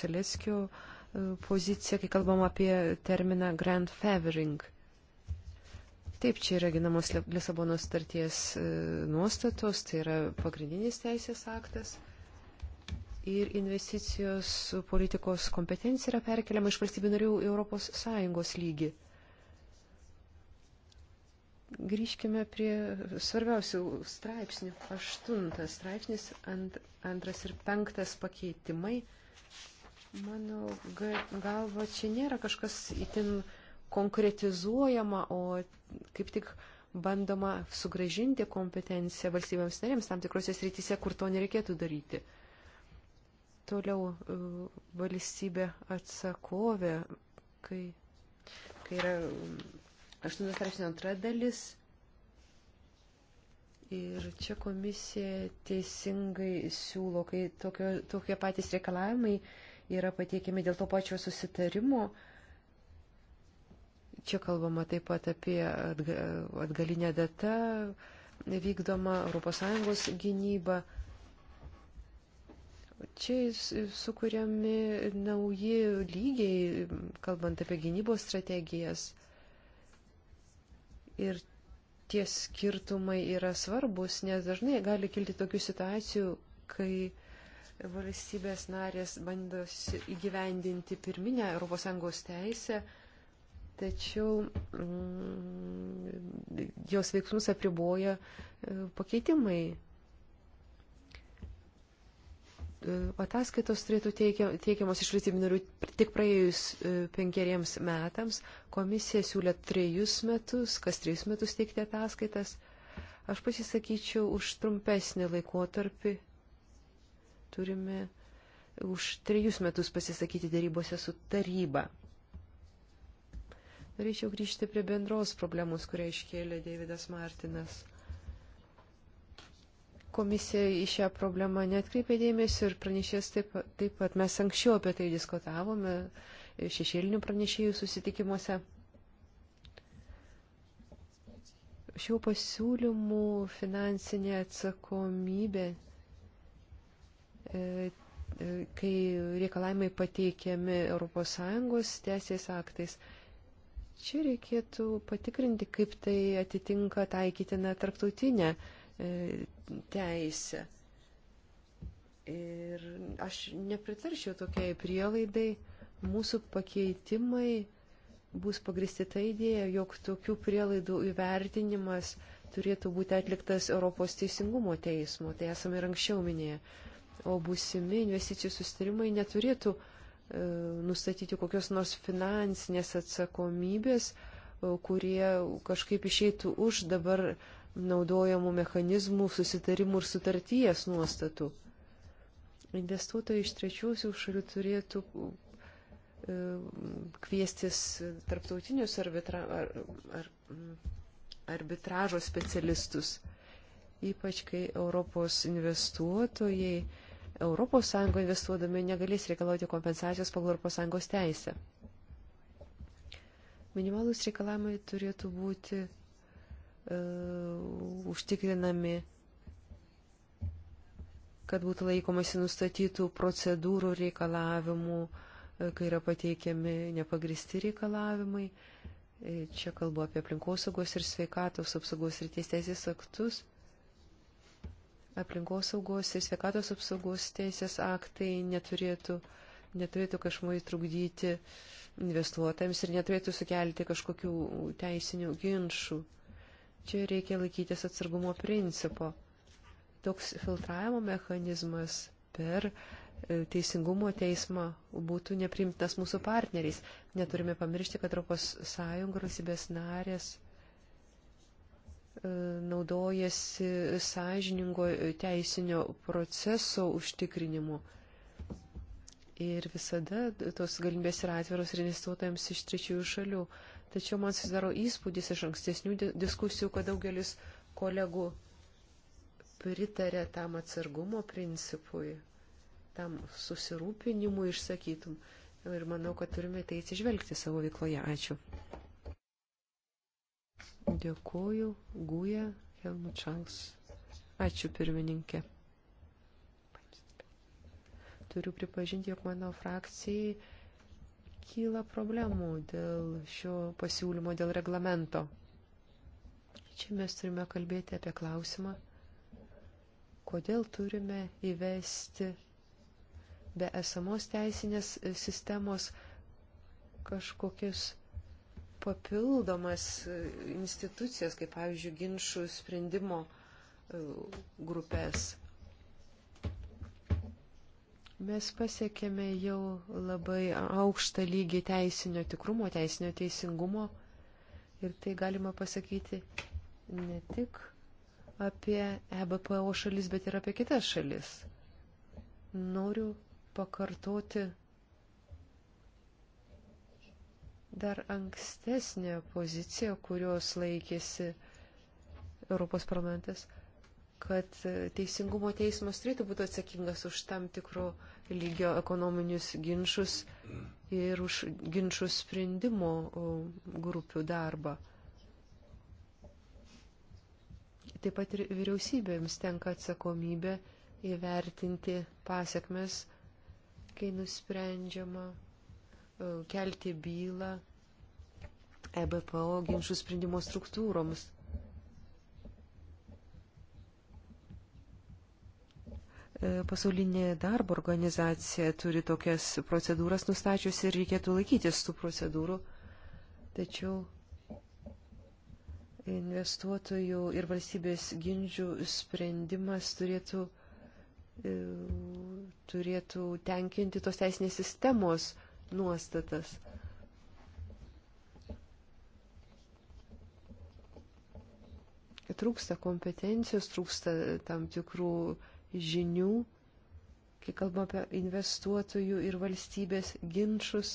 Seleskio e, pozicija, kai kalbam apie terminą grand favoring. Taip, čia yra ginamos Lisabonos starties e, nuostatos, tai yra pagrindinis teisės aktas ir investicijos politikos kompetencija yra perkeliama iš valstybių narių Europos Sąjungos lygį. Grįžkime prie svarbiausių straipsnių. Aštuntas straipsnis, ant, antras ir penktas pakeitimai. Mano galva, čia nėra kažkas itin konkretizuojama, o kaip tik bandoma sugražinti kompetenciją valstybėms narėms tam tikrose srityse, kur to nereikėtų daryti. Toliau e, valstybė atsakovė, kai, kai yra 8 mm, straipsnio antra dalis. Ir čia komisija teisingai siūlo, kai tokio, tokie patys reikalavimai yra pateikiami dėl to pačio susitarimo. Čia kalbama taip pat apie atgalinę datą vykdomą ES gynybą. Čia e, sukūriami nauji lygiai, kalbant apie gynybos strategijas. Ir tie skirtumai yra svarbus, nes dažnai gali kilti tokių situacijų, kai valstybės narės bando įgyvendinti pirminę ES teisę, tačiau mm, jos veiksmus apriboja e, pakeitimai. E, ataskaitos turėtų teikiamos iš valstybių narių tik praėjus e, penkeriems metams. Komisija siūlė trejus metus, kas trejus metus teikti ataskaitas. Aš pasisakyčiau už trumpesnį laikotarpį. Turime už trejus metus pasisakyti dėrybose su taryba. Norėčiau grįžti prie bendros problemos, kurią iškėlė Davidas Martinas komisija į šią problemą netkreipė dėmesio ir pranešės taip, taip pat mes anksčiau apie tai diskutavome šešėlinių pranešėjų susitikimuose. Šių pasiūlymų finansinė atsakomybė, e, e, kai reikalavimai pateikiami ES teisės aktais, čia reikėtų patikrinti, kaip tai atitinka taikytina tarptautinė E, teisę. Ir aš nepritaršiau tokiai prielaidai, mūsų pakeitimai bus pagristi ta idėja, jog tokių prielaidų įvertinimas turėtų būti atliktas Europos teisingumo teismo, tai esame ir anksčiau minėję. O būsimi investicijų sustarimai neturėtų e, nustatyti kokios nors finansinės atsakomybės, e, kurie kažkaip išeitų už dabar naudojamų mechanizmų, susitarimų ir sutarties nuostatų. Investuotojai iš trečiųjų šalių turėtų e, kviestis tarptautinius arbitra, ar, ar, arbitražo specialistus, ypač kai Europos investuotojai, ES investuodami negalės reikalauti kompensacijos pagal ES teisę. Minimalus reikalavimai turėtų būti E, užtikrinami, kad būtų laikomasi nustatytų procedūrų reikalavimų, e, kai yra pateikiami nepagristi reikalavimai. E, čia kalbu apie aplinkosaugos ir sveikatos apsaugos ryties teisės aktus. Aplinkosaugos ir sveikatos apsaugos teisės aktai neturėtų, neturėtų kažmai trukdyti investuotojams ir neturėtų sukelti kažkokių teisinių ginčių. Čia reikia laikytis atsargumo principo. Toks filtravimo mechanizmas per e, teisingumo teismą būtų neprimtas mūsų partneriais. Neturime pamiršti, kad Europos Sąjunga, Rusybės narės e, naudojasi sąžiningo teisinio proceso užtikrinimu. Ir visada tos galimybės yra atviros ir investuotojams iš trečiųjų šalių. Tačiau man susidaro įspūdis iš ankstesnių diskusijų, kad daugelis kolegų pritarė tam atsargumo principui, tam susirūpinimui išsakytum. Ir manau, kad turime tai atsižvelgti savo veikloje. Ačiū. Dėkuoju, Guja Helmut Šals. Ačiū pirmininkė. Turiu pripažinti, jog mano frakcijai kyla problemų dėl šio pasiūlymo, dėl reglamento. Čia mes turime kalbėti apie klausimą, kodėl turime įvesti be esamos teisinės sistemos kažkokius papildomas institucijas, kaip pavyzdžiui, ginčių sprendimo e, grupės. Mes pasiekėme jau labai aukštą lygį teisinio tikrumo, teisinio teisingumo ir tai galima pasakyti ne tik apie EBPO šalis, bet ir apie kitas šalis. Noriu pakartoti dar ankstesnę poziciją, kurios laikėsi Europos parlamentas kad teisingumo teismas turėtų būti atsakingas už tam tikro lygio ekonominius ginčius ir už ginčių sprendimo grupių darbą. Taip pat ir vyriausybėms tenka atsakomybė įvertinti pasiekmes, kai nusprendžiama kelti bylą EBPO ginčių sprendimo struktūroms. E, pasaulinė darbo organizacija turi tokias procedūras nustačiusi ir reikėtų laikytis tų procedūrų. Tačiau investuotojų ir valstybės ginčių sprendimas turėtų, e, turėtų tenkinti tos teisinės sistemos nuostatas. Trūksta kompetencijos, trūksta tam tikrų žinių, kai kalbame apie investuotojų ir valstybės ginčius.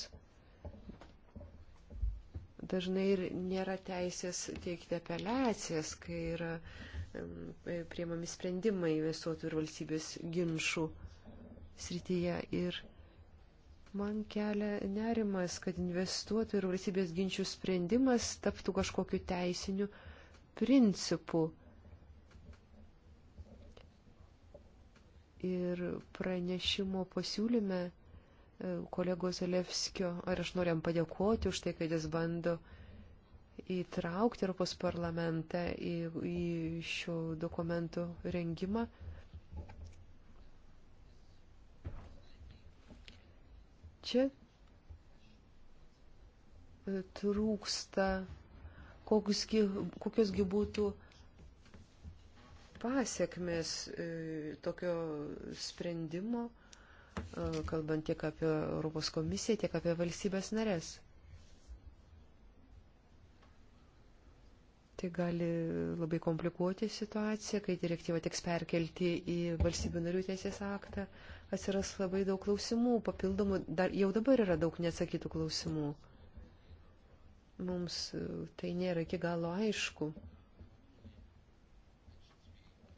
Dažnai ir nėra teisės teikti apeliacijas, kai yra priemami sprendimai investuotojų ir valstybės ginčių srityje. Ir man kelia nerimas, kad investuotojų ir valstybės ginčių sprendimas taptų kažkokiu teisiniu principu. Ir pranešimo pasiūlyme e, kolegos Elevskio, ar aš noriu jam padėkoti už tai, kad jis bando įtraukti Europos parlamentą į, į šio dokumento rengimą. Čia e, trūksta, kokiosgi, kokiosgi būtų pasiekmes e, tokio sprendimo, e, kalbant tiek apie Europos komisiją, tiek apie valstybės narės. Tai gali labai komplikuoti situaciją, kai direktyva teks perkelti į valstybių narių teisės aktą. Atsiras labai daug klausimų, papildomų, dar, jau dabar yra daug neatsakytų klausimų. Mums e, tai nėra iki galo aišku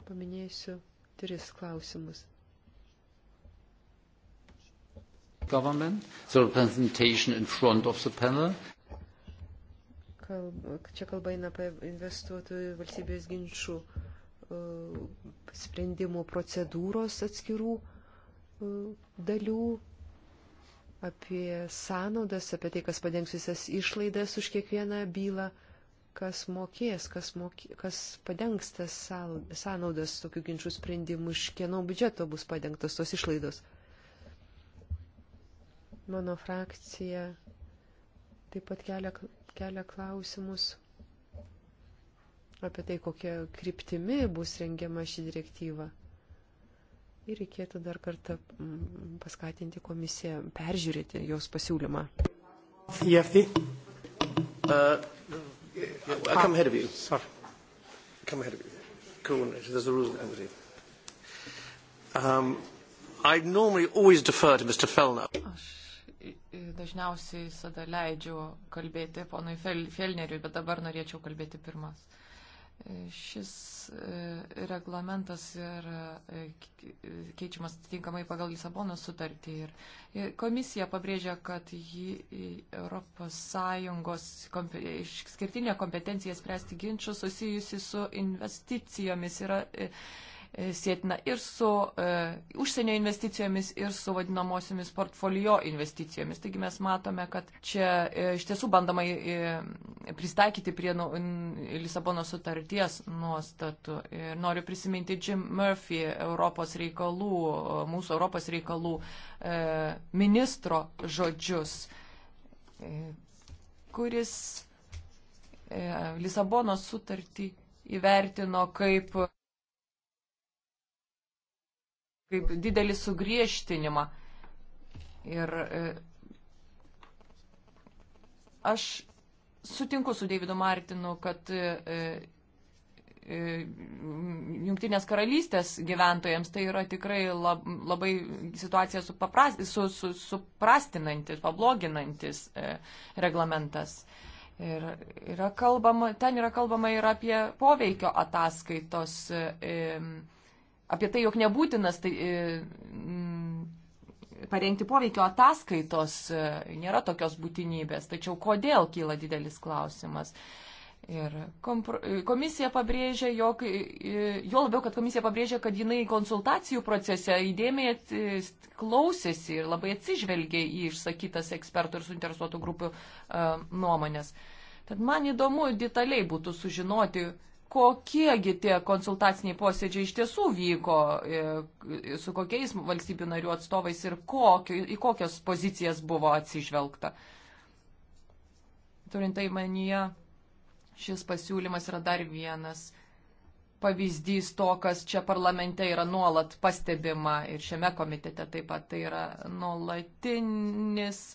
paminėsiu tris klausimus. Government, the representation in front of the panel. Kalb, čia kalba eina apie investuotojų valstybės ginčių e, sprendimų procedūros atskirų e, dalių, apie sąnaudas, apie tai, kas padengs visas išlaidas už kiekvieną bylą kas mokės, kas, mokė, kas padengs tas sąnaudas tokių ginčių sprendimų, iš kieno biudžeto bus padengtos tos išlaidos. Mano frakcija taip pat kelia, kelia klausimus apie tai, kokia kryptimi bus rengiama ši direktyva. Ir reikėtų dar kartą mm, paskatinti komisiją peržiūrėti jos pasiūlymą. EFT. Uh, I come ahead of you. Sorry. Come ahead of you. Cool. There's a rule over you. Um, I normally always defer to Mr. Fellner. Aš dažniausiai visada leidžiu kalbėti ponui Fel Felneriui, bet dabar norėčiau kalbėti pirmas. Uh, Šis e, reglamentas yra e, keičiamas atitinkamai pagal Lisabono sutartį ir e, komisija pabrėžia, kad ji ES komp išskirtinė kompetencija spręsti ginčius susijusi su investicijomis yra sėtina ir su e, užsienio investicijomis, ir su vadinamosiomis portfolio investicijomis. Taigi mes matome, kad čia e, iš tiesų bandama e, pristaikyti prie nu, Lisabono sutarties nuostatų. Ir noriu prisiminti Jim Murphy, Europos reikalų, mūsų Europos reikalų e, ministro žodžius, e, kuris e, Lisabono sutartį įvertino kaip kaip didelį sugriežtinimą. Ir e, aš sutinku su Davidu Martinu, kad e, e, Junktinės karalystės gyventojams tai yra tikrai labai situacija suprastinantis, su, su, su pabloginantis reglamentas. Ir yra kalbama, ten yra kalbama ir apie poveikio ataskaitos. E, apie tai, jog nebūtinas tai, e, mm, parengti poveikio ataskaitos, e, nėra tokios būtinybės. Tačiau kodėl kyla didelis klausimas? Ir e, komisija pabrėžia, jog, jo labiau, kad komisija pabrėžia, kad jinai konsultacijų procese įdėmiai klausėsi ir labai atsižvelgė į išsakytas ekspertų ir suinteresuotų grupių nuomonės. Tad man įdomu detaliai būtų sužinoti, kokiegi tie konsultaciniai posėdžiai iš tiesų vyko, e, su kokiais valstybių narių atstovais ir kokio, į kokias pozicijas buvo atsižvelgta. Turintai manyje, šis pasiūlymas yra dar vienas pavyzdys to, kas čia parlamente yra nuolat pastebima ir šiame komitete taip pat tai yra nuolatinis.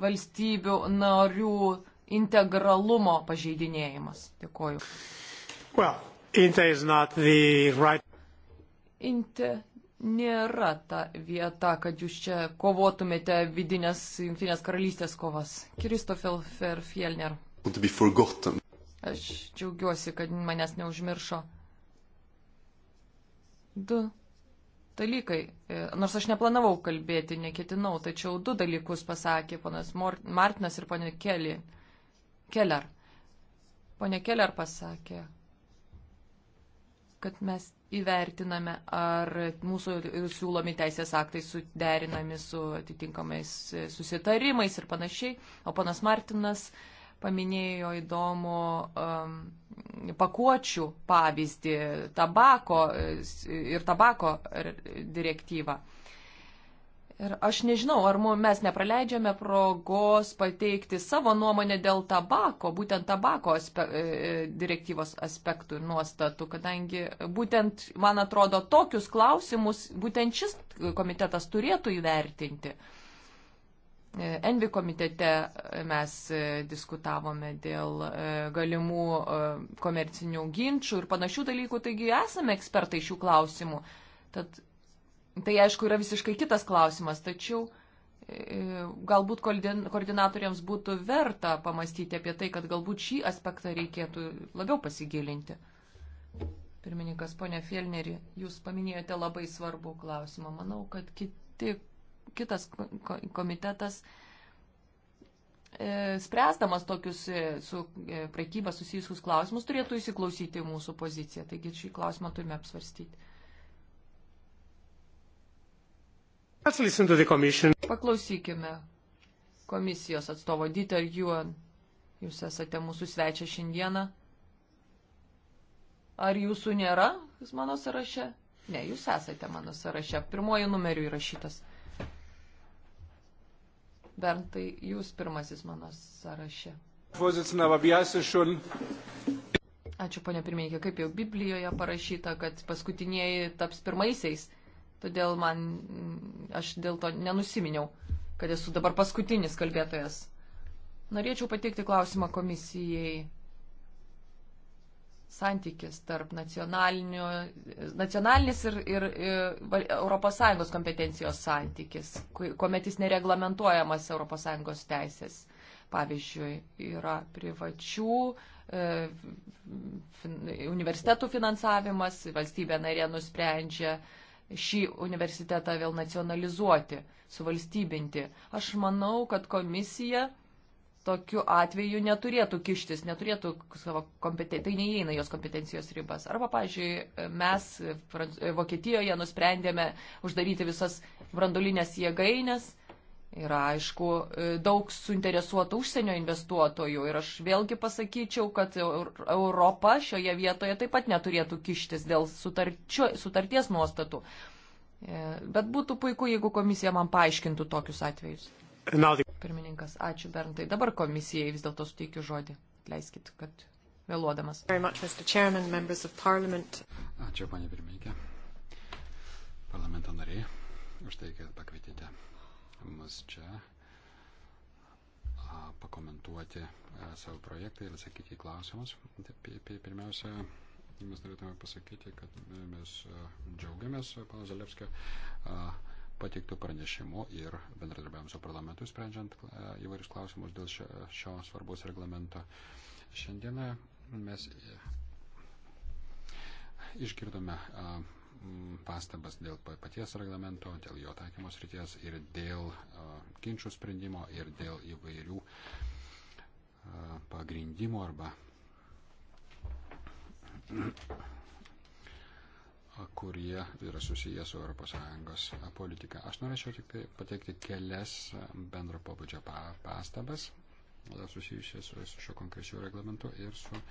valstybių narių integralumo pažeidinėjimas. Dėkoju. Well, right... Inte nėra ta vieta, kad jūs čia kovotumėte vidinės jungtinės karalystės kovas. Kristofel Ferfielner. Aš džiaugiuosi, kad manęs neužmiršo. Du dalykai. E, nors aš neplanavau kalbėti, neketinau, tačiau du dalykus pasakė ponas Martinas ir ponė Kelly. Keller. Pone Keller pasakė, kad mes įvertiname, ar mūsų siūlomi teisės aktai suderinami su atitinkamais susitarimais ir panašiai. O panas Martinas paminėjo įdomų um, pakuočių pavyzdį tabako e, ir tabako direktyvą. Uh, Ir aš nežinau, ar mes nepraleidžiame progos pateikti savo nuomonę dėl tabako, būtent tabako aspe e, direktyvos aspektų ir nuostatų, kadangi būtent, man atrodo, tokius klausimus būtent šis komitetas turėtų įvertinti. E, Envi komitete mes e, diskutavome dėl galimų komercinių ginčių ir panašių dalykų, taigi esame ekspertai šių klausimų. Tad Tai aišku yra visiškai kitas klausimas, tačiau e, galbūt koordinatoriams būtų verta pamastyti apie tai, kad galbūt šį aspektą reikėtų labiau pasigilinti. Pirmininkas, ponė Fielneri, jūs paminėjote labai svarbų klausimą. Manau, kad kiti, kitas komitetas e, spręsdamas tokius e, su prekyba susijusius klausimus turėtų įsiklausyti mūsų poziciją. Taigi šį klausimą turime apsvarstyti. Paklausykime komisijos atstovo Dieter Juan. Jūs esate mūsų svečia šiandieną. Ar jūsų nėra jūs mano sąraše? Ne, jūs esate mano sąraše. Pirmoji numeriu įrašytas. Berntai, jūs pirmasis mano sąraše. Ačiū, ponia pirmininkė, kaip jau Biblijoje parašyta, kad paskutinieji taps pirmaisiais todėl man, aš dėl to nenusiminiau, kad esu dabar paskutinis kalbėtojas. Norėčiau pateikti klausimą komisijai. Santykis tarp nacionalinės ir, ir, ir ES kompetencijos santykis, kuomet jis nereglamentuojamas ES teisės. Pavyzdžiui, yra privačių e, universitetų finansavimas, valstybė narė nusprendžia, šį universitetą vėl nacionalizuoti, suvalstybinti. Aš manau, kad komisija tokiu atveju neturėtų kištis, neturėtų savo kompetencijos, tai neįeina jos kompetencijos ribas. Arba, pavyzdžiui, mes Vokietijoje nusprendėme uždaryti visas brandolinės jėgainės Yra aišku e, daug suinteresuotų užsienio investuotojų ir aš vėlgi pasakyčiau, kad Europa šioje vietoje taip pat neturėtų kištis dėl sutarčio, sutarties nuostatų. E, bet būtų puiku, jeigu komisija man paaiškintų tokius atvejus. Pirmininkas, ačiū Berntai. Dabar komisijai vis dėlto suteikiu žodį. Leiskit, kad vėluodamas. Ačiū, panė pirmininkė. Parlamento nariai, už tai, kad pakvietėte mus čia pakomentuoti savo projektą ir atsakyti į klausimus. Tai pirmiausia, mes norėtume pasakyti, kad mes džiaugiamės pana Zalevskio pateiktų pranešimų ir bendradarbiavimu su parlamentu sprendžiant įvairius klausimus dėl šio, šio svarbus reglamento. Šiandieną mes išgirdome Mm, pastabas dėl paties reglamento, dėl jo taikymos ryties ir dėl ginčių sprendimo ir dėl įvairių pagrindimų arba kurie yra susiję su ES politika. Aš norėčiau tik tai pateikti kelias bendro pobūdžio pastabas susijusias su, su šio konkrečiu reglamentu ir su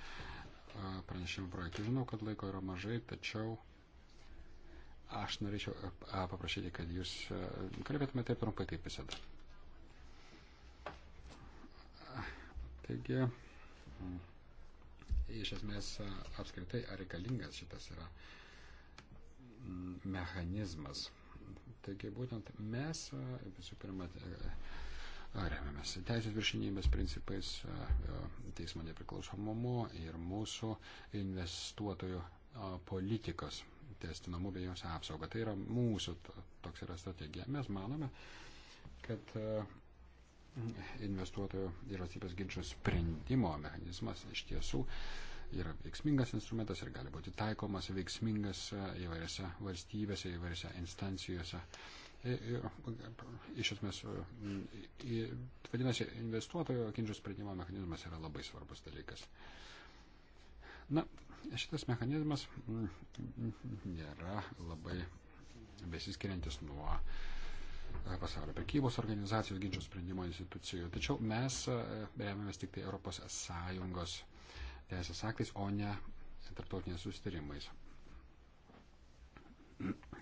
pranešimu projektu. Žinau, kad laiko yra mažai, tačiau Aš norėčiau e, paprašyti, kad jūs e, kalbėtumėte trumpai kaip visada. Taigi, mm, iš esmės, e, apskritai, ar reikalingas šitas yra mm, mechanizmas. Taigi, būtent mes visų pirma remiamės teisės viršinybės principais, teismo nepriklausomumu ir mūsų investuotojų politikos testinamų bei jos apsaugą. Tai yra mūsų toks yra strategija. Mes manome, kad e, investuotojų ir atsipės ginčių sprendimo mechanizmas iš tiesų yra veiksmingas instrumentas ir gali būti taikomas veiksmingas e, įvairiose valstybėse, įvairiose instancijose. E, iš esmės, vadinasi, investuotojo ginčių sprendimo mechanizmas yra labai svarbus dalykas. Na, šitas mechanizmas mm, mm, nėra labai besiskiriantis nuo e, pasaulio prekybos organizacijos ginčio sprendimo institucijų. Tačiau mes e, remiamės tik tai ES teisės aktais, o ne tarptautiniais sustarimais.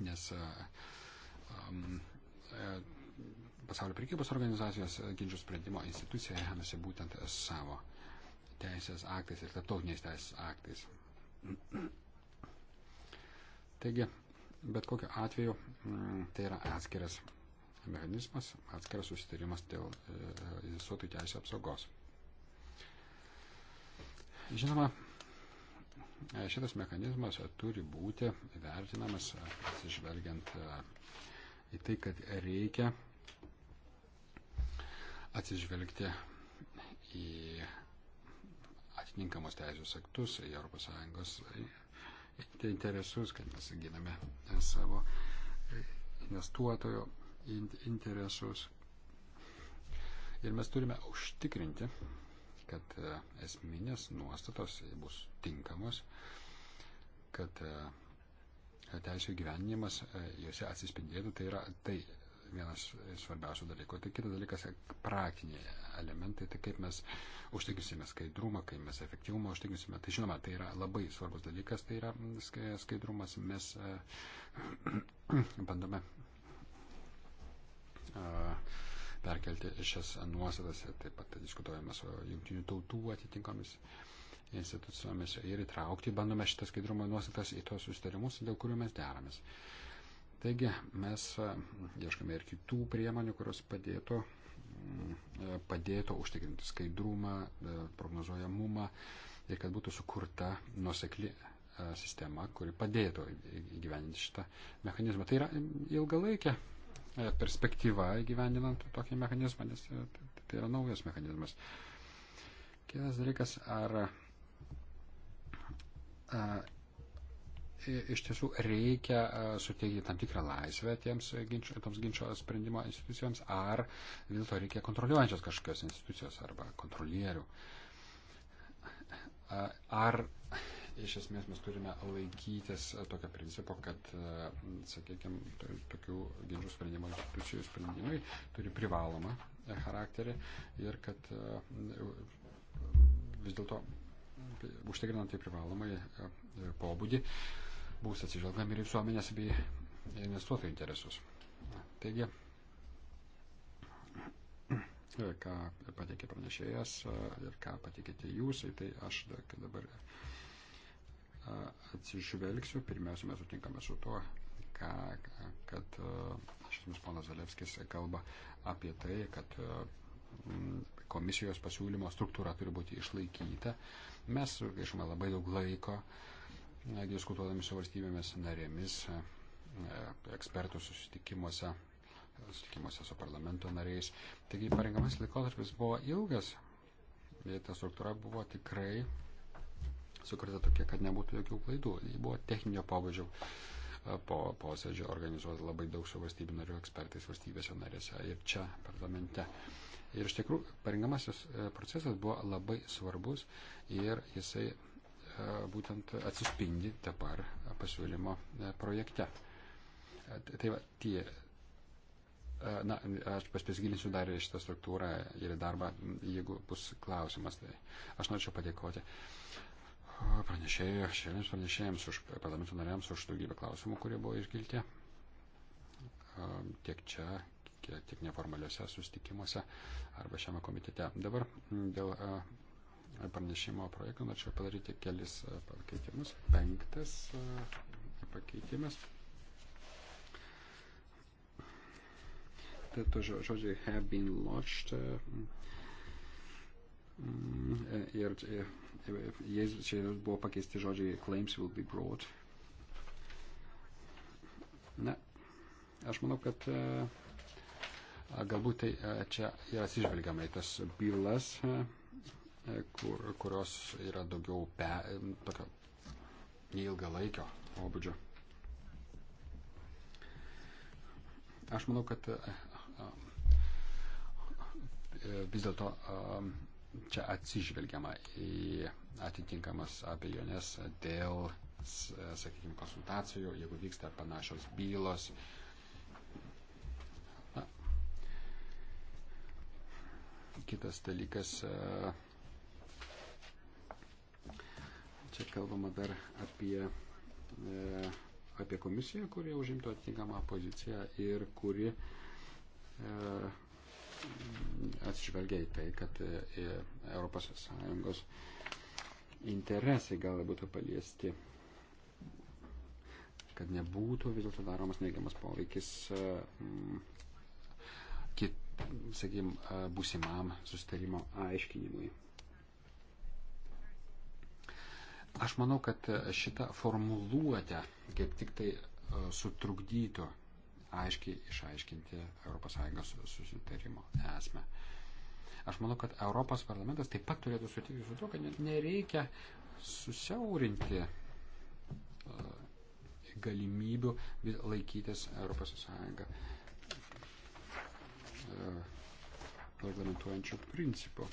Nes um, pasaulio prekybos organizacijos ginčių sprendimo institucija remiasi būtent savo teisės aktais ir tarptautiniais teisės aktais. Taigi, bet kokiu atveju mm, tai yra atskiras mechanizmas, atskiras susitarimas dėl e, visuotų teisų apsaugos. Žinoma, e, šitas mechanizmas e, turi būti vertinamas atsižvelgiant į tai, kad reikia atsižvelgti į atitinkamus teisės aktus į ES interesus, kad mes giname savo investuotojo interesus. Ir mes turime užtikrinti, kad e, esminės nuostatos bus tinkamos, kad e, teisų gyvenimas e, juose atsispindėtų, tai yra tai vienas svarbiausių dalykų. Tai kitas dalykas - praktiniai elementai, tai kaip mes užtikrinsime skaidrumą, kaip mes efektyvumą užtikrinsime. Tai žinoma, tai yra labai svarbus dalykas, tai yra skaidrumas. Mes eh, bandome eh, perkelti šias nuostatas, taip pat diskutuojame su jungtinių tautų atitinkomis institucijomis ir įtraukti, bandome šitas skaidrumo nuostatas į tos susitarimus, dėl kurių mes deramės. Uh, Taigi mes e, ieškame ir kitų priemonių, kurios padėtų, mm, e, padėtų užtikrinti skaidrumą, e, prognozuojamumą ir kad būtų sukurta nusekli sistema, kuri padėtų įgyvendinti šitą mechanizmą. Tai yra ilgalaikė perspektyva įgyvendinant tokį mechanizmą, nes tai yra naujas mechanizmas. Kitas dalykas, ar iš tiesų reikia e, suteikti tam tikrą laisvę tiems ginčio, toms ginčio sprendimo institucijoms, ar vis dėlto reikia kontroliuojančios kažkokios institucijos arba kontrolierių. Ar iš esmės mes turime laikytis tokio principo, kad, e, sakykime, tokių ginčių sprendimo institucijų sprendimai turi privalomą charakterį ir kad e, vis dėlto užtikrinant tai privalomai pobūdį, bus atsižvelgami ir visuomenės bei investuotojų interesus. Taigi, ką pateikė pranešėjas ir ką pateikėte jūs, tai aš dabar atsižvelgsiu. Pirmiausia, mes sutinkame su tuo, ką, kad šis ponas Zalevskis kalba apie tai, kad komisijos pasiūlymo struktūra turi būti išlaikyta. Mes gaišome labai daug laiko uh, diskutuodami su valstybėmis narėmis e, ekspertų susitikimuose, susitikimuose su parlamento nariais. Taigi parengamas laikotarpis buvo ilgas, bet ta struktūra buvo tikrai sukurta tokia, kad nebūtų jokių klaidų. Ji buvo techninio pobūdžio e, po posėdžio organizuota labai daug su valstybių narių ekspertais valstybėse narėse ir čia parlamente. Ir iš tikrųjų parengamasis e, procesas buvo labai svarbus ir jisai E, būtent atsispindi dabar pasiūlymo e, projekte. E, tai va, tie, na, aš pasigilinsiu dar į šitą struktūrą ir darbą, jeigu bus klausimas, tai aš norėčiau padėkoti pranešėjams, šiandien pranešėjams, už parlamento nariams, už daugybę klausimų, kurie buvo iškilti tiek čia, tiek, tiek neformaliuose sustikimuose arba šiame komitete. Dabar dėl pranešimo projektą norėčiau padaryti kelis e, pakeitimus. Penktas e, pakeitimas. Tai to žodžiai have been lodged e, mm, ir čia buvo pakeisti žodžiai claims will be brought. Na, aš manau, kad galbūt tai čia yra atsižvelgiama į tas bylas E, kur, kurios yra daugiau pe, tokio ilgalaikio pobūdžio. Aš manau, kad e, e, vis dėlto čia atsižvelgiama į atitinkamas abejonės dėl, sakykime, konsultacijų, jeigu vyksta panašios bylos. Na. Kitas dalykas. Uh, Čia kalbama dar apie, e, apie komisiją, kuri užimtų atitinkamą poziciją ir kuri e, atsižvelgia į tai, kad ES e, interesai gali būti paliesti, kad nebūtų vis dėlto daromas neigiamas poveikis, kit, sakykime, būsimam sustarimo aiškinimui. Aš manau, kad šita formuluotė kaip tik tai e, sutrukdytų aiškiai išaiškinti ES susitarimo esmę. Aš manau, kad Europos parlamentas taip pat turėtų sutikti su to, kad nereikia susiaurinti e, galimybių laikytis ES e, reglamentuojančių principų.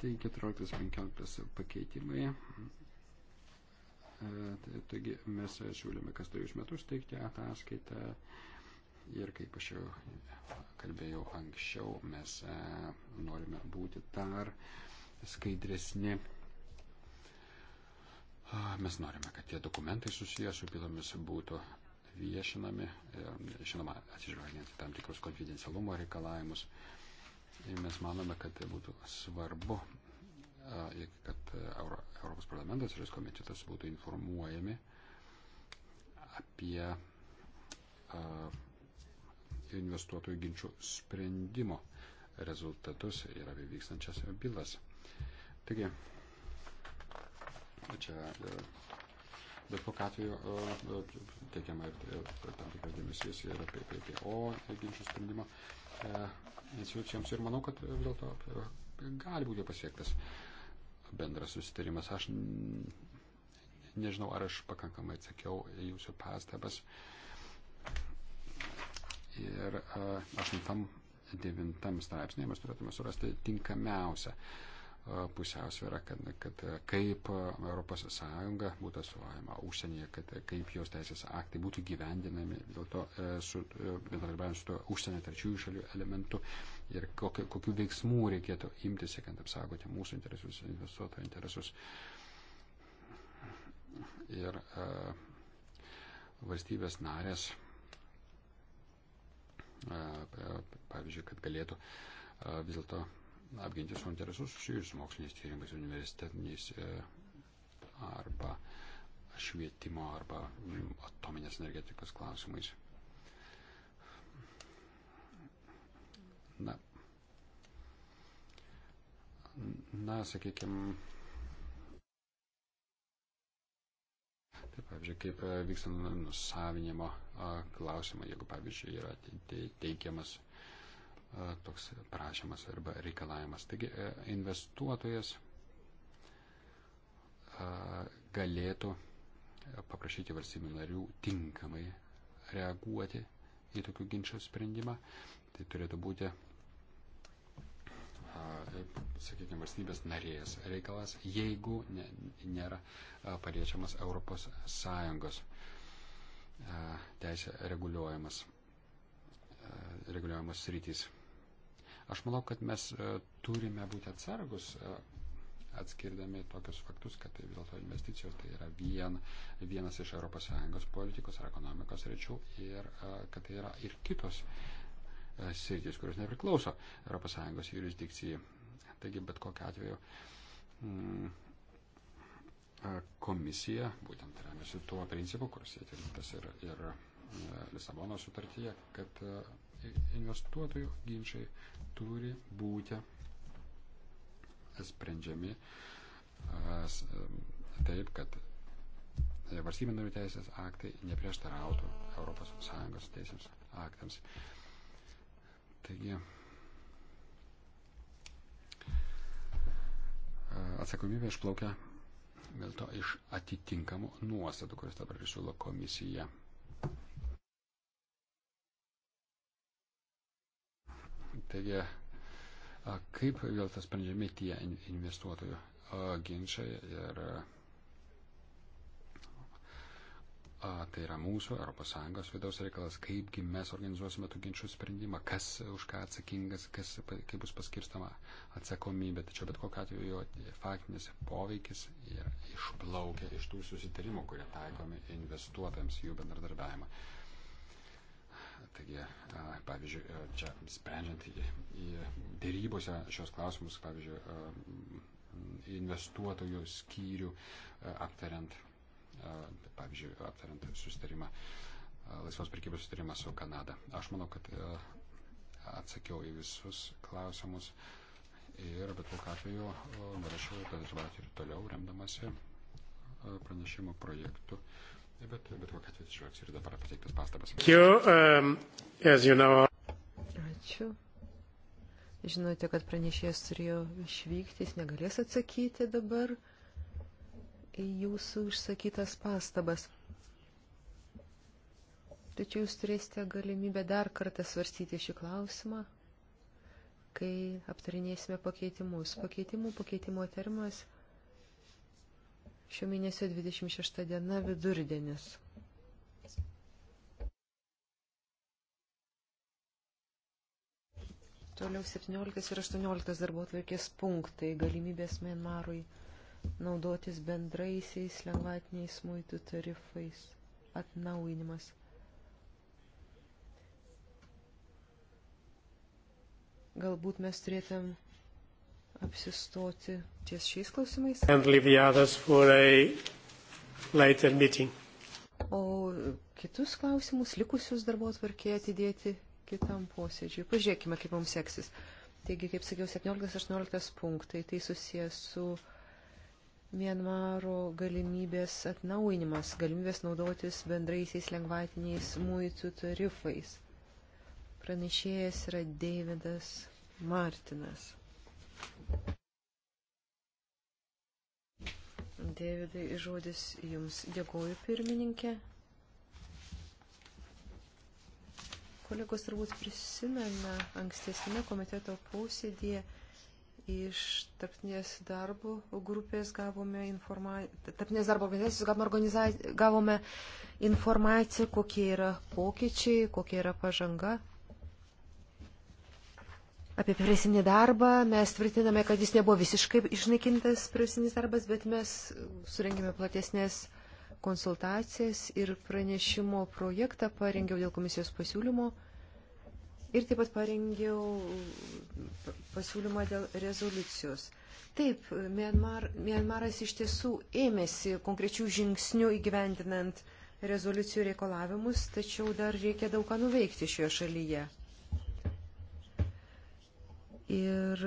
Tai 14-15 pakeitimai. E, tai taigi mes siūlėme kas trejus metus teikti ataskaitą ir kaip aš jau kalbėjau anksčiau, mes e, norime būti dar skaidresni. Mes norime, kad tie dokumentai susiję su bylomis būtų viešinami, e, žinoma, atsižvelgiant į tam tikrus konfidencialumo reikalavimus. Ir mes manome, kad tai būtų svarbu, kad e, Europos parlamentas ir jos komitetas būtų informuojami apie investuotojų ginčių sprendimo rezultatus ir apie vykstančias bylas. Taigi, čia e, bet kokiu atveju e, teikiama ir tam tikras dėmesys ir apie PPO ginčių sprendimo E, institucijoms ir manau, kad vis dėlto gali būti pasiektas bendras susitarimas. Aš nežinau, ar aš pakankamai atsakiau jūsų pastabas. Ir e, aštuntam devintam straipsnėje mes turėtume surasti tinkamiausią uh, pusiausvėra, kad, kad kaip ES būtų atstovaujama užsienyje, kad kaip jos teisės aktai būtų gyvendinami, dėl to e, su e, bendradarbiavimu su to užsienio trečiųjų šalių elementu ir kokiu, kokiu veiksmu reikėtų imtis, siekiant apsaugoti mūsų interesus, investuotojų interesus. Ir e, valstybės narės, e, pavyzdžiui, kad galėtų e, vis dėlto apginti savo interesus susijusius moksliniais tyrimais, universitetiniais e, arba švietimo arba atominės energetikos klausimais. Na, na sakykime, taip, pavyzdžiui, kaip e, vyksta nusavinimo klausimai, jeigu, pavyzdžiui, yra teikiamas. Te, te, toks prašymas arba reikalavimas. Taigi e, investuotojas galėtų e, paprašyti valstybių narių tinkamai reaguoti į tokių ginčių sprendimą. Tai turėtų būti, sakykime, valstybės narės reikalas, jeigu ne, nėra paliečiamas ES teisė reguliuojamas, reguliuojamas rytis. Aš manau, kad mes e, turime būti atsargus e, atskirdami tokius faktus, kad tai vis dėlto investicijos tai yra vien, vienas iš ES politikos ar ekonomikos ryčių ir e, kad tai yra ir kitos sritis, kurios nepriklauso ES jurisdikcijai. Taigi bet kokiu atveju mm, komisija būtent remiasi tuo principu, kuris įtvirtintas ir, ir Lisabono sutartyje, kad investuotojų ginčiai turi būti sprendžiami taip, kad e, valstybė narių teisės aktai neprieštarautų ES teisėms aktams. Taigi, e, atsakomybė išplaukia dėl to iš atitinkamų nuostatų, kuris dabar siūlo komisija. Taigi, kaip vėl tas sprendžiami tie investuotojų ginčiai ir tai yra mūsų ES vidaus reikalas, kaipgi mes organizuosime tų ginčių sprendimą, kas už ką atsakingas, kas, kaip bus paskirstama atsakomybė. Tačiau bet kokiu atveju faktinis poveikis išplaukia iš tų susitarimų, kurie taikomi investuotojams jų bendradarbiavimą. Taigi, pavyzdžiui, čia sprendžiant į, į dėrybose šios klausimus, pavyzdžiui, investuotojų skyrių aptariant, pavyzdžiui, aptariant sustarimą, laisvos prekybos sustarimą su Kanada. Aš manau, kad atsakiau į visus klausimus ir bet kokiu atveju norėčiau bendradarbiauti ir toliau remdamasi pranešimo projektų bet, bet kokia atveju atsižvelgsiu ir dabar pateiktas pastabas. Um, Ačiū. Žinote, kad pranešėjas turėjo išvykti, jis negalės atsakyti dabar į jūsų išsakytas pastabas. Tačiau jūs turėsite galimybę dar kartą svarstyti šį klausimą, kai aptarinėsime pakeitimus. Pakeitimų pakeitimo terminas Šio mėnesio 26 diena vidurdienis. Toliau 17 ir 18 darbo atvarkės punktai galimybės Mienmarui naudotis bendraisiais lengvatiniais muitų tarifais atnauinimas. Galbūt mes turėtum apsistoti ties šiais klausimais. O kitus klausimus, likusius darbo atvarkėje atidėti kitam posėdžiui. Pažiūrėkime, kaip mums seksis. Taigi, kaip sakiau, 17-18 punktai, tai susijęs su Mienmaro galimybės atnauinimas, galimybės naudotis bendraisiais lengvatiniais muitų tarifais. Pranešėjas yra Davidas Martinas. Davidai, žodis Jums. Dėkuoju, pirmininkė. Kolegos turbūt prisimena ankstesnėme komiteto posėdėje iš tarptinės darbo grupės gavome informaciją, tarptinės darbo organizacijos gavome, organizaciją, gavome informaciją, kokie yra pokyčiai, kokia yra pažanga. Apie presinį darbą mes tvirtiname, kad jis nebuvo visiškai išnaikintas presinis darbas, bet mes surengėme platesnės konsultacijas ir pranešimo projektą parengiau dėl komisijos pasiūlymo ir taip pat parengiau pasiūlymą dėl rezoliucijos. Taip, Mianmar, Mianmaras iš tiesų ėmėsi konkrečių žingsnių įgyvendinant rezoliucijų reikalavimus, tačiau dar reikia daug ką nuveikti šioje šalyje. Ir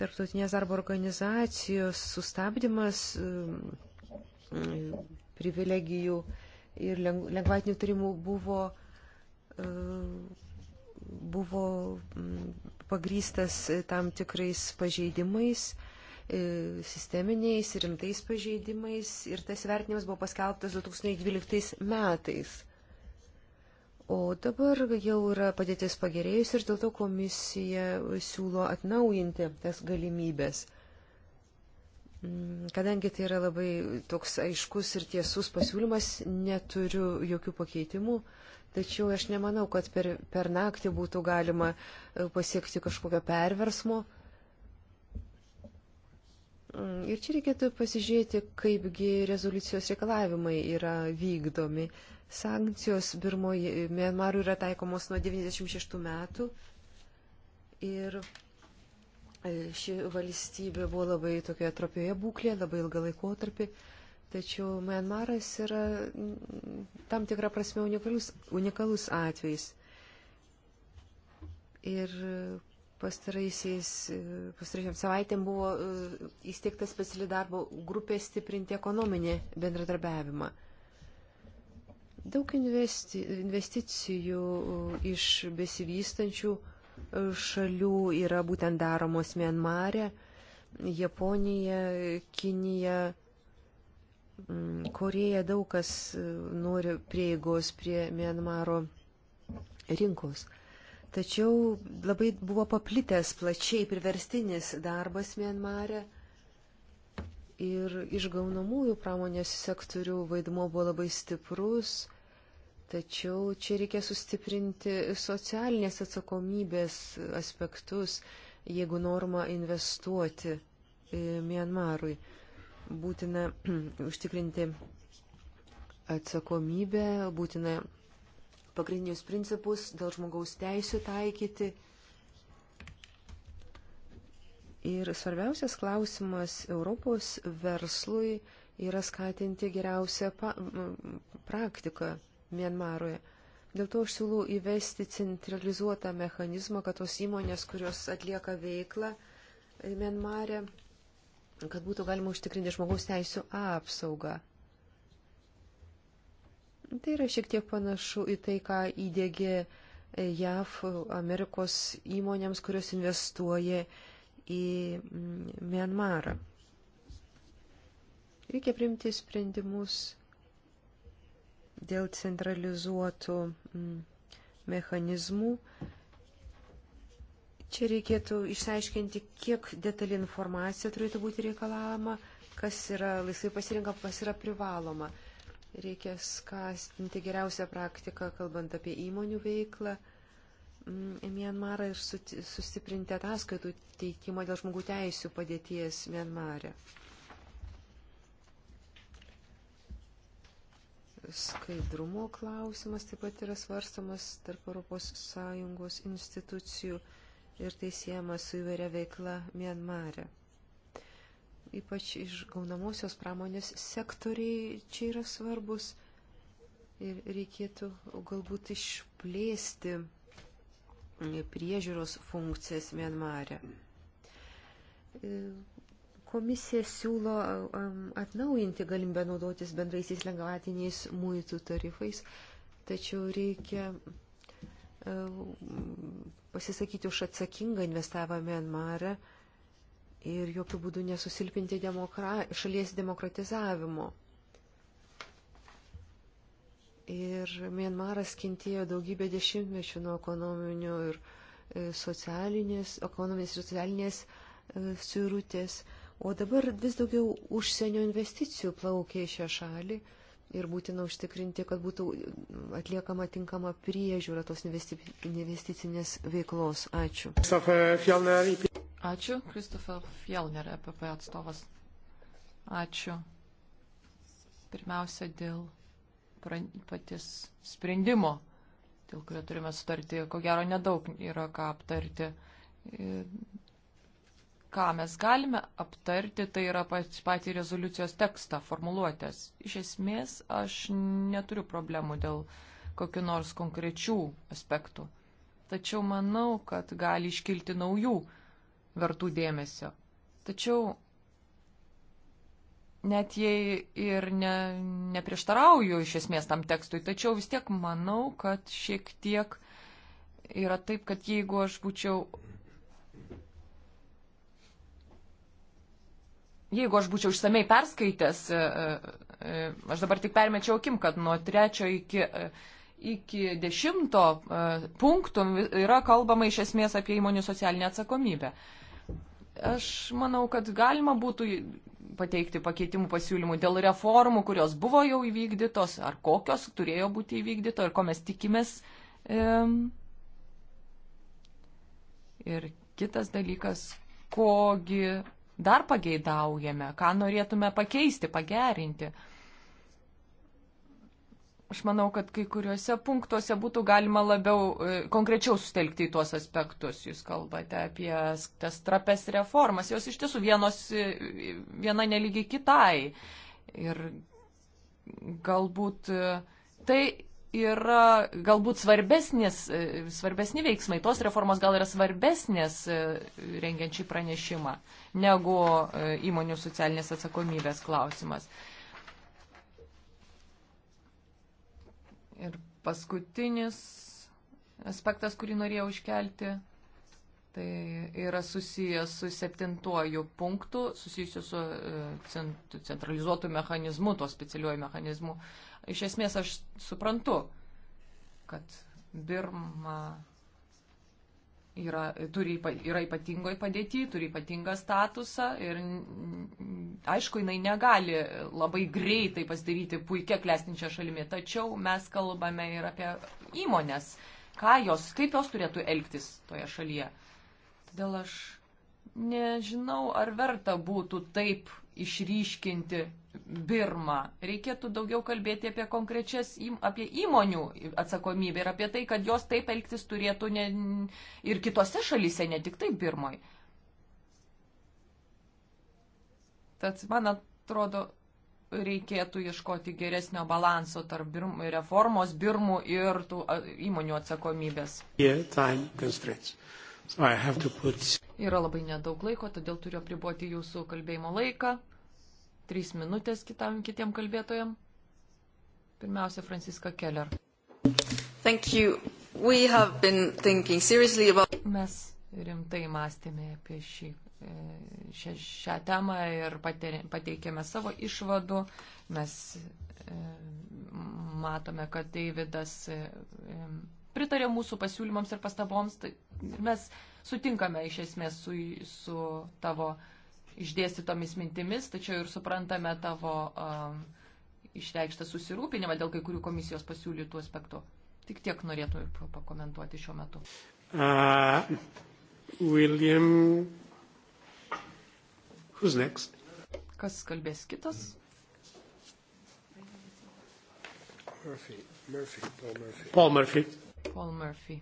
tarptautinės darbo organizacijos sustabdymas privilegijų ir lengvatinių turimų buvo, buvo mm, pagrystas tam tikrais pažeidimais e, sisteminiais rimtais pažeidimais ir tas vertinimas buvo paskelbtas 2012 metais. O dabar jau yra padėtis pagerėjus ir dėl to komisija siūlo atnaujinti tas galimybės. Mm, kadangi tai yra labai toks aiškus ir tiesus pasiūlymas, neturiu jokių pakeitimų, tačiau aš nemanau, kad per, per naktį būtų galima e, pasiekti kažkokio perversmo. Mm, ir čia reikėtų pasižiūrėti, kaipgi rezoliucijos reikalavimai yra vykdomi. Sankcijos Birmoje, Mianmarui yra taikomos nuo 96 metų ir e, ši valstybė buvo labai tokioje tropioje būklėje, labai ilgą laikotarpį, tačiau Mianmaras yra mm, tam tikrą prasme unikalus, unikalus atvejs. Ir pastaraisiam e, savaitėm buvo e, įsteigta speciali darbo grupė stiprinti ekonominį bendradarbiavimą. Daug investi investicijų iš besivystančių e, šalių yra būtent daromos Mianmarė, Japonija, Kinija, Koreja daug kas e, nori prieigos prie Mianmaro rinkos. Tačiau labai buvo paplitęs plačiai priverstinis darbas Mianmarė ir išgaunamųjų pramonės sektorių vaidmo buvo labai stiprus Tačiau čia reikia sustiprinti socialinės atsakomybės aspektus, jeigu norma investuoti e, Mianmarui. Būtina užtikrinti atsakomybę, būtina pagrindinius principus dėl žmogaus teisų taikyti. Ir svarbiausias klausimas Europos verslui yra skatinti geriausią praktiką Mienmaroje. Dėl to aš siūlau įvesti centralizuotą mechanizmą, kad tos įmonės, kurios atlieka veiklą Mienmarė, kad būtų galima užtikrinti žmogaus teisų apsaugą. Tai yra šiek tiek panašu į tai, ką įdėgė JAV Amerikos įmonėms, kurios investuoja į mm, Mienmarą. Reikia priimti sprendimus dėl centralizuotų mm, mechanizmų. Čia reikėtų išsiaiškinti, kiek detali informacija turėtų būti reikalavama, kas yra laisvai pasirinkama, kas yra privaloma. Reikia skastinti geriausią praktiką, kalbant apie įmonių veiklą mm, į Mianmarą ir sustiprinti ataskaitų teikimo dėl žmogų teisų padėties Mianmarė. E. skaidrumo klausimas taip pat yra svarstamas tarp ES institucijų ir tai siejama su įvairia veikla Mianmare. Ypač išgaunamosios pramonės sektoriai čia yra svarbus ir reikėtų galbūt išplėsti priežiūros funkcijas Mianmare. Komisija siūlo um, atnaujinti galimybę naudotis bendraisiais lengvatiniais muitų tarifais, tačiau reikia um, pasisakyti už atsakingą investavimą Mianmarą ir jokių būdų nesusilpinti demokra šalies demokratizavimo. Ir Mianmaras kentėjo daugybę dešimtmečių nuo ekonominių ir e, socialinės, ekonominės ir socialinės e, sirutės. E, O dabar vis daugiau užsienio investicijų plaukia į šią šalį ir būtina užtikrinti, kad būtų atliekama tinkama priežiūra tos investicinės veiklos. Ačiū. Ačiū, Kristofer Fjellner, EPP atstovas. Ačiū. Pirmiausia, dėl paties sprendimo, dėl kurio turime sutarti, ko gero nedaug yra ką aptarti ką mes galime aptarti, tai yra patį rezoliucijos tekstą, formuluotės. Iš esmės, aš neturiu problemų dėl kokiu nors konkrečių aspektų. Tačiau manau, kad gali iškilti naujų vertų dėmesio. Tačiau net jei ir ne, neprieštarauju iš esmės tam tekstui, tačiau vis tiek manau, kad šiek tiek yra taip, kad jeigu aš būčiau jeigu aš būčiau išsamei perskaitęs, e, e, e, aš dabar tik permečiau akim, kad nuo trečio iki, iki dešimto punktų yra kalbama iš esmės apie įmonių socialinę atsakomybę. Aš manau, kad galima būtų pateikti pakeitimų pasiūlymų dėl reformų, kurios buvo jau įvykdytos, ar kokios turėjo būti įvykdytos, ir ko mes tikimės. Ir kitas dalykas, kogi dar pageidaujame, ką norėtume pakeisti, pagerinti. Aš manau, kad kai kuriuose punktuose būtų galima labiau e, konkrečiau sustelkti į tuos aspektus. Jūs kalbate apie tas trapes reformas. Jos iš tiesų vienos, e, viena nelygiai kitai. Ir galbūt e, tai yra galbūt svarbesnis, svarbesni veiksmai, tos reformos gal yra svarbesnės rengiančiai pranešimą negu e, įmonių socialinės atsakomybės klausimas. Ir paskutinis aspektas, kurį norėjau iškelti, tai yra susijęs su septintuoju punktu, susijusiu su e, centralizuotu mechanizmu, tuo specialiuoju mechanizmu. Iš esmės aš suprantu, kad Birma yra, turi, yra ypatingoje padėti, turi ypatingą statusą ir aišku, jinai negali labai greitai pasidaryti puikia klestinčia šalimi, tačiau mes kalbame ir apie įmonės, ką jos, kaip jos turėtų elgtis toje šalyje. Todėl aš nežinau, ar verta būtų taip išryškinti Birmą. Reikėtų daugiau kalbėti apie konkrečias, apie įmonių atsakomybę ir apie tai, kad jos taip elgtis turėtų ne, ir kitose šalyse, ne tik tai Birmoje. Tad, man atrodo, reikėtų ieškoti geresnio balanso tarp birm, reformos Birmų ir tų įmonių atsakomybės. Yeah, so put... Yra labai nedaug laiko, todėl turiu apriboti jūsų kalbėjimo laiką trys minutės kitam, kitiem kalbėtojam. Pirmiausia, Franciska Keller. About... Mes rimtai mąstėme apie šį, e, šią, šią temą ir pateikėme savo išvadų. Mes e, matome, kad Deividas e, pritarė mūsų pasiūlymams ir pastaboms. Tai ir mes sutinkame iš esmės su, su tavo uh, išdėstytomis mintimis, tačiau ir suprantame tavo um, išreikštą susirūpinimą dėl kai kurių komisijos pasiūlytų aspektų. Tik tiek norėtų pakomentuoti šiuo metu. Uh, William. Who's next? Kas kalbės kitas? Murphy. Murphy. Paul Murphy. Paul Murphy. Paul Murphy.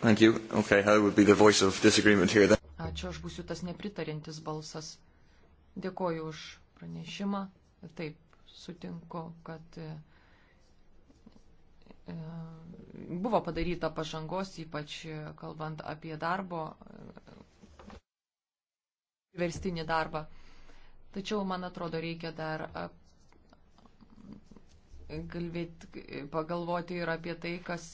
Thank you. Okay, I would be the voice of disagreement here then. Ačiū, aš būsiu tas nepritarintis balsas. Dėkoju už pranešimą. Taip, sutinku, kad e, e, buvo padaryta pažangos, ypač e, kalbant apie darbo, verstinį darbą. Tačiau, man atrodo, reikia dar kalbėti, pagalvoti ir apie tai, kas,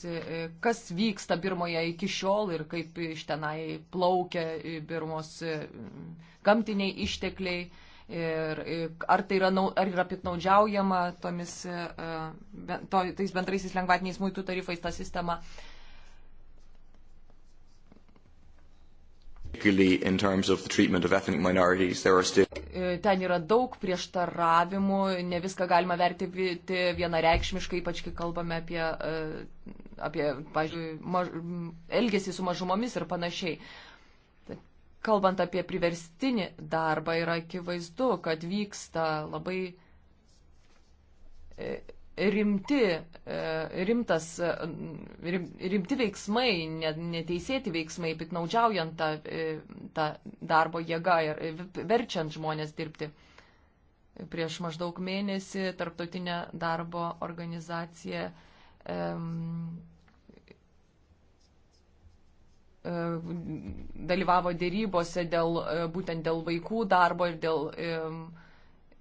kas vyksta Birmoje iki šiol ir kaip iš tenai plaukia Birmos e, gamtiniai ištekliai. Ir e, ar tai yra, ar yra piknaudžiaujama tomis, e, to, tais bendraisiais lengvatiniais muitų tarifais ta sistema. Uh, E, ten yra daug prieštaravimų, ne viską galima vertinti vienareikšmiškai, ypač kai kalbame apie, e, apie pažiūrėjau, elgesį su mažumomis ir panašiai. Kalbant apie priverstinį darbą, yra akivaizdu, kad vyksta labai e, rimti, e, rimtas, e, rim, rimti veiksmai, neteisėti veiksmai, piknaudžiaujant tą, e, tą darbo jėgą ir verčiant žmonės dirbti. Prieš maždaug mėnesį tarptautinė darbo organizacija um, dalyvavo dėrybose dėl, būtent dėl vaikų darbo ir dėl um,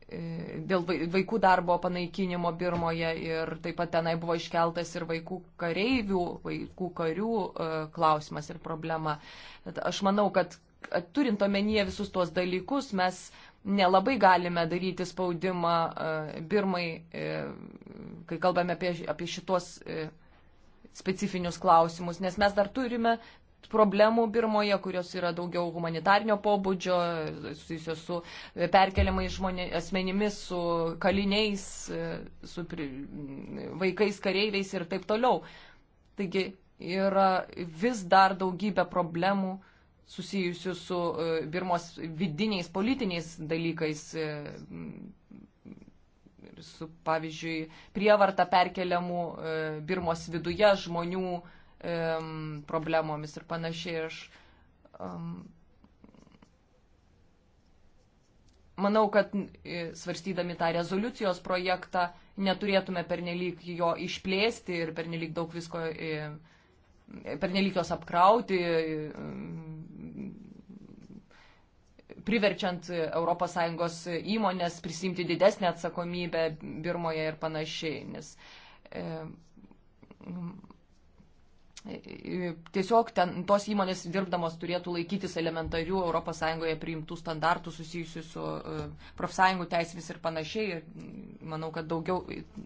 E, dėl vaikų darbo panaikinimo Birmoje ir taip pat tenai buvo iškeltas ir vaikų kareivių, vaikų karių e, klausimas ir problema. Aš manau, kad turint omenyje visus tuos dalykus, mes nelabai galime daryti spaudimą e, Birmai, kai kalbame apie, apie šitos specifinius klausimus, nes mes dar turime problemų Birmoje, kurios yra daugiau humanitarnio pobūdžio, susijusios su perkeliamais žmonė, asmenimis, su kaliniais, su pri, vaikais, kareiviais ir taip toliau. Taigi yra vis dar daugybė problemų susijusių su e, Birmos vidiniais politiniais dalykais, e, su, pavyzdžiui, prievarta perkeliamų e, Birmos viduje žmonių um, problemomis ir panašiai. Aš um, manau, kad svarstydami tą rezoliucijos projektą neturėtume pernelyg jo išplėsti ir pernelyg daug visko, pernelyg jos apkrauti, priverčiant ES įmonės prisimti didesnę atsakomybę Birmoje ir panašiai. Nes E, tiesiog ten tos įmonės dirbdamos turėtų laikytis elementarių ES priimtų standartų susijusių su e, profsąjungų teisėmis ir panašiai. Ir mm, manau, kad daugiau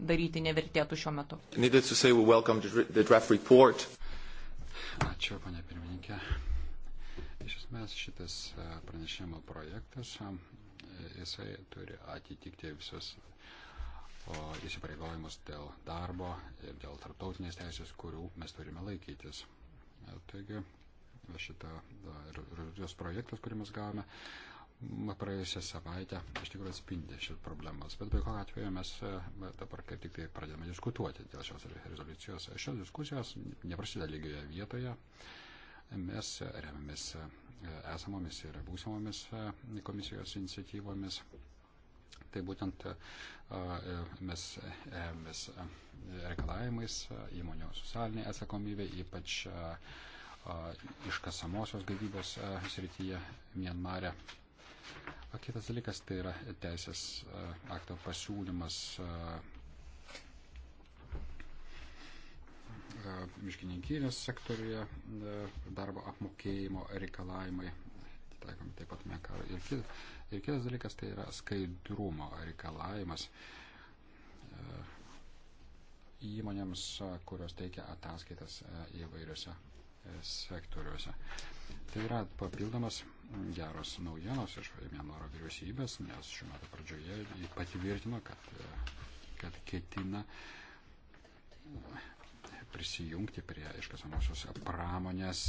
daryti nevertėtų šiuo metu. Ačiū, panė pirmininkė. Iš esmės šitas e, pranešimo projektas, jisai turi atitikti visus įsipareigojimus dėl darbo ir dėl tarptautinės teisės, kurių mes turime laikytis. E, taigi, šitą rezoliucijos projektas, kurį mes gavome praėjusią savaitę, iš tikrųjų atspindi šitą problemas. Bet be kokio atveju mes e, dabar kaip tik tai pradėjome diskutuoti dėl šios rezoliucijos. Šios diskusijos neprasideda lygioje vietoje. Mes remiamės e, esamomis ir būsimomis komisijos iniciatyvomis tai būtent e, e, mes ėmės e, reikalavimais įmonių socialinė atsakomybė, ypač iškasamosios gaivybos srityje Mienmare. Kitas dalykas tai yra teisės akto pasiūlymas miškininkynės sektoriuje darbo apmokėjimo reikalavimai, taikomi taip pat mekar ir kit, Ir kitas dalykas tai yra skaidrumo reikalavimas e, įmonėms, e, kurios teikia ataskaitas e, įvairiose sektoriuose. Tai yra papildomas geros naujienos iš Mianoro vyriausybės, nes šiuo metu pradžioje jį patvirtino, kad, kad ketina prisijungti prie iškasamosios pramonės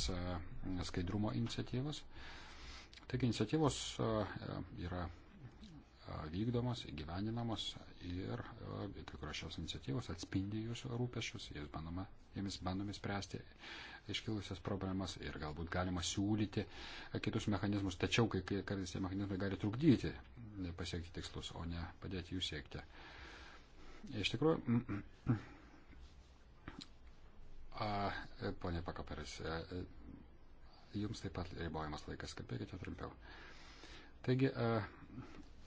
skaidrumo iniciatyvos. Taigi iniciatyvos e, yra vykdomos, įgyveninamos ir kai kurios šios iniciatyvos atspindi jūsų rūpešius, bandoma, jomis bandome spręsti iškilusias problemas ir galbūt galima siūlyti kitus mechanizmus, tačiau kai kartais tie mechanizmai gali trukdyti pasiekti tikslus, o ne padėti jų siekti. Iš tikrųjų, e, ponė Pakaperis, e, jums taip pat ribojamas laikas, kalbėkite trumpiau. Taigi, e,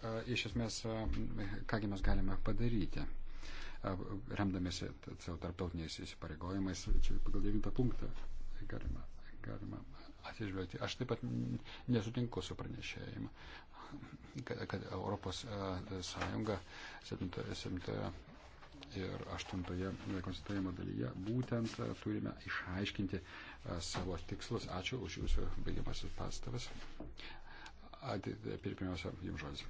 e, iš esmės, e, kągi mes galime padaryti, remdamėsi savo tarptautiniais įsipareigojimais, čia pagal 9 punktą galima, galima atsižvelgti. Aš taip pat nesutinku su pranešėjimu, kad, kad Europos Sąjunga 7 ir aštuntoje konstatuojama dalyje būtent turime išaiškinti e, savo tikslus. Ačiū už jūsų baigiamasis pastabas. Tai, tai, pirmiausia, jums žodis.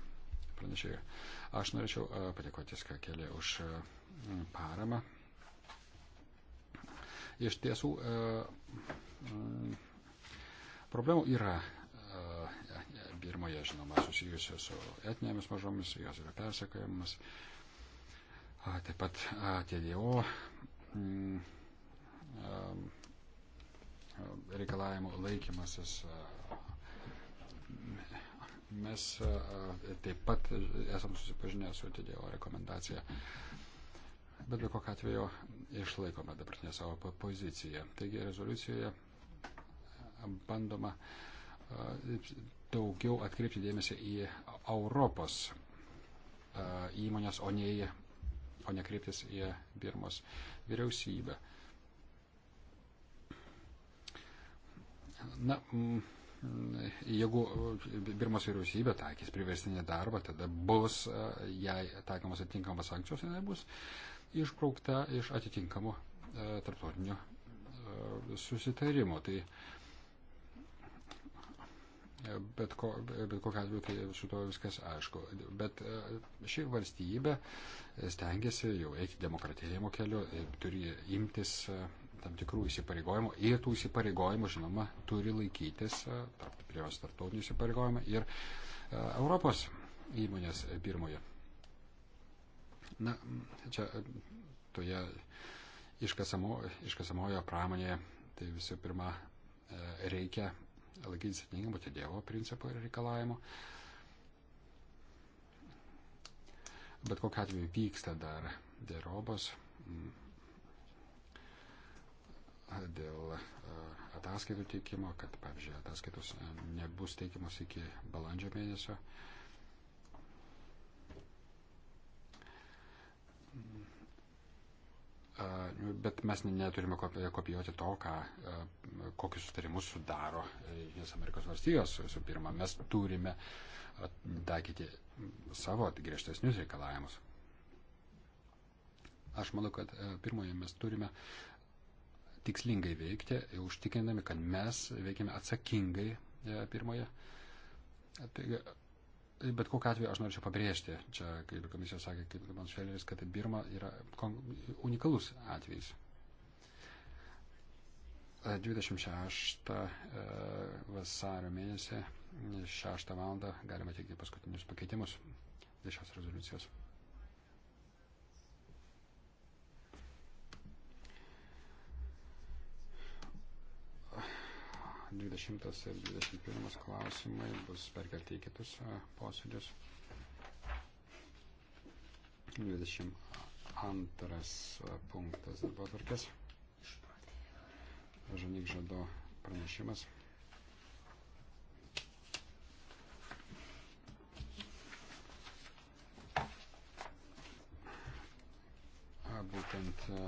Pranešėjai. Aš norėčiau e, padėkoti Skakelė už e, paramą. Iš tiesų, problemų yra. Birmoje, žinoma, susijusios su etinėmis mažomis, jos yra persekiojamas. E, taip pat TDO mm, reikalavimų laikymasis. Mes taip pat esam susipažinę su TDO rekomendacija. Bet be kokio atveju išlaikome dabartinę savo poziciją. Taigi rezoliucijoje bandoma daugiau atkreipti dėmesį į Europos įmonės, o ne į o ne kreiptis į Birmos vyriausybę. Na, mm, jeigu Birmos vyriausybė taikys priverstinį darbą, tada bus, e, jei taikomas atitinkamas sankcijos, jinai bus išbraukta iš atitinkamų e, tarptautinių e, susitarimų. Tai, bet, ko, bet kokiu atveju tai su to viskas aišku. Bet e, ši valstybė stengiasi jau eiti demokratėjimo keliu, e, turi imtis e, tam tikrų įsipareigojimų ir tų įsipareigojimų, žinoma, turi laikytis, prie jos tarptautinių įsipareigojimų ir Europos įmonės pirmoje. Na, čia toje iškasamo, iškasamojo pramonėje tai visų pirma reikia laikytis atlyginimo tai Dievo principų ir reikalavimų. Bet kokia atveju vyksta dar dėrobos mm, dėl e, ataskaitų teikimo, kad, pavyzdžiui, ataskaitos e, nebus teikimos iki balandžio mėnesio. Uh, bet mes neturime kopijuoti to, ką, kokius sutarimus sudaro e, Jungtinės Amerikos valstijos. Visų pirma, mes turime taikyti savo griežtesnius reikalavimus. Aš manau, kad e, pirmoje mes turime tikslingai veikti, užtikrindami, kad mes veikiame atsakingai e, pirmoje. Tai Bet kokiu atveju aš norėčiau pabrėžti, čia, kaip komisija sakė, kaip man švelneris, kad Birma yra unikalus atvejis. 26 e, vasario mėnesį, 6 val. galima teikti paskutinius pakeitimus dėl šios rezoliucijos. 20 ir 21 klausimai bus perkelti į kitus e, posėdžius. 22 e, punktas darbo atvarkės. Žanik Žado pranešimas. būtent e,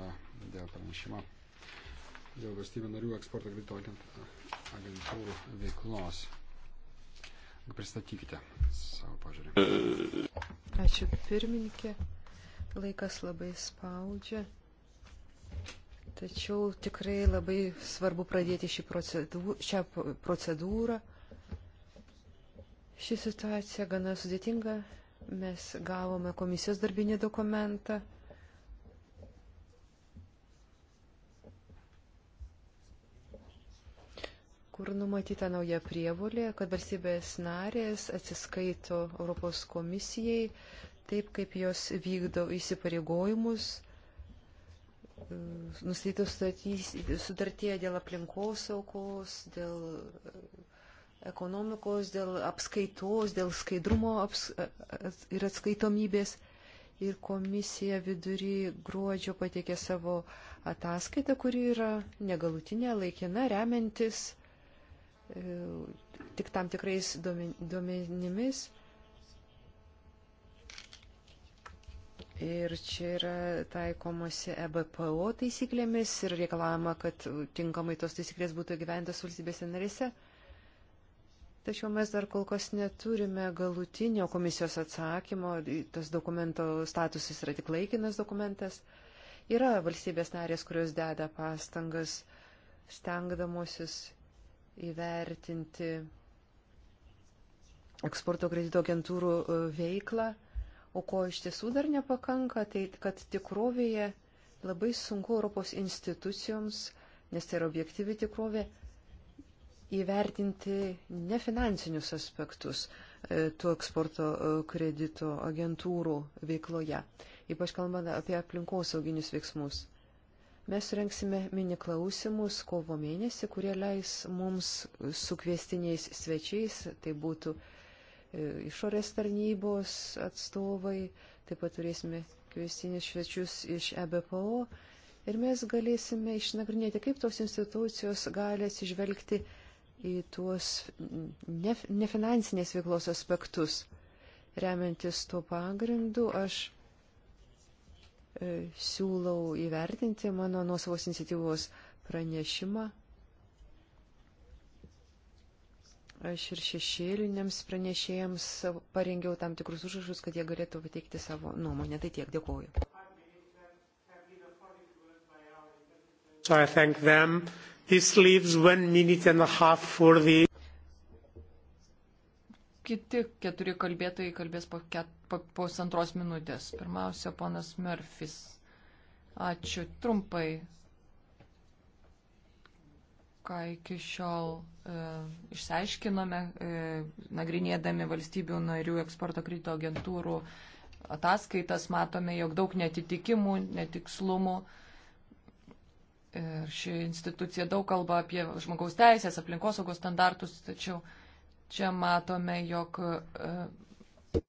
dėl pranešimo dėl valstybių narių eksporto kredito agentūrų veiklos. Pristatykite savo pažiūrį. Ačiū pirmininkė. Laikas labai spaudžia. Tačiau tikrai labai svarbu pradėti šį procedūrą, šią procedūrą. Ši situacija gana sudėtinga. Mes gavome komisijos darbinį dokumentą kur numatyta nauja prievolė, kad valstybės narės atsiskaito Europos komisijai taip, kaip jos vykdo įsipareigojimus e, nustatytos sutartyje dėl aplinkos saugos, dėl e, ekonomikos, dėl apskaitos, dėl skaidrumo aps, e, ir atskaitomybės. Ir komisija vidury gruodžio pateikė savo ataskaitą, kuri yra negalutinė, laikina, remiantis E, tik tam tikrais duomenimis. Ir čia yra taikomasi EBPO taisyklėmis ir reikalavama, kad tinkamai tos taisyklės būtų gyventas valstybėse narėse. Tačiau mes dar kol kas neturime galutinio komisijos atsakymo, tas dokumento statusas yra tik laikinas dokumentas. Yra valstybės narės, kurios deda pastangas, stengdamosis įvertinti eksporto kredito agentūrų e, veiklą, o ko iš tiesų dar nepakanka, tai kad tikrovėje labai sunku Europos institucijoms, nes tai yra objektyvi tikrovė, įvertinti nefinansinius aspektus e, tų eksporto e, kredito agentūrų veikloje, ypač kalbant apie aplinkosauginius veiksmus. Mes renksime mini klausimus kovo mėnesį, kurie leis mums su kvestiniais svečiais, tai būtų e, išorės tarnybos atstovai, taip pat turėsime kvestinius svečius iš EBPO ir mes galėsime išnagrinėti, kaip tos institucijos gali atsižvelgti į tuos nefinansinės veiklos aspektus. Remiantis tuo pagrindu, aš E, siūlau įvertinti mano nuosavos iniciatyvos pranešimą. Aš ir šešėliniams pranešėjams parengiau tam tikrus užrašus, kad jie galėtų pateikti savo nuomonę. Tai tiek, dėkoju. So I thank them. This leaves one minute and a half for the Kiti keturi kalbėtojai kalbės po, ket, po, po santros minutės. Pirmiausia, ponas Murphys. Ačiū. Trumpai, ką iki šiol e, išsiaiškinome, e, nagrinėdami valstybių narių eksporto kredito agentūrų ataskaitas, matome, jog daug netitikimų, netikslumų. Ir ši institucija daug kalba apie žmogaus teisės, aplinkosaugos standartus, tačiau e, Čia matome, jog. E,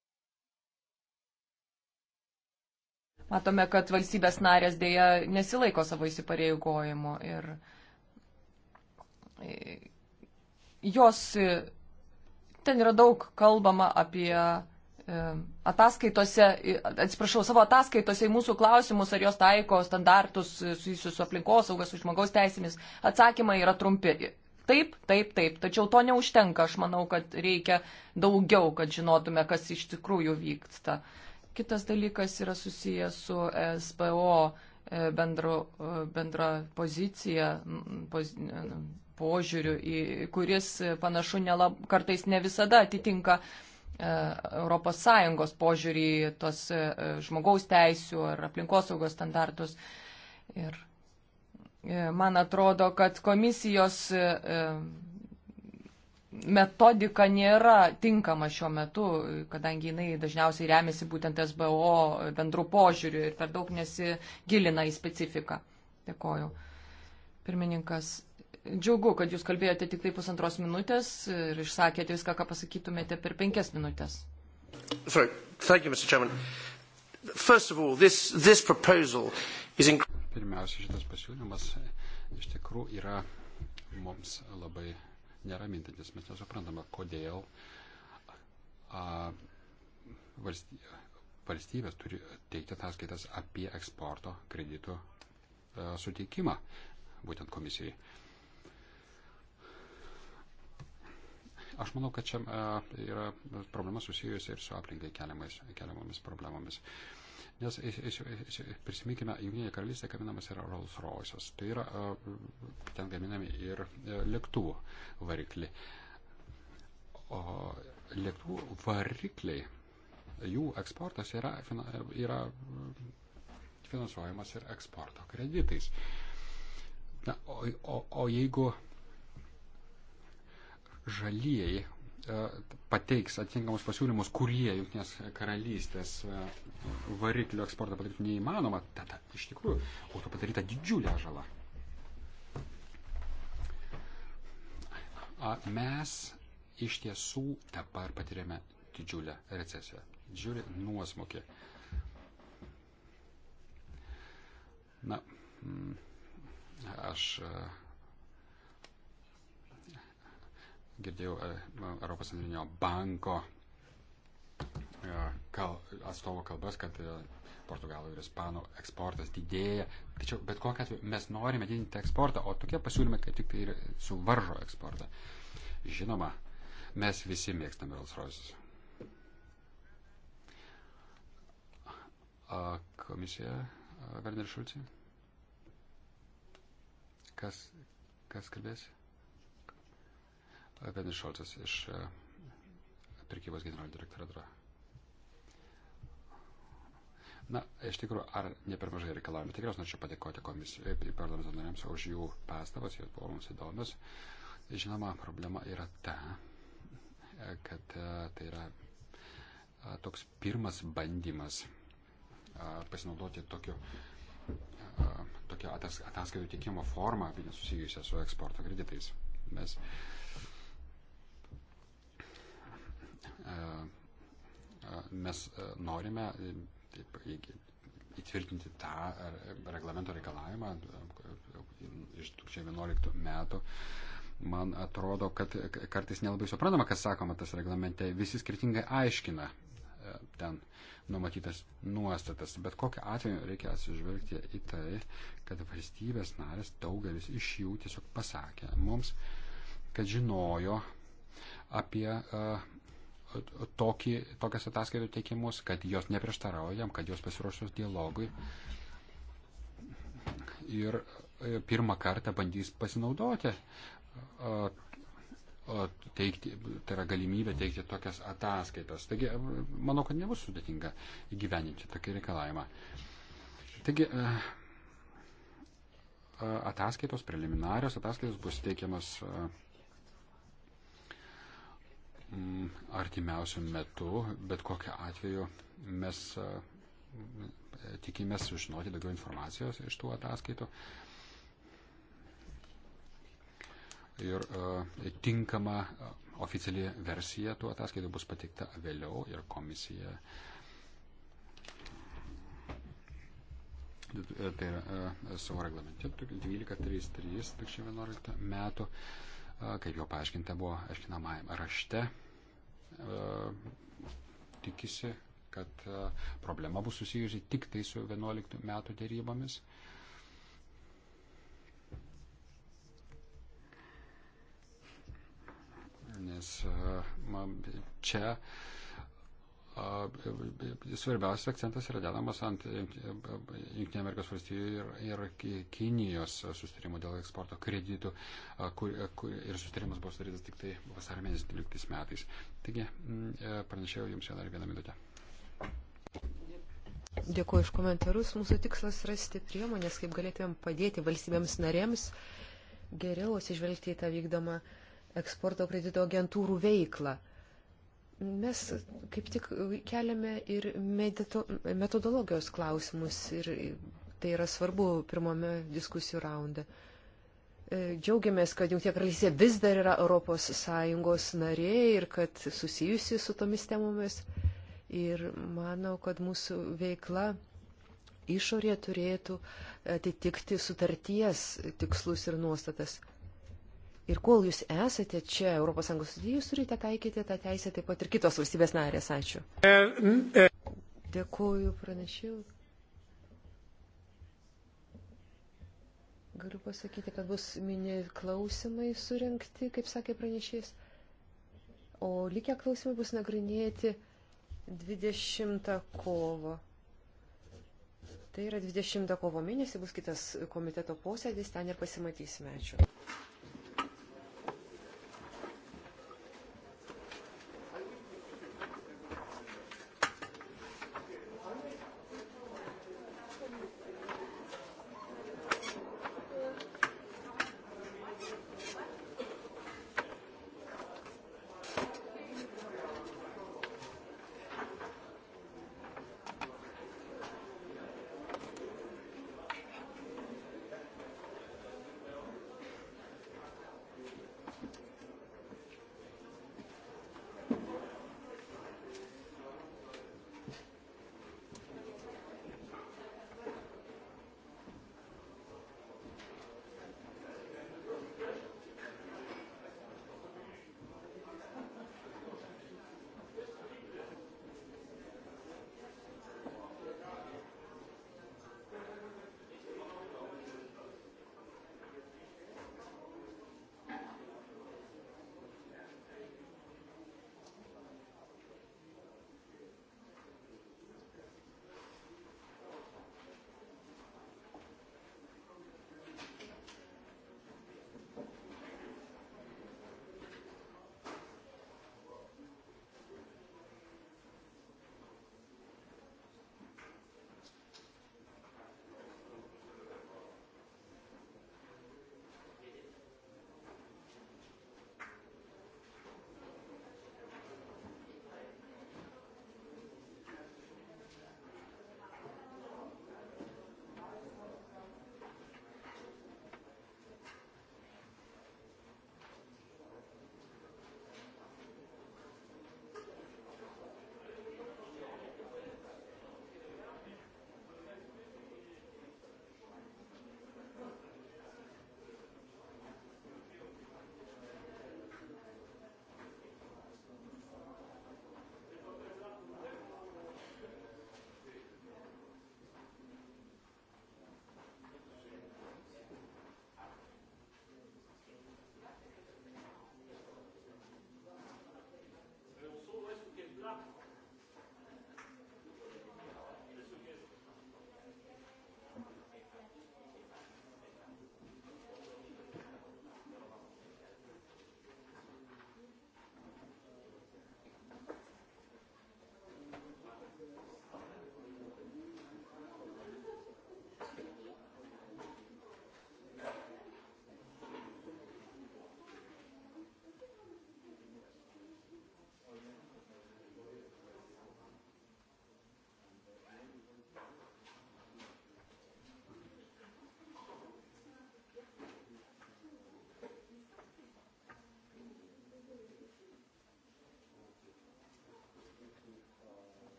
matome, kad valstybės narės dėja nesilaiko savo įsipareigojimų ir e, jos, e, ten yra daug kalbama apie ataskaitose, atsiprašau, savo ataskaitose į mūsų klausimus, ar jos taiko standartus susijusius su aplinkosaugos, su žmogaus teisėmis, atsakymai yra trumpi. Taip, taip, taip. Tačiau to neužtenka. Aš manau, kad reikia daugiau, kad žinotume, kas iš tikrųjų vyksta. Kitas dalykas yra susijęs su SPO e, bendro, e, bendra pozicija, poz, požiūriu, į, kuris panašu nelab, kartais ne visada atitinka ES požiūrį į tos e, žmogaus teisų ar aplinkosaugos standartus. Ir E, man atrodo, kad komisijos e, e, metodika nėra tinkama šiuo metu, kadangi jinai dažniausiai remiasi būtent SBO bendrų požiūrių ir per daug nesigilina į specifiką. Dėkoju. Pirmininkas, džiaugu, kad jūs kalbėjote tik tai pusantros minutės ir išsakėte viską, ką pasakytumėte per penkias minutės. Sorry. Thank you, Mr. Chairman. First of all, this, this proposal is incredible pirmiausia, šitas pasiūlymas iš tikrųjų yra mums labai neramintantis. Mes nesuprantame, kodėl a, valsty, valstybės turi teikti ataskaitas apie eksporto kreditų a, e, suteikimą būtent komisijai. Aš manau, kad čia a, e, yra problema susijusi ir su aplinkai keliamomis problemomis. A, Nes prisiminkime, Junginėje karalystėje gaminamas yra Rolls Royce'as. Tai yra, e, ten gaminami ir e, lėktuvų varikliai. O lėktuvų varikliai, jų eksportas yra, yra finansuojamas ir eksporto kreditais. Na, o, o, o jeigu žalieji E, pateiks atitinkamus pasiūlymus, kurie Junktinės karalystės e, variklių eksportą padaryti neįmanoma, tada iš tikrųjų būtų padaryta didžiulė žala. Mes iš tiesų dabar patiriame didžiulę recesiją, didžiulį nuosmukį. Na, aš e, girdėjau e, nu, Europos Centrinio banko e, kal, atstovo kalbas, kad e, portugalų ir ispanų eksportas didėja. Tačiau bet kokią atveju mes norime didinti eksportą, o tokie pasiūlymai kaip tik tai ir suvaržo eksportą. Žinoma, mes visi mėgstame Rolls Royce. Komisija Werner Šulci. Kas, kas kalbės? Benis Šolcas iš e, pirkybos generalinio direktorato. Na, iš tikrųjų, ar ne per mažai reikalavimų. Tikriausiai norėčiau padėkoti komisijai, e, parlamento nariams už jų pastabas, jos buvo mums įdomios. Žinoma, problema yra ta, e, kad tai yra toks pirmas bandymas pasinaudoti tokiu, tokia ataskaitų teikimo forma, nesusijusia su eksporto kreditais. Mes E, e, mes e, norime taip, įtvirtinti tą reglamento reikalavimą iš 2011 metų. Man atrodo, kad kartais nelabai suprantama, kas sakoma tas reglamente. Visi skirtingai aiškina ten numatytas nuostatas. Bet kokiu atveju reikia atsižvelgti į tai, kad valstybės narės daugelis iš jų tiesiog pasakė mums, kad žinojo apie uh, tokį, tokias ataskaitų teikimus, kad jos neprieštarauja jam, kad jos pasiruošus dialogui. Ir e, pirmą kartą bandys pasinaudoti, teikti, tai yra galimybė teikti tokias ataskaitas. Taigi, e, manau, kad nebus sudėtinga įgyveninti tokį reikalavimą. Taigi, e, ataskaitos, preliminarios ataskaitos bus teikiamas Mm, artimiausių metų, bet kokiu atveju mes tikimės sužinoti daugiau informacijos iš tų ataskaitų. Ir e, tinkama oficiali versija tų ataskaitų bus pateikta vėliau ir komisija. Tai yra e, savo reglamente 12.33.2011 metų. E, kaip jau paaiškinta buvo aiškinamajam rašte, tikisi, kad problema bus susijusi tik tai su 11 metų dėrybomis. Nes čia E, svarbiausias akcentas yra dedamas ant Junktinė Amerikos valstybių ir, ir Kinijos sustarimo dėl eksporto kreditų kur, e, kur, ir sustarimas buvo sudarytas tik tai vasarį mėnesį 12 metais. Taigi, e, pranešėjau Jums čia dar vieną minutę. Dėkuoju iš komentarus. Mūsų tikslas rasti priemonės, kaip galėtumėm padėti valstybėms narėms geriau atsižvelgti į tą vykdomą eksporto kredito agentūrų veiklą. Uh, Mes kaip tik keliame ir medito, metodologijos klausimus ir tai yra svarbu pirmame diskusijų raunde. E, džiaugiamės, kad Junktinė karalystė vis dar yra ES narė ir kad susijusi su tomis temomis. Ir manau, kad mūsų veikla išorė turėtų atitikti sutarties tikslus ir nuostatas. Ir kol jūs esate čia ES studijų, jūs turite taikyti tą teisę taip pat ir kitos valstybės narės. Ačiū. Dėkuoju, pranešiau. Galiu pasakyti, kad bus mini klausimai surinkti, kaip sakė pranešėjas. O likę klausimai bus nagrinėti 20 kovo. Tai yra 20 kovo mėnesį bus kitas komiteto posėdis, ten ir pasimatysime. Ačiū.